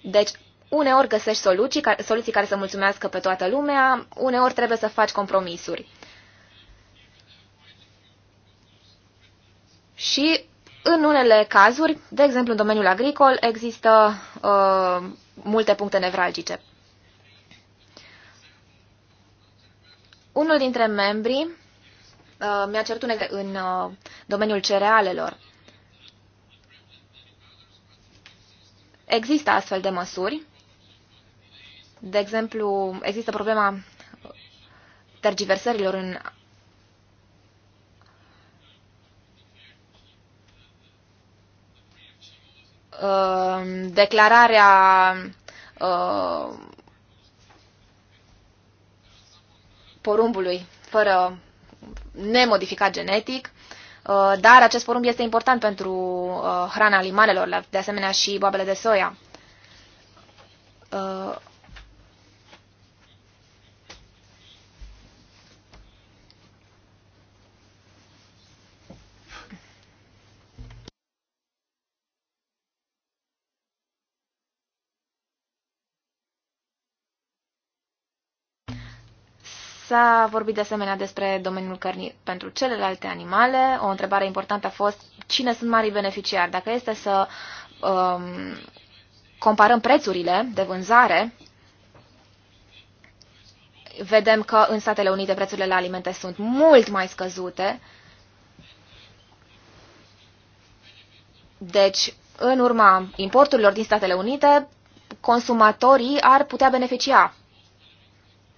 Deci, Uneori găsești soluții, soluții care să mulțumească pe toată lumea, uneori trebuie să faci compromisuri. Și în unele cazuri, de exemplu în domeniul agricol, există uh, multe puncte nevralgice. Unul dintre membrii uh, mi-a cerut un în uh, domeniul cerealelor. Există astfel de măsuri de exemplu, există problema tergiversărilor în uh, declararea uh, porumbului fără nemodificat genetic, uh, dar acest porumb este important pentru uh, hrana animalelor, de asemenea și boabele de soia uh, S-a vorbit de asemenea despre domeniul cărnii pentru celelalte animale. O întrebare importantă a fost cine sunt marii beneficiari. Dacă este să um, comparăm prețurile de vânzare, vedem că în Statele Unite prețurile la alimente sunt mult mai scăzute. Deci, în urma importurilor din Statele Unite, consumatorii ar putea beneficia.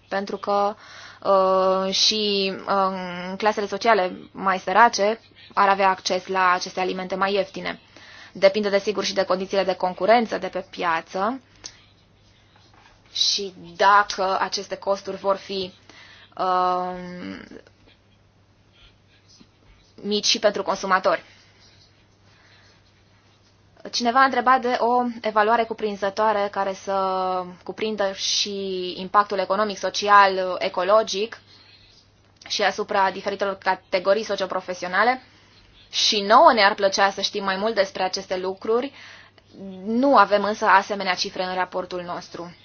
Pentru că uh, Uh, și uh, clasele sociale mai sărace ar avea acces la aceste alimente mai ieftine. Depinde, desigur, și de condițiile de concurență de pe piață și dacă aceste costuri vor fi uh, mici și pentru consumatori. Cineva a întrebat de o evaluare cuprinzătoare care să cuprindă și impactul economic, social, ecologic și asupra diferitelor categorii socioprofesionale. Și nouă ne-ar plăcea să știm mai mult despre aceste lucruri. Nu avem însă asemenea cifre în raportul nostru.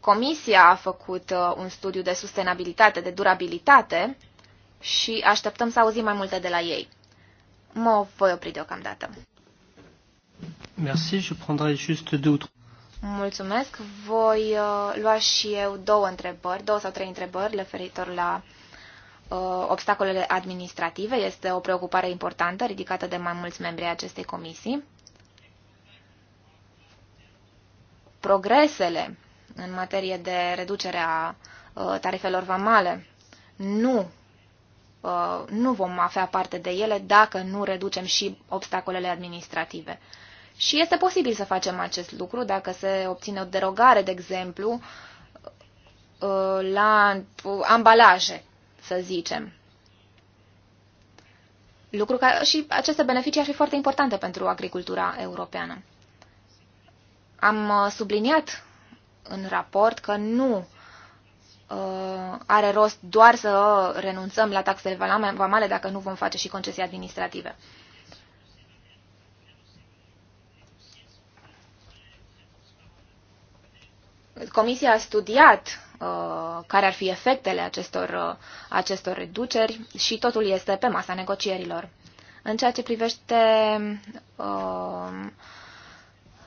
Comisia a făcut uh, un studiu de sustenabilitate, de durabilitate, și așteptăm să auzim mai multe de la ei. Mă voi opri deocamdată. Merci, je prendrai juste deux Mulțumesc. Voi uh, lua și eu două întrebări, două sau trei întrebări referitor la uh, obstacolele administrative. Este o preocupare importantă ridicată de mai mulți membri ai acestei comisii. Progresele în materie de reducere a uh, tarifelor vamale nu Uh, nu vom avea parte de ele dacă nu reducem și obstacolele administrative. Și este posibil să facem acest lucru dacă se obține o derogare, de exemplu, uh, la ambalaje, să zicem. Lucru ca, și aceste beneficii ar fi foarte importante pentru agricultura europeană. Am uh, subliniat în raport că nu Uh, are rost doar să renunțăm la taxele vamale dacă nu vom face și concesii administrative. Comisia a studiat uh, care ar fi efectele acestor, uh, acestor reduceri și totul este pe masa negocierilor. În ceea ce privește uh,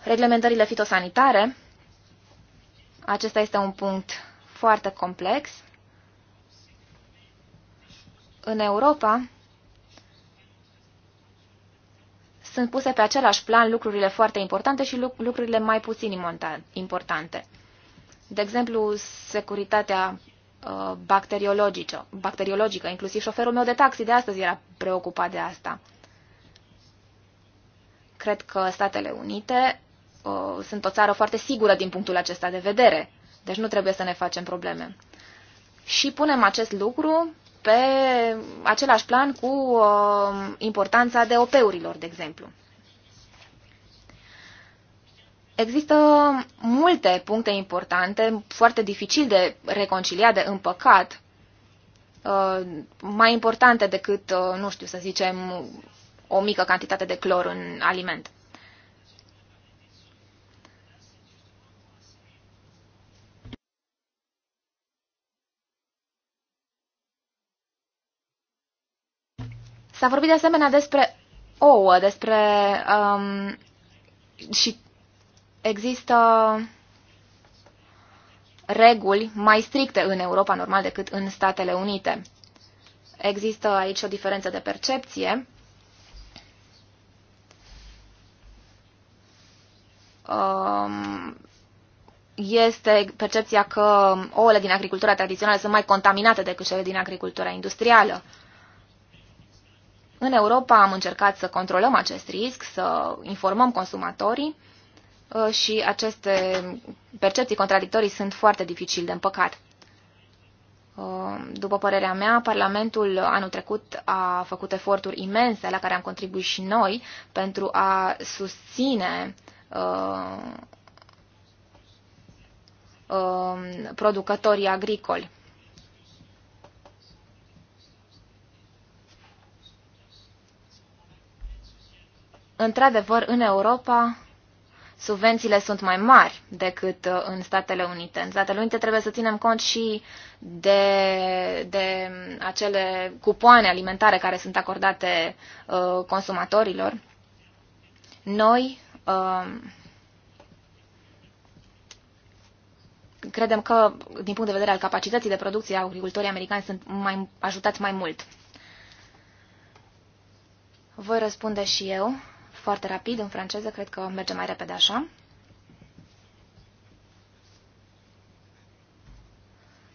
reglementările fitosanitare, acesta este un punct foarte complex. În Europa sunt puse pe același plan lucrurile foarte importante și lucrurile mai puțin importante. De exemplu, securitatea uh, bacteriologică, bacteriologică. Inclusiv șoferul meu de taxi de astăzi era preocupat de asta. Cred că Statele Unite uh, sunt o țară foarte sigură din punctul acesta de vedere. Deci nu trebuie să ne facem probleme. Și punem acest lucru pe același plan cu uh, importanța de OP-urilor, de exemplu. Există multe puncte importante, foarte dificil de reconciliat, de împăcat, uh, mai importante decât, uh, nu știu, să zicem, o mică cantitate de clor în aliment. S-a vorbit de asemenea despre ouă, despre um, și există reguli mai stricte în Europa, normal, decât în Statele Unite. Există aici o diferență de percepție. Um, este percepția că ouăle din agricultura tradițională sunt mai contaminate decât cele din agricultura industrială. În Europa am încercat să controlăm acest risc, să informăm consumatorii uh, și aceste percepții contradictorii sunt foarte dificil de împăcat. Uh, după părerea mea, Parlamentul anul trecut a făcut eforturi imense la care am contribuit și noi pentru a susține uh, producătorii agricoli. într-adevăr, în Europa, subvențiile sunt mai mari decât uh, în Statele Unite. În Statele Unite trebuie să ținem cont și de, de mm, acele cupoane alimentare care sunt acordate uh, consumatorilor. Noi uh, credem că, din punct de vedere al capacității de producție, a agricultorii americani sunt mai, ajutați mai mult. Voi răspunde și eu foarte rapid în franceză, cred că merge mai repede așa.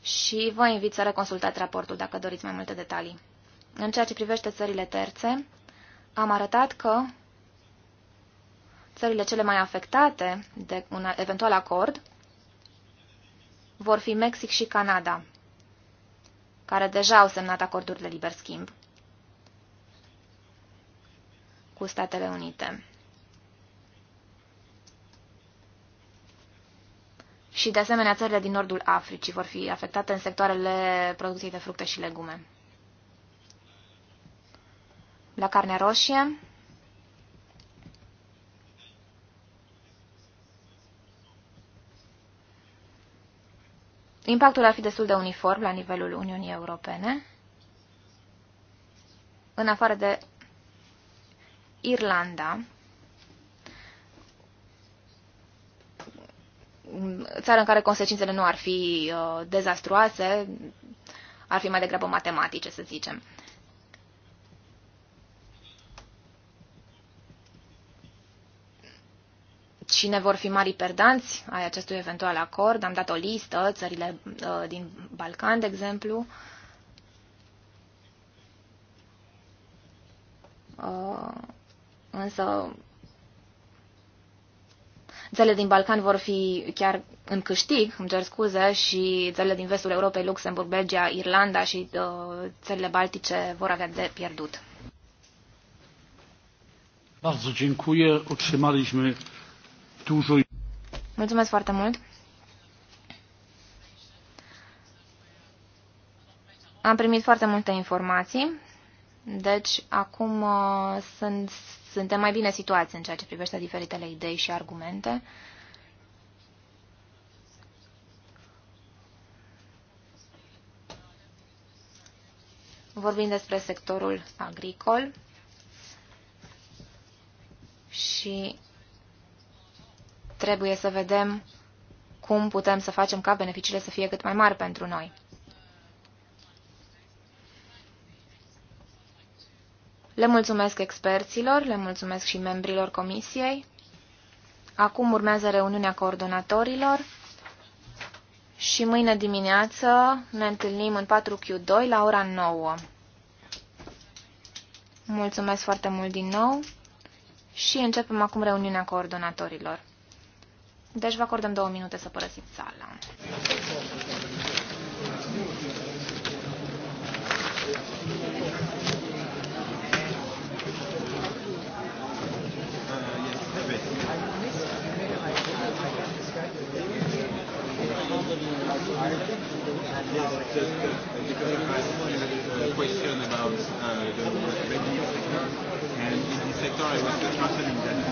Și vă invit să reconsultați raportul dacă doriți mai multe detalii. În ceea ce privește țările terțe, am arătat că țările cele mai afectate de un eventual acord vor fi Mexic și Canada, care deja au semnat acorduri de liber schimb cu Statele Unite. Și, de asemenea, țările din nordul Africii vor fi afectate în sectoarele producției de fructe și legume. La carne roșie, Impactul ar fi destul de uniform la nivelul Uniunii Europene, în afară de Irlanda, țară în care consecințele nu ar fi uh, dezastruoase, ar fi mai degrabă matematice, să zicem. Cine vor fi mari perdanți ai acestui eventual acord? Am dat o listă, țările uh, din Balcan, de exemplu. Uh, Însă țările din Balcan vor fi chiar în câștig, îmi cer scuze, și țările din vestul Europei, Luxemburg, Belgia, Irlanda și uh, țările baltice vor avea de pierdut. Mulțumesc foarte mult. Am primit foarte multe informații, deci acum uh, sunt suntem mai bine situați în ceea ce privește diferitele idei și argumente. Vorbim despre sectorul agricol și trebuie să vedem cum putem să facem ca beneficiile să fie cât mai mari pentru noi. Le mulțumesc experților, le mulțumesc și membrilor comisiei. Acum urmează reuniunea coordonatorilor și mâine dimineață ne întâlnim în 4Q2 la ora 9. Mulțumesc foarte mult din nou și începem acum reuniunea coordonatorilor. Deci vă acordăm două minute să părăsiți sala. just a question about uh, the banking and in this sector I was